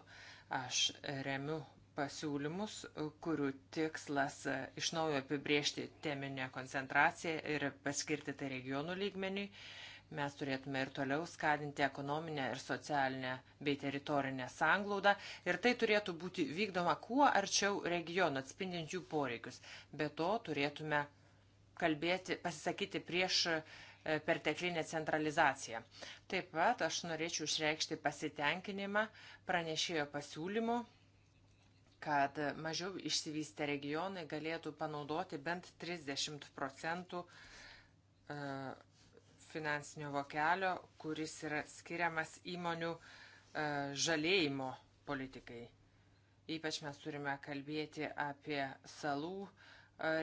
Aš remiu pasiūlymus, kurių tikslas e, iš naujo apibriežti teminę koncentraciją ir paskirti tai regionų lygmeniui. Mes turėtume ir toliau skatinti ekonominę ir socialinę bei teritorinę sanglaudą ir tai turėtų būti vykdoma kuo arčiau regionų atspindinčių poreikius. Be to turėtume kalbėti, pasisakyti prieš e, perteklinė centralizacija. Taip pat aš norėčiau išreikšti pasitenkinimą pranešėjo pasiūlymu kad mažiau išsivystę regionai galėtų panaudoti bent 30 procentų e, finansinio vokelio, kuris yra skiriamas įmonių e, žalėjimo politikai. Ypač mes turime kalbėti apie salų e,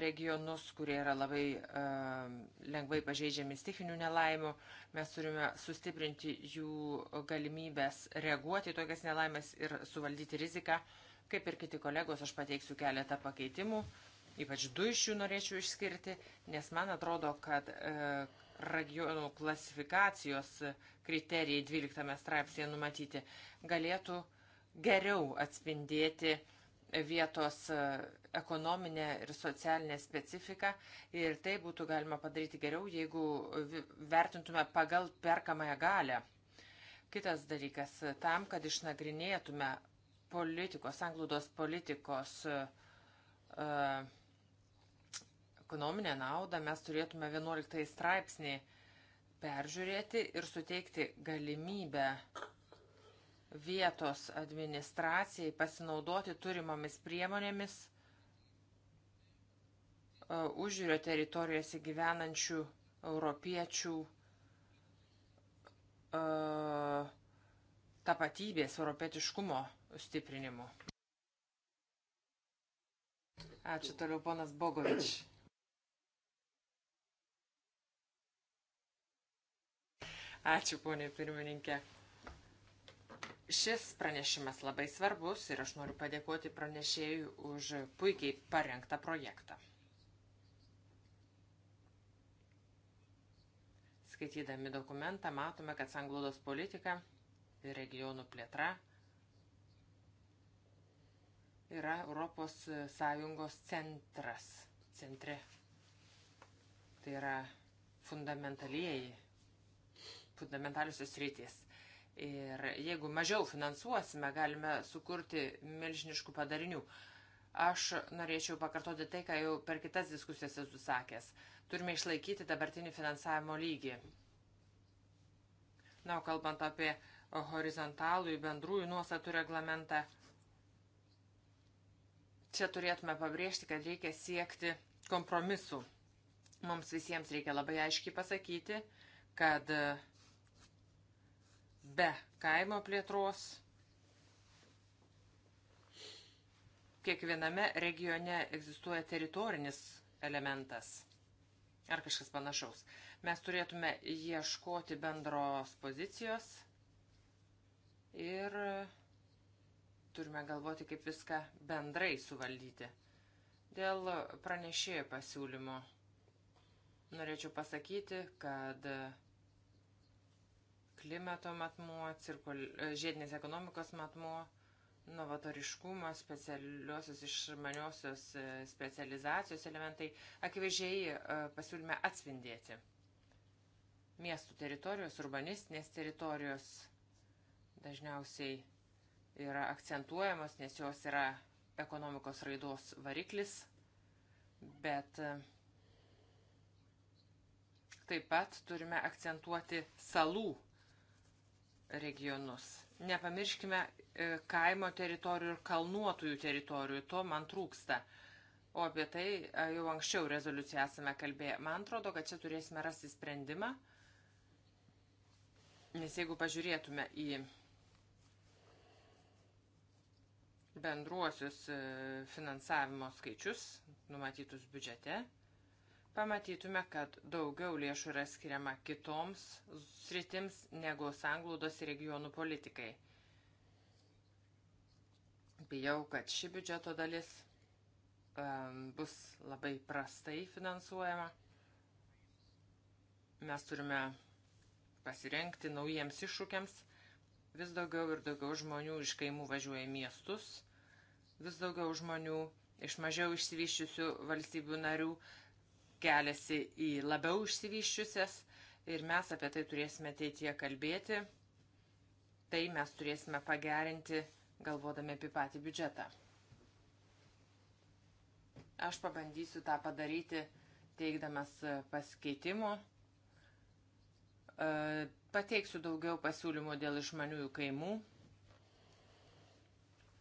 regionus, kurie yra labai lengvai pažeidžiami stichinių nelaimų. Mes turime sustiprinti jų galimybės reaguoti tokias nelaimės ir suvaldyti riziką. Kaip ir kiti kolegos, aš pateiksiu keletą pakeitimų, ypač du iš jų norėčiau išskirti, nes man atrodo, kad e, regionų klasifikacijos kriterijai 12 straipsnėje numatyti galėtų geriau atspindėti vietos e, ekonominę ir socialinę specifiką ir tai būtų galima padaryti geriau, jeigu vertintume pagal perkamąją galę. Kitas dalykas, tam, kad išnagrinėtume, politikos, anglūdos politikos e, e, ekonominę naudą mes turėtume 11 straipsnį peržiūrėti ir suteikti galimybę vietos administracijai pasinaudoti turimomis priemonėmis e, užžiūrio teritorijose gyvenančių europiečių tapatybės, europietiškumo stiprinimu. Ačiū toliau, ponas Bogovič. Ačiū, ponė pirmininkė. Šis pranešimas labai svarbus ir aš noriu padėkoti pranešėjui už puikiai parengtą projektą. Skaitydami dokumentą matome, kad sanglaudos politika ir regionų plėtra yra Europos Sąjungos centras, centre. Tai yra fundamentalieji, fundamentaliusios rytis. Ir jeigu mažiau finansuosime, galime sukurti milžiniškų padarinių. Aš norėčiau pakartoti tai, ką jau per kitas diskusijas esu sakęs. Turime išlaikyti dabartinį finansavimo lygį. Na, o kalbant apie horizontalų į bendrųjų nuostatų reglamentą, čia turėtume pabrėžti, kad reikia siekti kompromisų. Mums visiems reikia labai aiškiai pasakyti, kad e, be kaimo plėtros kiekviename regione egzistuoja teritorinis elementas ar kažkas panašaus. Mes turėtume ieškoti bendros pozicijos ir turime galvoti, kaip viską bendrai suvaldyti. Dėl pranešėjo pasiūlymo norėčiau pasakyti, kad klimato matmuo, cirkul... žiedinės ekonomikos matmuo, novatoriškumas, specialiosios išmaniosios e, specializacijos elementai akivaizdžiai e, pasiūlyme atspindėti. Miestų teritorijos, urbanistinės teritorijos dažniausiai yra akcentuojamos, nes jos yra ekonomikos raidos variklis, bet e, taip pat turime akcentuoti salų regionus. Nepamirškime e, kaimo teritorijų ir kalnuotųjų teritorijų, to man trūksta. O apie tai e, jau anksčiau rezoliuciją esame kalbėję. Man atrodo, kad čia turėsime rasti sprendimą, nes jeigu pažiūrėtume į bendruosius e, finansavimo skaičius numatytus biudžete, pamatytume, kad daugiau lėšų yra skiriama kitoms sritims negu sanglaudos ir regionų politikai. Bijau, kad ši biudžeto dalis um, bus labai prastai finansuojama. Mes turime pasirenkti naujiems iššūkiams. Vis daugiau ir daugiau žmonių iš kaimų važiuoja miestus Vis daugiau žmonių iš mažiau išsivyščiusių valstybių narių keliasi į labiau išsivyščiusias ir mes apie tai turėsime ateityje kalbėti. Tai mes turėsime pagerinti, galvodami apie patį biudžetą. Aš pabandysiu tą padaryti, teikdamas pasikeitimų. Pateiksiu daugiau pasiūlymų dėl išmaniųjų kaimų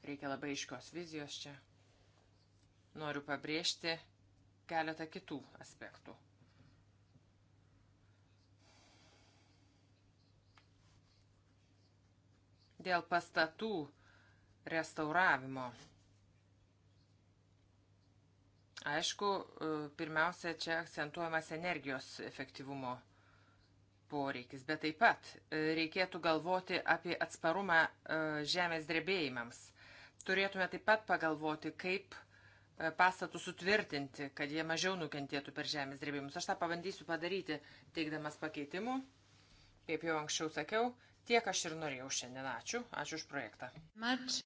Reikia labai iškios vizijos čia. Noriu pabrėžti keletą kitų aspektų. Dėl pastatų restauravimo. Aišku, pirmiausia, čia akcentuojamas energijos efektyvumo poreikis, bet taip pat reikėtų galvoti apie atsparumą e, žemės drebėjimams. Turėtume taip pat pagalvoti, kaip e, pastatų sutvirtinti, kad jie mažiau nukentėtų per žemės drebėjimus. Aš tą pabandysiu padaryti, teikdamas pakeitimų. Kaip jau anksčiau sakiau, tiek aš ir norėjau šiandien. Ačiū. Ačiū už projektą. Ačiū.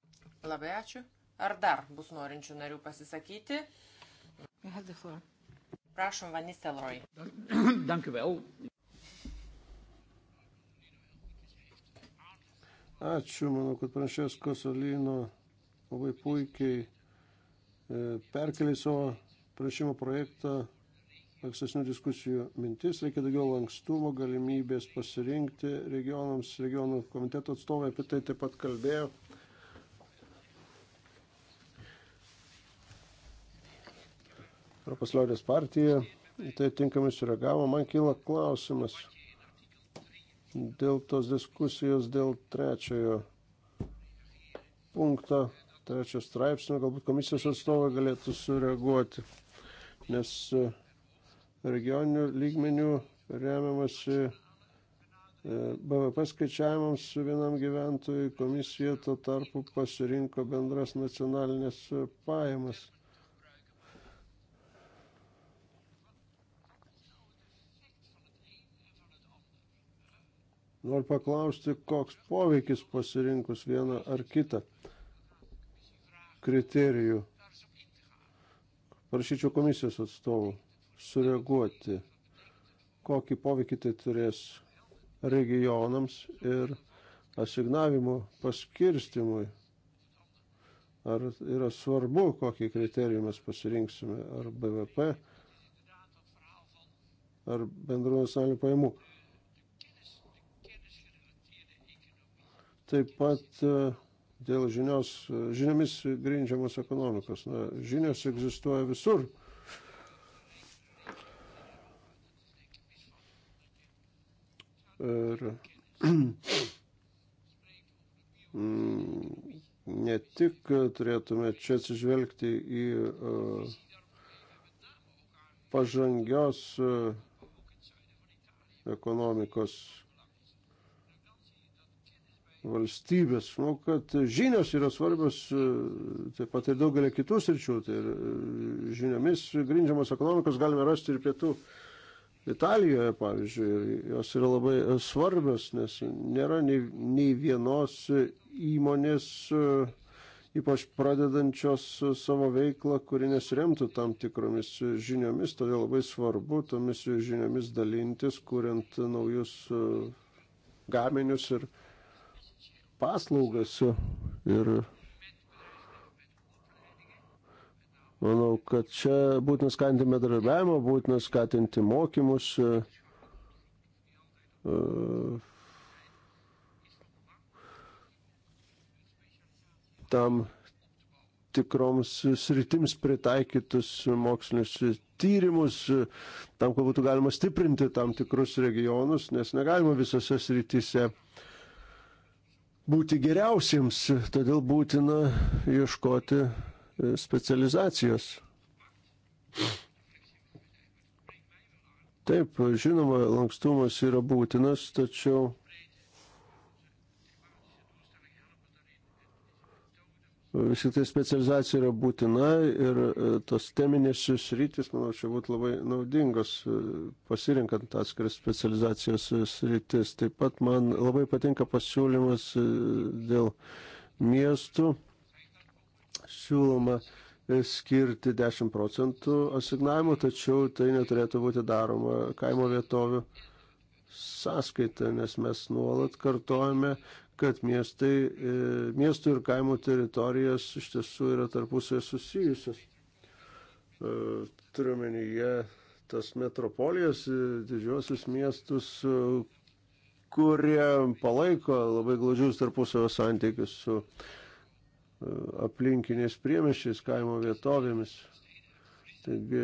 Labai ačiū. Ar dar bus norinčių narių pasisakyti? Prašom, Vanis Telroj.
Dankiu vėl. Ačiū, manau, kad pranešės Kosolino labai puikiai e, perkeliai savo prašymo projektą ankstesnių diskusijų mintis, reikia daugiau lankstumo, galimybės pasirinkti regionams, regionų komiteto atstovai apie tai taip pat kalbėjo. Europos liaudės partija tai tinkamai sureagavo. Man kyla klausimas dėl tos diskusijos dėl trečiojo punkto trečio straipsnio, galbūt komisijos atstovai galėtų sureaguoti, nes e, regioninių lygmenių remiamasi e, BVP skaičiavimams vienam gyventojui komisija tuo tarpu pasirinko bendras nacionalinės pajamas. Noriu paklausti, koks poveikis pasirinkus vieną ar kitą kriterijų. Prašyčiau komisijos atstovų sureaguoti, kokį poveikį tai turės regionams ir asignavimo paskirstimui. Ar yra svarbu, kokį kriterijų mes pasirinksime, ar BVP, ar bendrų nacionalinių pajamų. Taip pat uh, dėl žinios, žiniomis grindžiamos ekonomikos. Na, žinios egzistuoja visur. Ir ne tik turėtume čia atsižvelgti į pažangios ekonomikos valstybės. Manau, kad žinios yra svarbios e, taip pat ir daugelį kitų sričių. Tai e, žiniomis grindžiamos ekonomikos galime rasti ir pietų Italijoje, pavyzdžiui. Ir jos yra labai svarbios, nes nėra nei, nei vienos įmonės, e, ypač pradedančios savo veiklą, kuri nesiremtų tam tikromis žiniomis. Todėl labai svarbu tomis žiniomis dalintis, kuriant naujus gaminius ir paslaugas ir manau, kad čia būtina skatinti medarbiavimą, būtina skatinti mokymus. E, e, tam tikroms sritims pritaikytus mokslinius tyrimus, tam, kad būtų galima stiprinti tam tikrus regionus, nes negalima visose srityse uh, būti geriausiems, todėl būtina ieškoti e, specializacijos. Taip, žinoma, lankstumas yra būtinas, tačiau Vis tik tai specializacija yra būtina ir e, tos teminės sritis, manau, čia būtų labai naudingos e, pasirinkant atskiras specializacijos e, sritis. Taip pat man labai patinka pasiūlymas dėl miestų. Siūloma skirti 10 procentų asignavimų, tačiau tai neturėtų būti daroma kaimo vietovių sąskaita, nes mes nuolat kartojame, kad miestai, e, miestų ir kaimo teritorijos iš tiesų yra tarpusai susijusios. E, turiuomenyje tas metropolijas, e, didžiosius miestus, kurie palaiko labai glaudžius tarpusavio santykius su aplinkiniais priemišiais, kaimo vietovėmis. Taigi,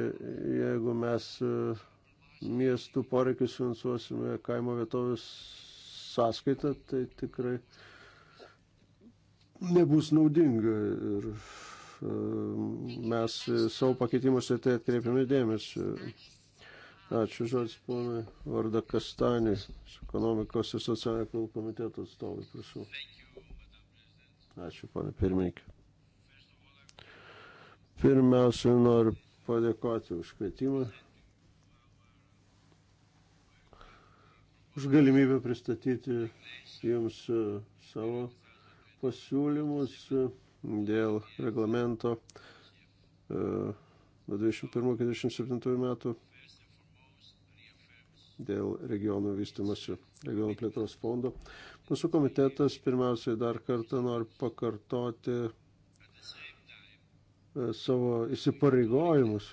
jeigu mes miestų poreikius finansuosime kaimo vietovės sąskaitą, tai tikrai nebus naudinga. Ir e, mes savo pakeitimuose tai atkreipiame dėmesį. Ačiū žodis ponai Varda Kastanis, ekonomikos ir socialinio reikalų komiteto atstovai, prašau. Ačiū ponai pirmininkė. Pirmiausia, noriu padėkoti už kvietimą už galimybę pristatyti Jums e, savo pasiūlymus e, dėl reglamento 21-47 e, metų dėl regionų vystimosi, regionų plėtros fondo. Mūsų komitetas pirmiausiai dar kartą nori pakartoti savo įsipareigojimus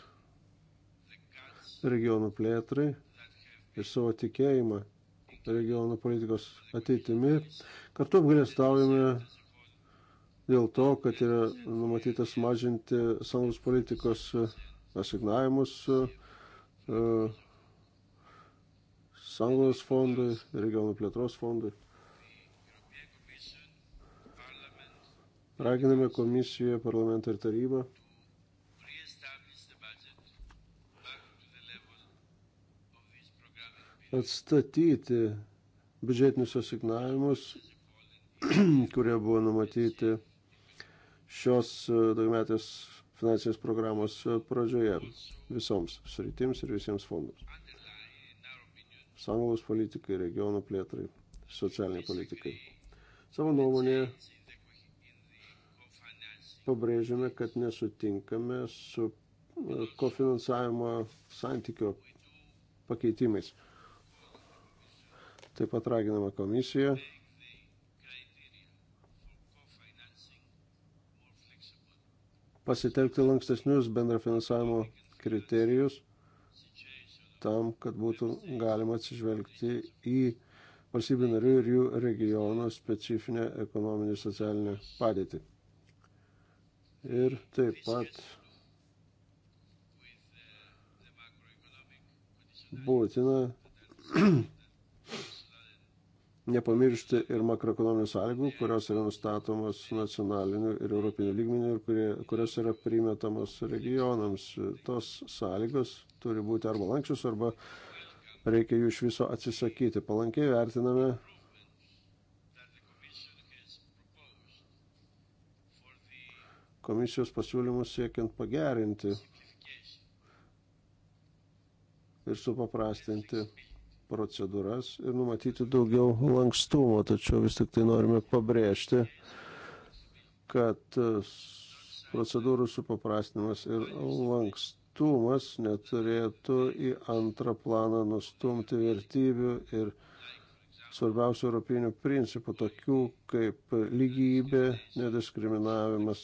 regionų plėtrai ir savo tikėjimą regionų politikos ateitimi. Kartu apgalėstaujame dėl to, kad yra numatytas mažinti sąnaudos politikos e, asignavimus e, e, sąnaudos fondui, regionų plėtros fondui. Raginame komisiją, parlamentą ir tarybą atstatyti biudžetinius asignavimus, kurie buvo numatyti šios e, daugmetės finansinės programos e, pradžioje visoms sritims ir visiems fondams. Sanglaus politikai, regionų plėtrai, socialiniai politikai. Savo nuomonėje pabrėžiame, kad nesutinkame su e, kofinansavimo santykio pakeitimais. Taip pat raginama komisija pasitelkti lankstesnius bendrafinansavimo kriterijus tam, kad būtų galima atsižvelgti į valstybių narių ir jų regiono specifinę ekonominį socialinę padėtį. Ir taip pat būtina nepamiršti ir makroekonominių sąlygų, kurios yra nustatomos nacionaliniu ir europiniu lygmeniu ir kurie, kurios yra primetamos regionams. Tos sąlygos turi būti arba lankščios, arba reikia jų iš viso atsisakyti. Palankiai vertiname. Komisijos pasiūlymus siekiant pagerinti ir supaprastinti procedūras ir numatyti daugiau lankstumo, tačiau vis tik tai norime pabrėžti, kad procedūrų supaprastinimas ir lankstumas neturėtų į antrą planą nustumti vertybių ir svarbiausių europinių principų, tokių kaip lygybė, nediskriminavimas,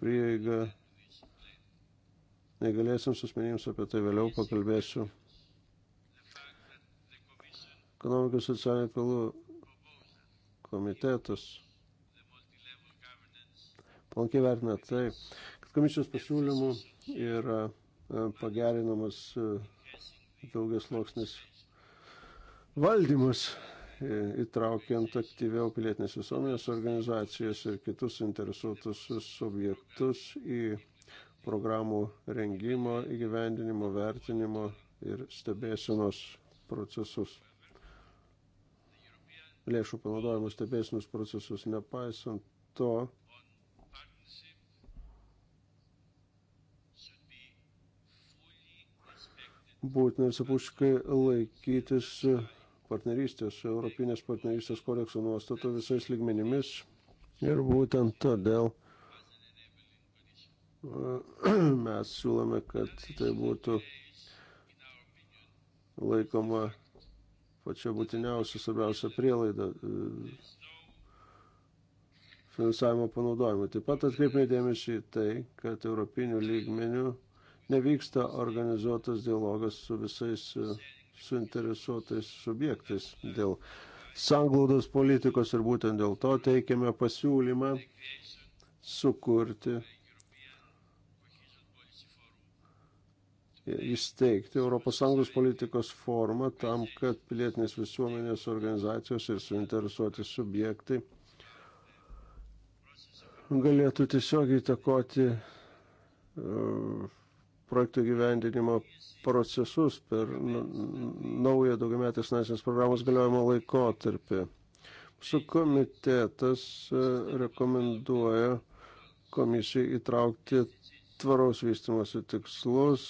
prieiga. Negalėsim su asmenims apie tai vėliau pakalbėsiu ekonomikos socialinių reikalų komitetas palankiai vertina tai, kad komisijos pasiūlymų yra e, pagerinamas e, daugias loksnis valdymas, e, įtraukiant aktyviau pilietinės visuomenės organizacijas ir kitus interesuotus subjektus į programų rengimo, įgyvendinimo, vertinimo ir stebėsinos procesus lėšų panaudojimo stebėsinius procesus. Nepaisant to, būtina visapuškai laikytis partnerystės, Europinės partnerystės kodekso nuostatų visais lygmenimis. Ir būtent todėl mes siūlome, kad tai būtų laikoma pačia būtiniausia, svarbiausia prielaida e, finansavimo panaudojimui. Taip pat atkreipime dėmesį į tai, kad europinių lygmenių nevyksta organizuotas dialogas su visais e, suinteresuotais subjektais dėl sanglaudos politikos ir būtent dėl to teikiame pasiūlymą sukurti įsteigti ES politikos formą tam, kad pilietinės visuomenės organizacijos ir suinteresuoti subjektai galėtų tiesiog įtakoti e, projektų gyvendinimo procesus per naują daugiametės nacinės programos galiojimo laikotarpį. Su komitetas e, rekomenduoja komisijai įtraukti tvaraus vystimosi tikslus,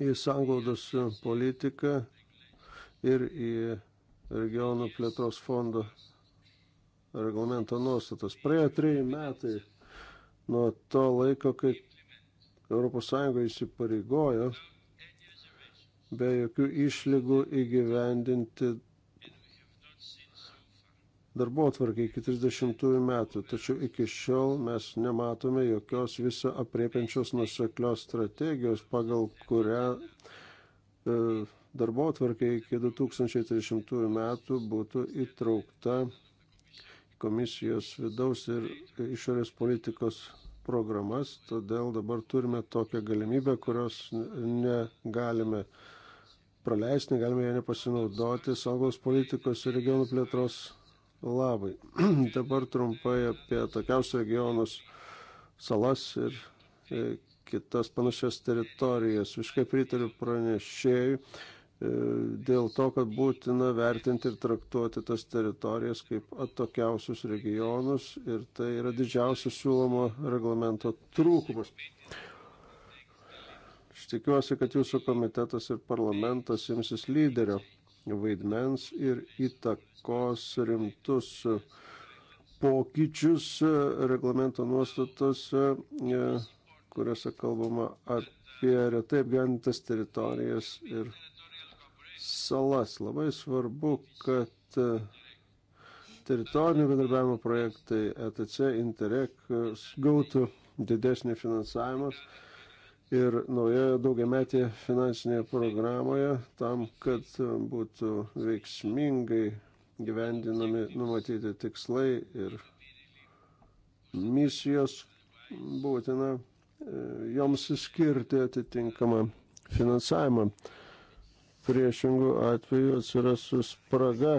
į sanglaudos politiką ir į regionų plėtros fondo reglamento nuostatas. Praėjo treji metai nuo to laiko, kai ES įsipareigojo be jokių išlygų įgyvendinti darbo atvarkį iki 30 metų, tačiau iki šiol mes nematome jokios viso apriepiančios nuseklios strategijos, pagal kurią e, darbo atvarkė iki 2030 metų būtų įtraukta komisijos vidaus ir išorės politikos programas, todėl dabar turime tokią galimybę, kurios negalime praleisti, negalime ją nepasinaudoti saugos politikos ir regionų plėtros labai. Dabar trumpai apie tokiaus regionus, salas ir e, kitas panašias teritorijas. Viškai pritariu pranešėjui e, dėl to, kad būtina vertinti ir traktuoti tas teritorijas kaip atokiausius regionus ir tai yra didžiausias siūlomo reglamento trūkumas. Aš tikiuosi, kad jūsų komitetas ir parlamentas imsis lyderio vaidmens ir įtakos rimtus pokyčius reglamento nuostatose, e, kuriuose kalbama apie retai apgyventas teritorijas ir salas. Labai svarbu, kad e, teritorinio bendarbiavimo projektai ETC, Interreg e, gautų didesnį finansavimą ir naujoje daugiametėje finansinėje programoje tam, kad būtų veiksmingai gyvendinami numatyti tikslai ir misijos būtina e, joms skirti atitinkamą finansavimą. Priešingų atveju atsiras spraga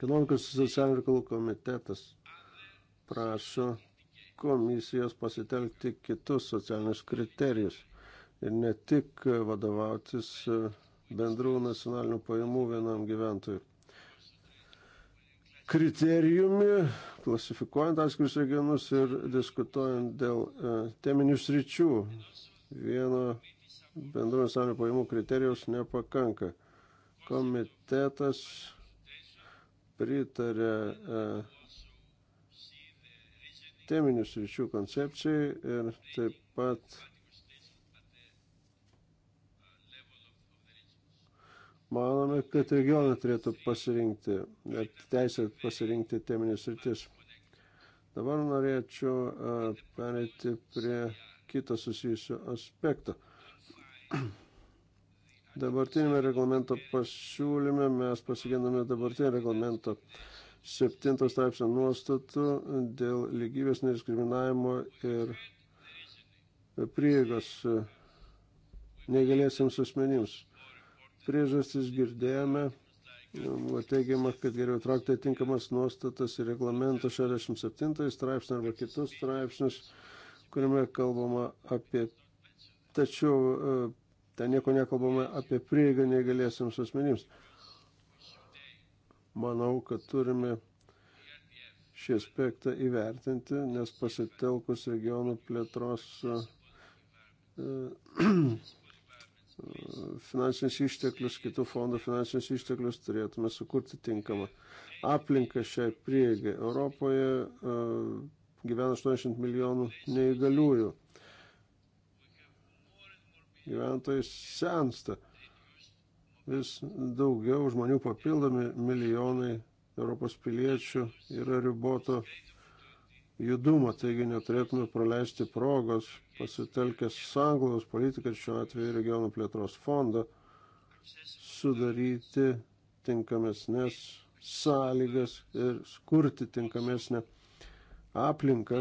Ekonomikos ir socialinių reikalų komitetas prašo komisijos pasitelkti kitus socialinius kriterijus ir ne tik vadovautis bendrų nacionalinių pajamų vienam gyventojui. Kriterijumi, klasifikuojant atskirius regionus ir diskutuojant dėl e, teminių sričių, vieno bendrų nacionalinių pajamų kriterijaus nepakanka. Komitetas pritarė e, teminių sričių koncepcijai ir taip pat manome, kad regionai turėtų pasirinkti, teisę pasirinkti teminės sritis. Dabar norėčiau e, pereiti prie kito susijusio aspekto. Dabartinėme reglamento pasiūlyme mes pasigendame dabartinio reglamento septinto straipsnio nuostatų dėl lygybės nediskriminavimo ir prieigos negalėsiams asmenims. Priežastis girdėjome, buvo teigiama, kad geriau traukti atinkamas nuostatas į reglamento 67 straipsnį arba kitus straipsnius, kuriame kalbama apie tačiau e, Ten nieko nekalbame apie prieigą negalėsiams asmenims. Manau, kad turime šį aspektą įvertinti, nes pasitelkus regionų plėtros e, finansinius išteklius, kitų fondų finansinius išteklius turėtume sukurti tinkamą aplinką šiai prieigai. Europoje e, gyvena 80 milijonų neįgaliųjų gyventojai sensta. Vis daugiau žmonių papildomi milijonai Europos piliečių yra riboto judumo, taigi neturėtume praleisti progos pasitelkęs sąnglaus politiką, šiuo atveju regionų plėtros fondą, sudaryti tinkamesnės sąlygas ir skurti tinkamesnę aplinką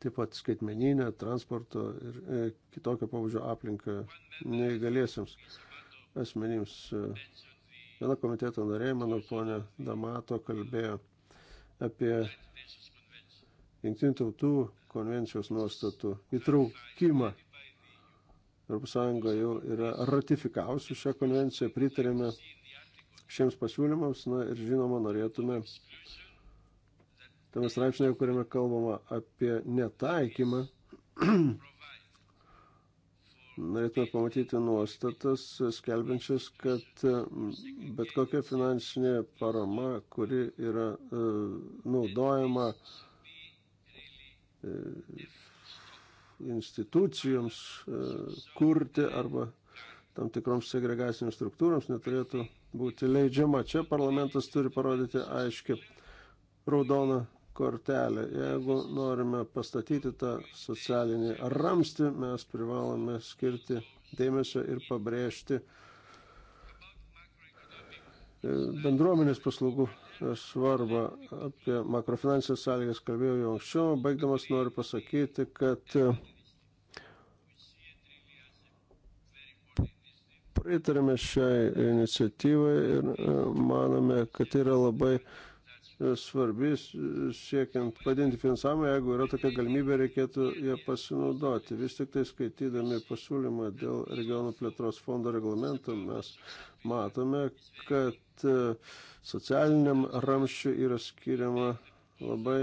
taip pat skaitmeninę, transporto ir e, kitokio pabudžio aplinką neįgaliesiams asmenims. Viena komiteto narė, mano ponė Damato, kalbėjo apie Junktinių tautų konvencijos nuostatų įtraukimą. ES jau yra ratifikavusi šią konvenciją, pritarėme šiems pasiūlymams na, ir žinoma norėtume uh, tame straipsnėje, kuriame kalbama apie netaikymą, norėtume pamatyti nuostatas, skelbiančias, kad mm, bet kokia finansinė parama, kuri yra e, naudojama e, institucijoms e, kurti arba tam tikroms segregacinėms struktūroms, neturėtų būti leidžiama. Čia parlamentas turi parodyti aiškiai raudoną kortelę. Jeigu norime pastatyti tą socialinį ramstį, mes privalome skirti dėmesio ir pabrėžti e, bendruomenės paslaugų svarbą. Apie makrofinansės sąlygas kalbėjau jau anksčiau. Baigdamas noriu pasakyti, kad e, pritarėme šiai iniciatyvai ir e, manome, kad tai yra labai svarbi e, siekiant padinti finansavimą, jeigu yra tokia galimybė, reikėtų ją pasinaudoti. Vis tik tai skaitydami pasiūlymą dėl regionų plėtros fondo reglamento mes matome, kad e, socialiniam ramščiu yra skiriama labai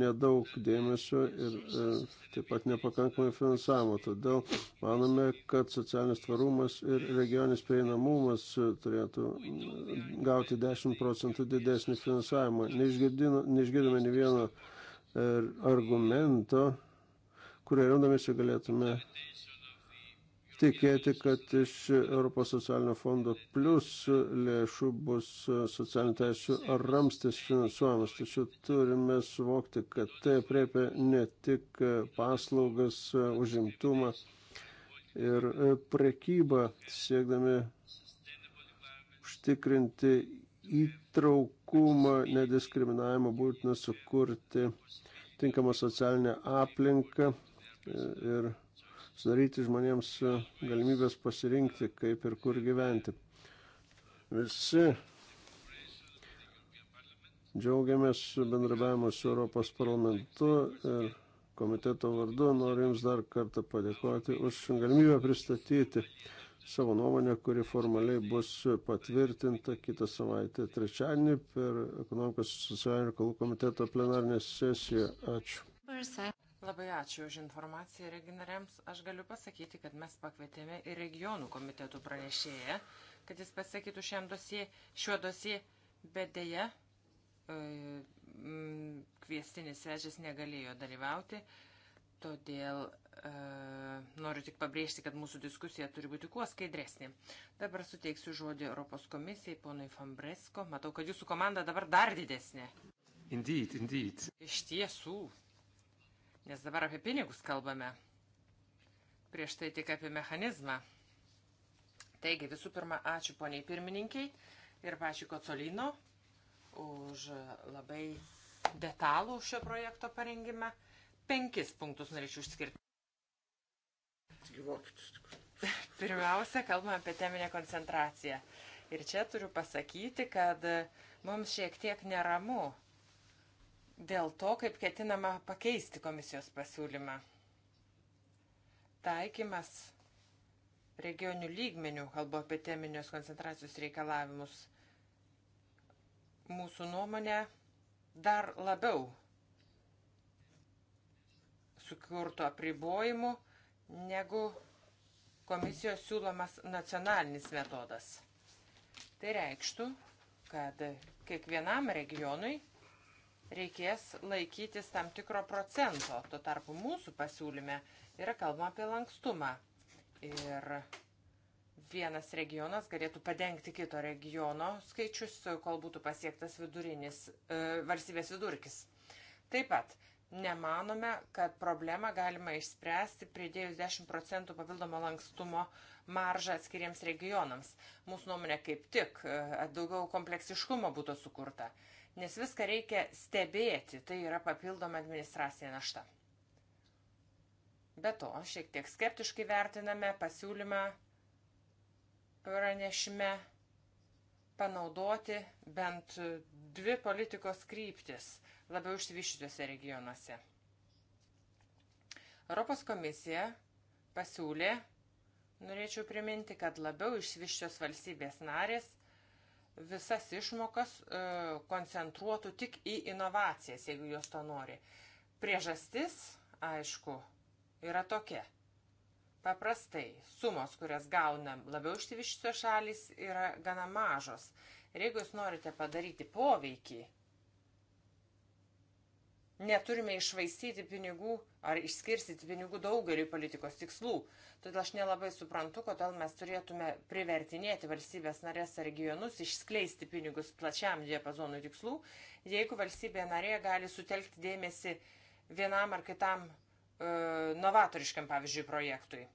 nedaug dėmesio ir e, taip pat nepakankamai finansavimo. Todėl manome, kad socialinis tvarumas ir regioninis prieinamumas e, turėtų mm, gauti 10 procentų didesnį finansavimą. Neišgirdome ne vieno e, argumento, kurio remdamėsi galėtume tikėti, kad iš Europos socialinio fondo plus lėšų bus socialinių teisų ar ramstis finansuojamas. Tačiau turime suvokti, kad tai priepia ne tik paslaugas, užimtumą ir prekybą, siekdami užtikrinti įtraukumą, nediskriminavimą būtina sukurti tinkamą socialinę aplinką ir sudaryti žmonėms e, galimybės pasirinkti, kaip ir kur gyventi. Visi džiaugiamės bendrabiavimu su Europos parlamentu ir komiteto vardu noriu Jums dar kartą padėkoti už galimybę pristatyti savo nuomonę, kuri formaliai bus patvirtinta kitą savaitę trečiadienį per ekonomikos socialinių reikalų komiteto plenarinę sesiją. Ačiū.
Labai ačiū už informaciją reginariams. Aš galiu pasakyti, kad mes pakvietėme ir regionų komitetų pranešėją, kad jis pasakytų dosie, šiuo dosie, bet dėja e, kviestinis svečias negalėjo dalyvauti. Todėl e, noriu tik pabrėžti, kad mūsų diskusija turi būti kuo skaidresnė. Dabar suteiksiu žodį Europos komisijai, ponui Fambresko. Matau, kad jūsų komanda dabar dar didesnė. Indeed, indeed. Iš tiesų. Nes dabar apie pinigus kalbame. Prieš tai tik apie mechanizmą. Taigi, visų pirma, ačiū poniai pirmininkiai ir pačiu Kocolino už labai detalų šio projekto parengimą. Penkis punktus norėčiau išskirti. Pirmiausia, kalbame apie teminę koncentraciją. Ir čia turiu pasakyti, kad mums šiek tiek neramu, dėl to, kaip ketinama pakeisti komisijos pasiūlymą. Taikymas regionių lygmenių, kalbu apie teminius koncentracijos reikalavimus, mūsų nuomonė dar labiau sukurto apribojimu negu komisijos siūlomas nacionalinis metodas. Tai reikštų, kad kiekvienam regionui reikės laikytis tam tikro procento. Tuo tarpu mūsų pasiūlyme yra kalbama apie lankstumą. Ir vienas regionas galėtų padengti kito regiono skaičius, kol būtų pasiektas vidurinis e, valstybės vidurkis. Taip pat nemanome, kad problemą galima išspręsti pridėjus 10 procentų papildomo lankstumo maržą atskiriems regionams. Mūsų nuomonė kaip tik e, daugiau kompleksiškumo būtų sukurta. E, nes viską reikia stebėti, tai yra papildoma administracinė našta. Be to, šiek tiek skeptiškai vertiname pasiūlymą pranešime panaudoti bent dvi politikos kryptis labiau išsivyščiusiuose regionuose. Europos komisija pasiūlė, norėčiau priminti, kad labiau išsivyščios valstybės narės visas išmokas e, koncentruotų tik į inovacijas, jeigu jos to nori. Priežastis, aišku, yra tokia. Paprastai sumos, kurias gaunam labiau išsivyščiusios šalis, yra gana mažos. Ir jeigu jūs norite padaryti poveikį neturime išvaistyti pinigų ar išskirstyti pinigų daugeliu politikos tikslų. Todėl aš nelabai suprantu, kodėl mes turėtume privertinėti valstybės narės ar regionus išskleisti pinigus plačiam diapazonui tikslų, jeigu valstybė narė gali sutelkti dėmesį vienam ar kitam e, novatoriškam, pavyzdžiui, projektui.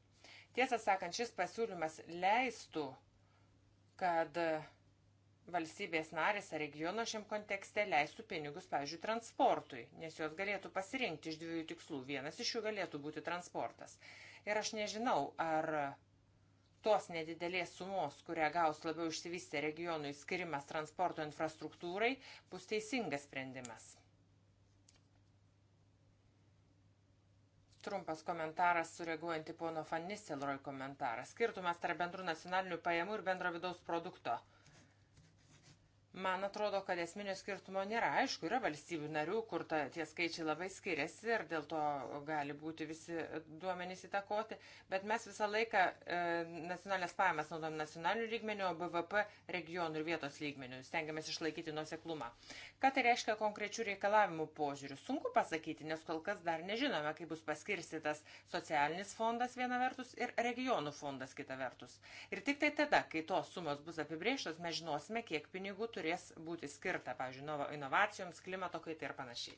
Tiesą sakant, šis pasiūlymas leistų, kad e, valstybės narės ar regiono šiam kontekste leistų pinigus, pavyzdžiui, transportui, nes jos galėtų pasirinkti iš dviejų tikslų. Vienas iš jų galėtų būti transportas. Ir aš nežinau, ar tos nedidelės sumos, kurią gaus labiau išsivystę regionų įskirimas transporto infrastruktūrai, bus teisingas sprendimas. Trumpas komentaras sureaguojant į pono Fanniselroj komentarą. Skirtumas tarp bendrų nacionalinių pajamų ir bendro vidaus produkto – Man atrodo, kad esminio skirtumo nėra. Aišku, yra valstybių narių, kur ta, tie skaičiai labai skiriasi ir dėl to gali būti visi duomenys įtakoti, bet mes visą laiką e, nacionalinės pajamas naudom nacionalinių lygmenių, o BVP regionų ir vietos lygmenių. Stengiamės išlaikyti nuoseklumą. Ką tai reiškia konkrečių reikalavimų požiūrių? Sunku pasakyti, nes kol kas dar nežinome, kaip bus paskirstytas socialinis fondas viena vertus ir regionų fondas kita vertus. Ir tik tai tada, kai tos sumos bus apibrieštos, mes žinosime, kiek pinigų turi turės būti skirta, pavyzdžiui, inovacijoms, klimato kaitai ir panašiai.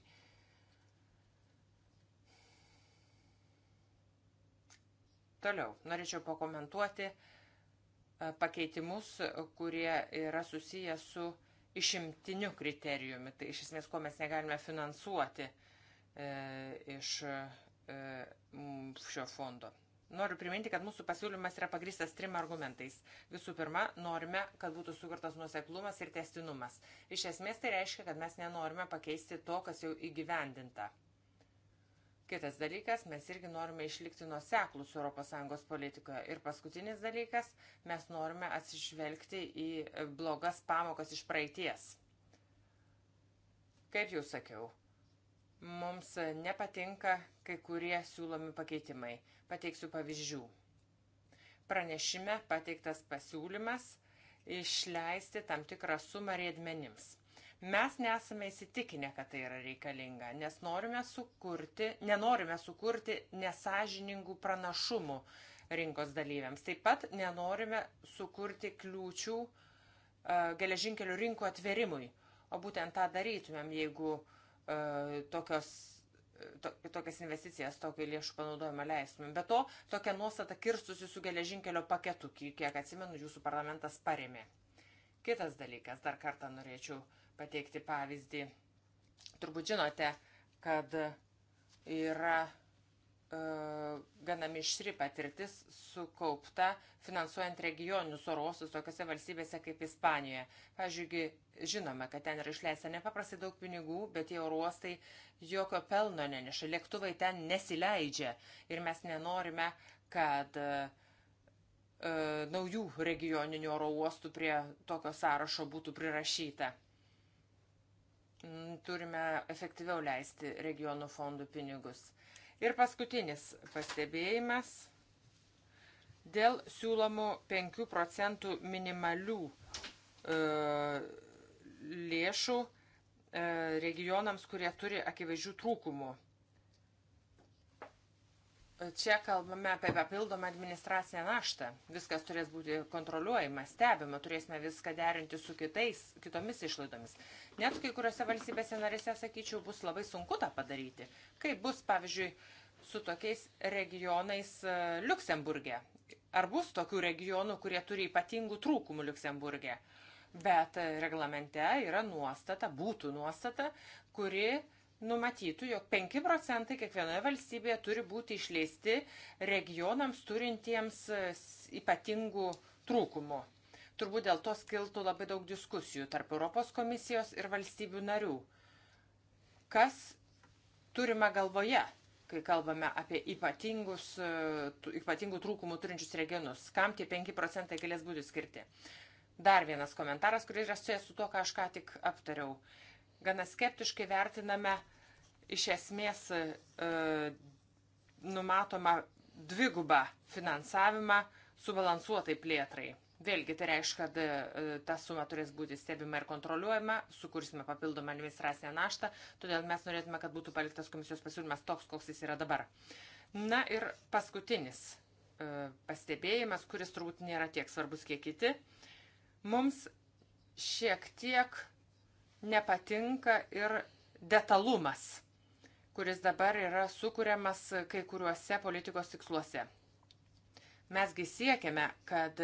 Toliau, norėčiau pakomentuoti e, pakeitimus, kurie yra susiję su išimtiniu kriterijumi. Tai iš esmės, ko mes negalime finansuoti e, iš e, šio fondo. Noriu priminti, kad mūsų pasiūlymas yra pagristas trim argumentais. Visų pirma, norime, kad būtų sukurtas nuoseklumas ir testinumas. Iš esmės tai reiškia, kad mes nenorime pakeisti to, kas jau įgyvendinta. Kitas dalykas, mes irgi norime išlikti nuoseklus ES politikoje. Ir paskutinis dalykas, mes norime atsižvelgti į blogas pamokas iš praeities. Kaip jau sakiau, mums nepatinka kai kurie siūlomi pakeitimai Pateiksiu pavyzdžių. Pranešime pateiktas pasiūlymas išleisti tam tikrą sumą riedmenims. Mes nesame įsitikinę, kad tai yra reikalinga, nes norime sukurti, nenorime sukurti nesažiningų pranašumų rinkos dalyviams. Taip pat nenorime sukurti kliūčių uh, geležinkelių rinkų atverimui, o būtent tą darytumėm, jeigu uh, tokios to, tokias investicijas, tokį lėšų panaudojimą leistumėm. Be to, tokia nuostata kirstusi su geležinkelio paketu, kiek atsimenu, jūsų parlamentas paremė. Kitas dalykas, dar kartą norėčiau pateikti pavyzdį. Turbūt žinote, kad yra E, gana mišri patirtis sukaupta finansuojant regioninius orosus tokiose valstybėse kaip Ispanijoje. Pavyzdžiui, žinome, kad ten yra išleista nepaprastai daug pinigų, bet tie orostai jokio pelno neneša, lėktuvai ten nesileidžia ir mes nenorime, kad uh, naujų regioninių oro uostų prie tokio sąrašo būtų prirašyta. Mm, turime efektyviau leisti regionų fondų pinigus. Ir paskutinis pastebėjimas dėl siūlomų 5 procentų minimalių e, lėšų e, regionams, kurie turi akivaizdžių trūkumų. Čia kalbame apie papildomą administracinę naštą. Viskas turės būti kontroliuojama, stebima, turėsime viską derinti su kitais, kitomis išlaidomis. Net kai kuriuose valstybėse narėse, sakyčiau, bus labai sunku tą padaryti. Kaip bus, pavyzdžiui, su tokiais regionais e, Luksemburgė? Ar bus tokių regionų, kurie turi ypatingų trūkumų Luksemburgė? Bet e, reglamente yra nuostata, būtų nuostata, kuri uh, numatytų, jog 5 procentai kiekvienoje valstybėje turi būti išleisti regionams turintiems e, ypatingų trūkumų. Turbūt dėl to skiltų labai daug diskusijų tarp Europos komisijos ir valstybių narių. Kas turime galvoje, kai kalbame apie ypatingus, e, ypatingų trūkumų turinčius regionus? Kam tie 5 procentai galės būti skirti? Dar vienas komentaras, kuris yra susijęs su to, ką aš ką tik aptariau. Uh, gana skeptiškai vertiname iš esmės e, numatomą dvigubą finansavimą subalansuotai plėtrai. Vėlgi tai reiškia, kad e, ta suma turės būti stebima ir kontroliuojama, sukursime papildomą administracinę naštą, todėl mes norėtume, kad būtų paliktas komisijos pasiūlymas toks, koks jis yra dabar. Na ir paskutinis e, pastebėjimas, kuris turbūt nėra tiek svarbus, kiek kiti. Mums šiek tiek nepatinka ir detalumas, kuris dabar yra sukūriamas kai kuriuose politikos tiksluose. Mesgi siekiame, kad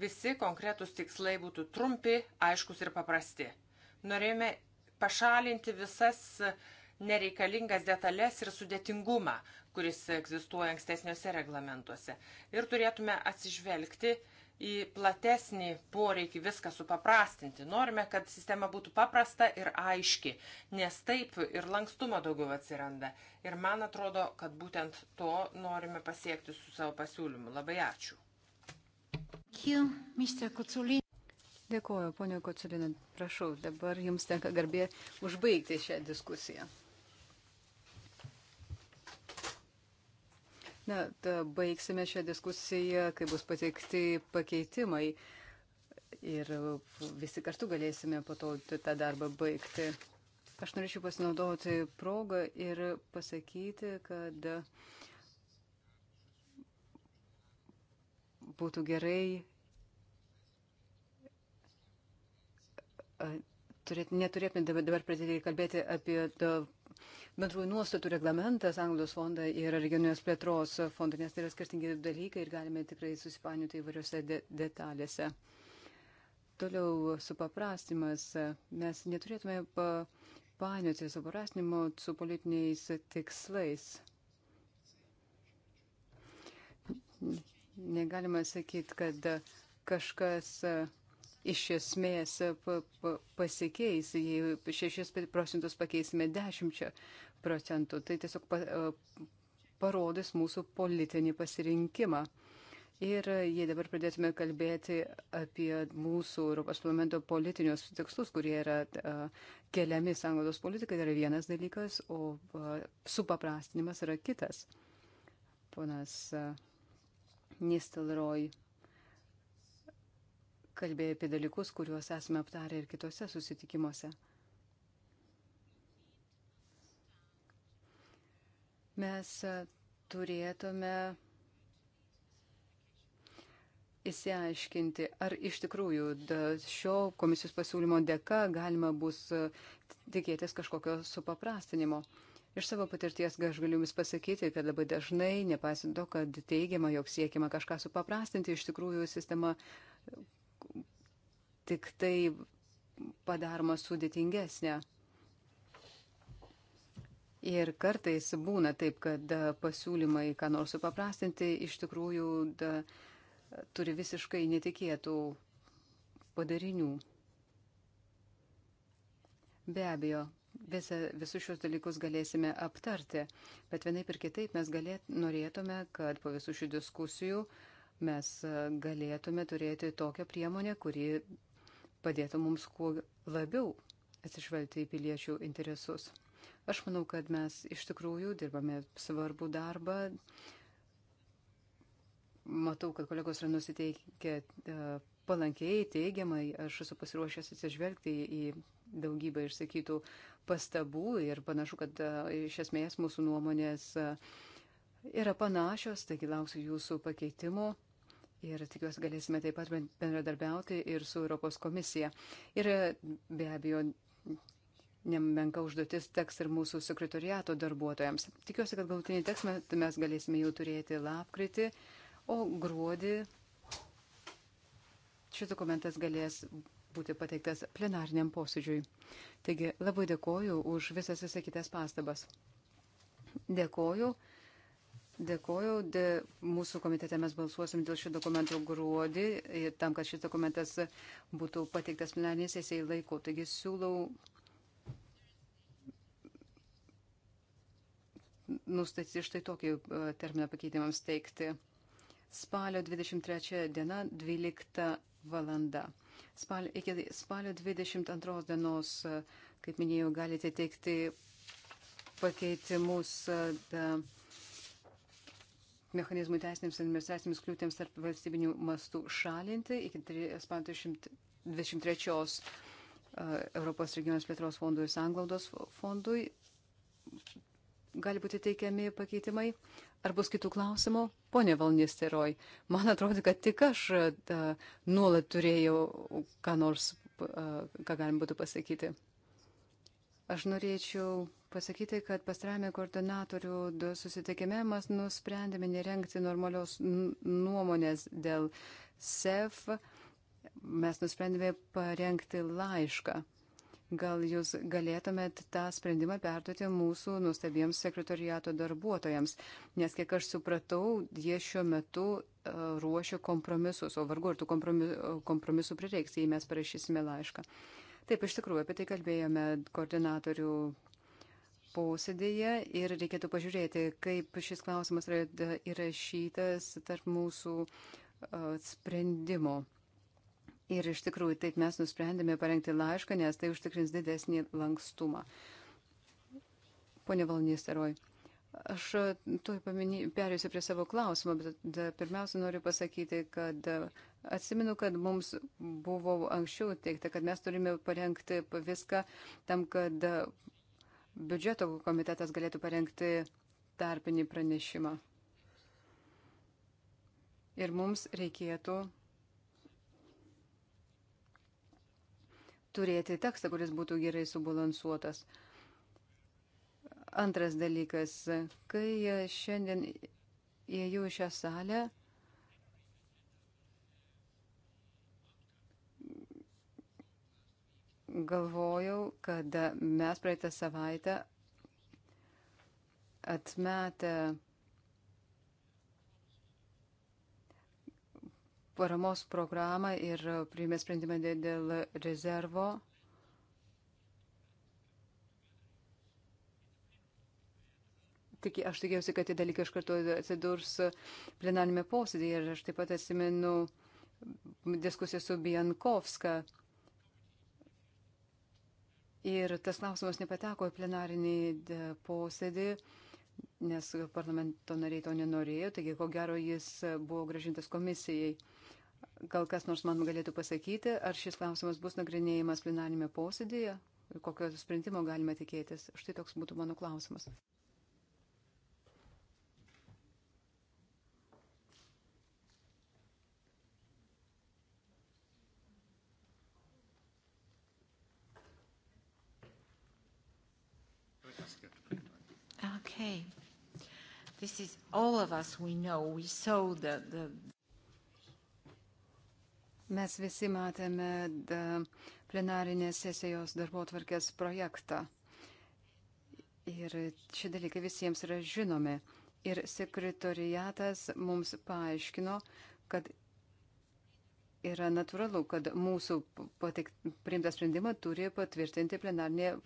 visi konkretūs tikslai būtų trumpi, aiškus ir paprasti. Norėjome pašalinti visas nereikalingas detalės ir sudėtingumą, kuris egzistuoja ankstesniuose reglamentuose. Ir turėtume atsižvelgti į platesnį poreikį viską supaprastinti. Norime, kad sistema būtų paprasta ir aiški, nes taip ir lankstumo daugiau atsiranda. Ir man atrodo, kad būtent to norime pasiekti su savo pasiūlymu. Labai ačiū.
Dėkuoju, ponio Koculinė. Prašau, dabar jums tenka garbė užbaigti šią diskusiją. Na, ta, baigsime šią diskusiją, kai bus pateikti pakeitimai ir visi kartu galėsime po to tą darbą baigti. Aš norėčiau pasinaudoti progą ir pasakyti, kad būtų gerai turėt, neturėtume dabar, dabar pradėti kalbėti apie bendrųjų nuostatų reglamentas Anglijos fondą ir regioninės plėtros fondą, nes tai yra skirtingi dalykai ir galime tikrai susipainioti įvairiose de detalėse. Toliau supaprastimas. Mes neturėtume painioti supaprastinimo su politiniais tikslais. Negalima sakyti, kad kažkas e, iš esmės pasikeis, jei 6 procentus pakeisime 10 procentų. Tai tiesiog pa, e, parodys mūsų politinį pasirinkimą. Ir jei dabar pradėtume kalbėti apie mūsų Europos parlamento politinius tikslus, kurie yra uh, keliami sąnaudos politikai, tai yra vienas dalykas, o uh, supaprastinimas yra kitas. Ponas uh, Nistelroj kalbėjo apie dalykus, kuriuos esame aptarę ir kitose susitikimuose. Uh, mes e, turėtume įsiaiškinti, ar iš tikrųjų šio komisijos pasiūlymo dėka galima bus e, tikėtis kažkokio supaprastinimo. Iš savo patirties aš galiu Jums pasakyti, kad labai dažnai, nepaisant to, kad teigiama, jog siekiama kažką supaprastinti, iš tikrųjų sistema e, tik tai padaroma sudėtingesnė. Ir kartais būna taip, kad e, pasiūlymai, ką nors supaprastinti, iš tikrųjų da, turi visiškai netikėtų padarinių. Be abejo, visa, visus šios dalykus galėsime aptarti, bet vienaip ir kitaip mes galėt, norėtume, kad po visų šių diskusijų mes e, galėtume turėti tokią priemonę, kuri padėtų mums kuo labiau atsižvelgti į piliečių interesus. Aš manau, kad mes iš tikrųjų dirbame svarbų darbą. Matau, kad kolegos yra nusiteikę e, palankiai, teigiamai. Aš esu pasiruošęs atsižvelgti į daugybę išsakytų pastabų ir panašu, kad e, iš esmės mūsų nuomonės e, yra panašios, taigi lauksiu jūsų pakeitimų. Ir tikiuosi galėsime taip pat bendradarbiauti ir su Europos komisija. Ir be abejo, nemenka užduotis teks ir mūsų sekretoriato darbuotojams. Tikiuosi, kad galutinį tekstą mes galėsime jau turėti lapkritį, o gruodį šis dokumentas galės būti pateiktas plenariniam posėdžiui. Taigi labai dėkoju už visas įsakytas pastabas. Dėkoju. Dėkoju. De, mūsų komitete mes balsuosim dėl šio dokumento gruodį, tam, kad šis dokumentas būtų pateiktas plenariniai sesijai laiku. Taigi siūlau nustatyti štai tokį e, terminą pakeitimams teikti. Spalio 23 diena 12 valanda. Spalio, iki spalio 22 dienos, e, kaip minėjau, galite teikti pakeitimus e, da, mechanizmų teisinėms administracinėms kliūtėms tarp valstybinių mastų šalinti iki spalio 23 Europos regionės plėtros fondui ir sanglaudos fondui gali būti teikiami pakeitimai? Ar bus kitų klausimų? Pone Valnisteroj, man atrodo, kad tik aš da, nuolat turėjau ką nors, ką galim būtų pasakyti. Aš norėčiau pasakyti, kad pastarame koordinatorių susitikime mes nusprendėme nerengti normalios nuomonės dėl SEF. Mes nusprendėme parengti laišką Gal jūs galėtumėt tą sprendimą perduoti mūsų nustabiems sekretoriato darbuotojams, nes kiek aš supratau, jie šiuo metu e, ruošia kompromisus, o vargu ar tų kompromisų prireiks, jei mes parašysime laišką. Taip, iš tikrųjų, apie tai kalbėjome koordinatorių posėdėje ir reikėtų pažiūrėti, kaip šis klausimas yra įrašytas tarp mūsų e, sprendimo. Ir iš tikrųjų taip mes nusprendėme parengti laišką, nes tai užtikrins didesnį lankstumą. Pone Valnysteroj, aš tuoj perėsiu prie savo klausimo, bet pirmiausia noriu pasakyti, kad atsimenu, kad mums buvo anksčiau teikta, kad mes turime parengti viską tam, kad biudžeto komitetas galėtų parengti tarpinį pranešimą. Ir mums reikėtų turėti tekstą, kuris būtų gerai subalansuotas. Antras dalykas, kai šiandien įėjau į šią salę, galvojau, kad mes praeitą savaitę atmetę paramos programą ir priėmė sprendimą dėl rezervo. Tik, aš tikėjausi, kad tie dalykai iš karto atsidurs plenarime posėdėje ir aš taip pat atsimenu diskusiją su Biankovska. Ir tas klausimas nepateko į plenarinį posėdį nes parlamento nariai to nenorėjo, taigi ko gero jis buvo gražintas komisijai. Gal kas nors man galėtų pasakyti, ar šis klausimas bus nagrinėjimas plenarime posėdėje, kokio sprendimo galime tikėtis. Štai toks būtų mano klausimas. This is all of us we know, we saw the, the Mes visi matėme plenarinės sesijos darbo tvarkės projektą. Ir šie dalykai visiems yra žinomi. Ir sekretoriatas mums paaiškino, kad yra natūralu, kad mūsų priimtą sprendimą turi patvirtinti plenarinė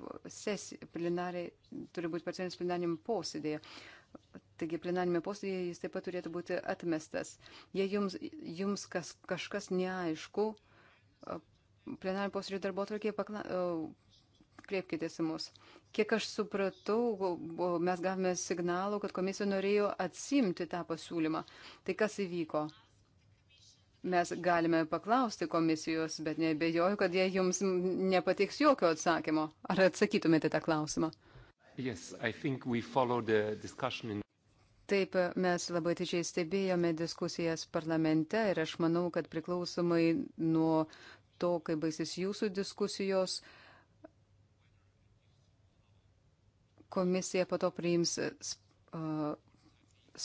sesija, plenarė, turi būti patvirtinti plenariniam posėdėje. Taigi plenarinėme posėdėje jis taip pat turėtų būti atmestas. Jei jums, jums kas, kažkas neaišku, plenarinio posėdžio darbo atvarkėje pakla... kreipkitės į mus. Kiek aš supratau, mes gavome signalų, kad komisija norėjo atsimti tą pasiūlymą. Tai kas įvyko? Mes galime paklausti komisijos, bet nebejoju, kad jie jums nepateiks jokio atsakymo. Ar atsakytumėte tą klausimą?
Yes, I think we follow the discussion in
Taip, mes labai tyčiai stebėjome diskusijas parlamente ir aš manau, kad priklausomai nuo to, kaip baisys jūsų diskusijos, komisija po to priims uh,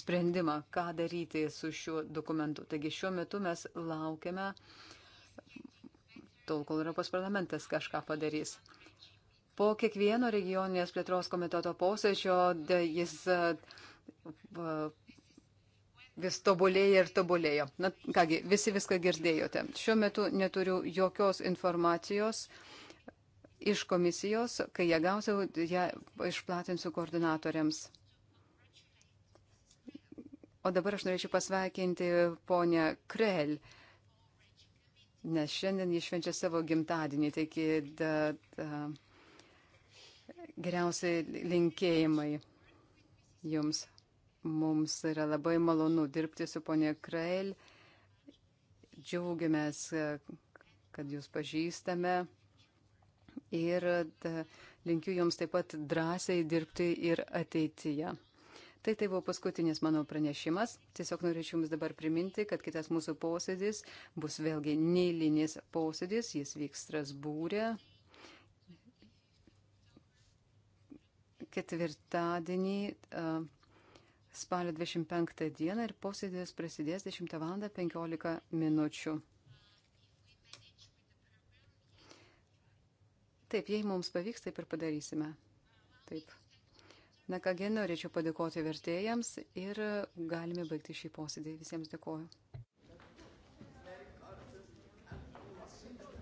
sprendimą, ką daryti su šiuo dokumentu. Taigi šiuo metu mes laukiame tol, kol Europos parlamentas kažką padarys. Po kiekvieno regioninės plėtros komiteto posėdžio jis vis tobulėja ir tobulėjo. Na kągi, visi viską girdėjote. Šiuo metu neturiu jokios informacijos iš komisijos, kai ją gausiu, ją išplatinsiu koordinatoriams. O dabar aš norėčiau pasveikinti ponę Krell, nes šiandien jis švenčia savo gimtadienį, taigi da, da, geriausiai linkėjimai jums. Mums yra labai malonu dirbti su ponė Krail. Džiaugiamės, kad jūs pažįstame. Ir ta, linkiu jums taip pat drąsiai dirbti ir ateityje. Tai tai buvo paskutinis mano pranešimas. Tiesiog norėčiau Jums dabar priminti, kad kitas mūsų posėdis bus vėlgi neįlinis posėdis, jis vyks Strasbūrė. Ketvirtadienį spalio 25 dieną ir posėdės prasidės 10 val. 15 minučių. Taip, jei mums pavyks, taip ir padarysime. Taip. Na kągi, norėčiau padėkoti vertėjams ir galime baigti šį posėdį. Visiems dėkoju.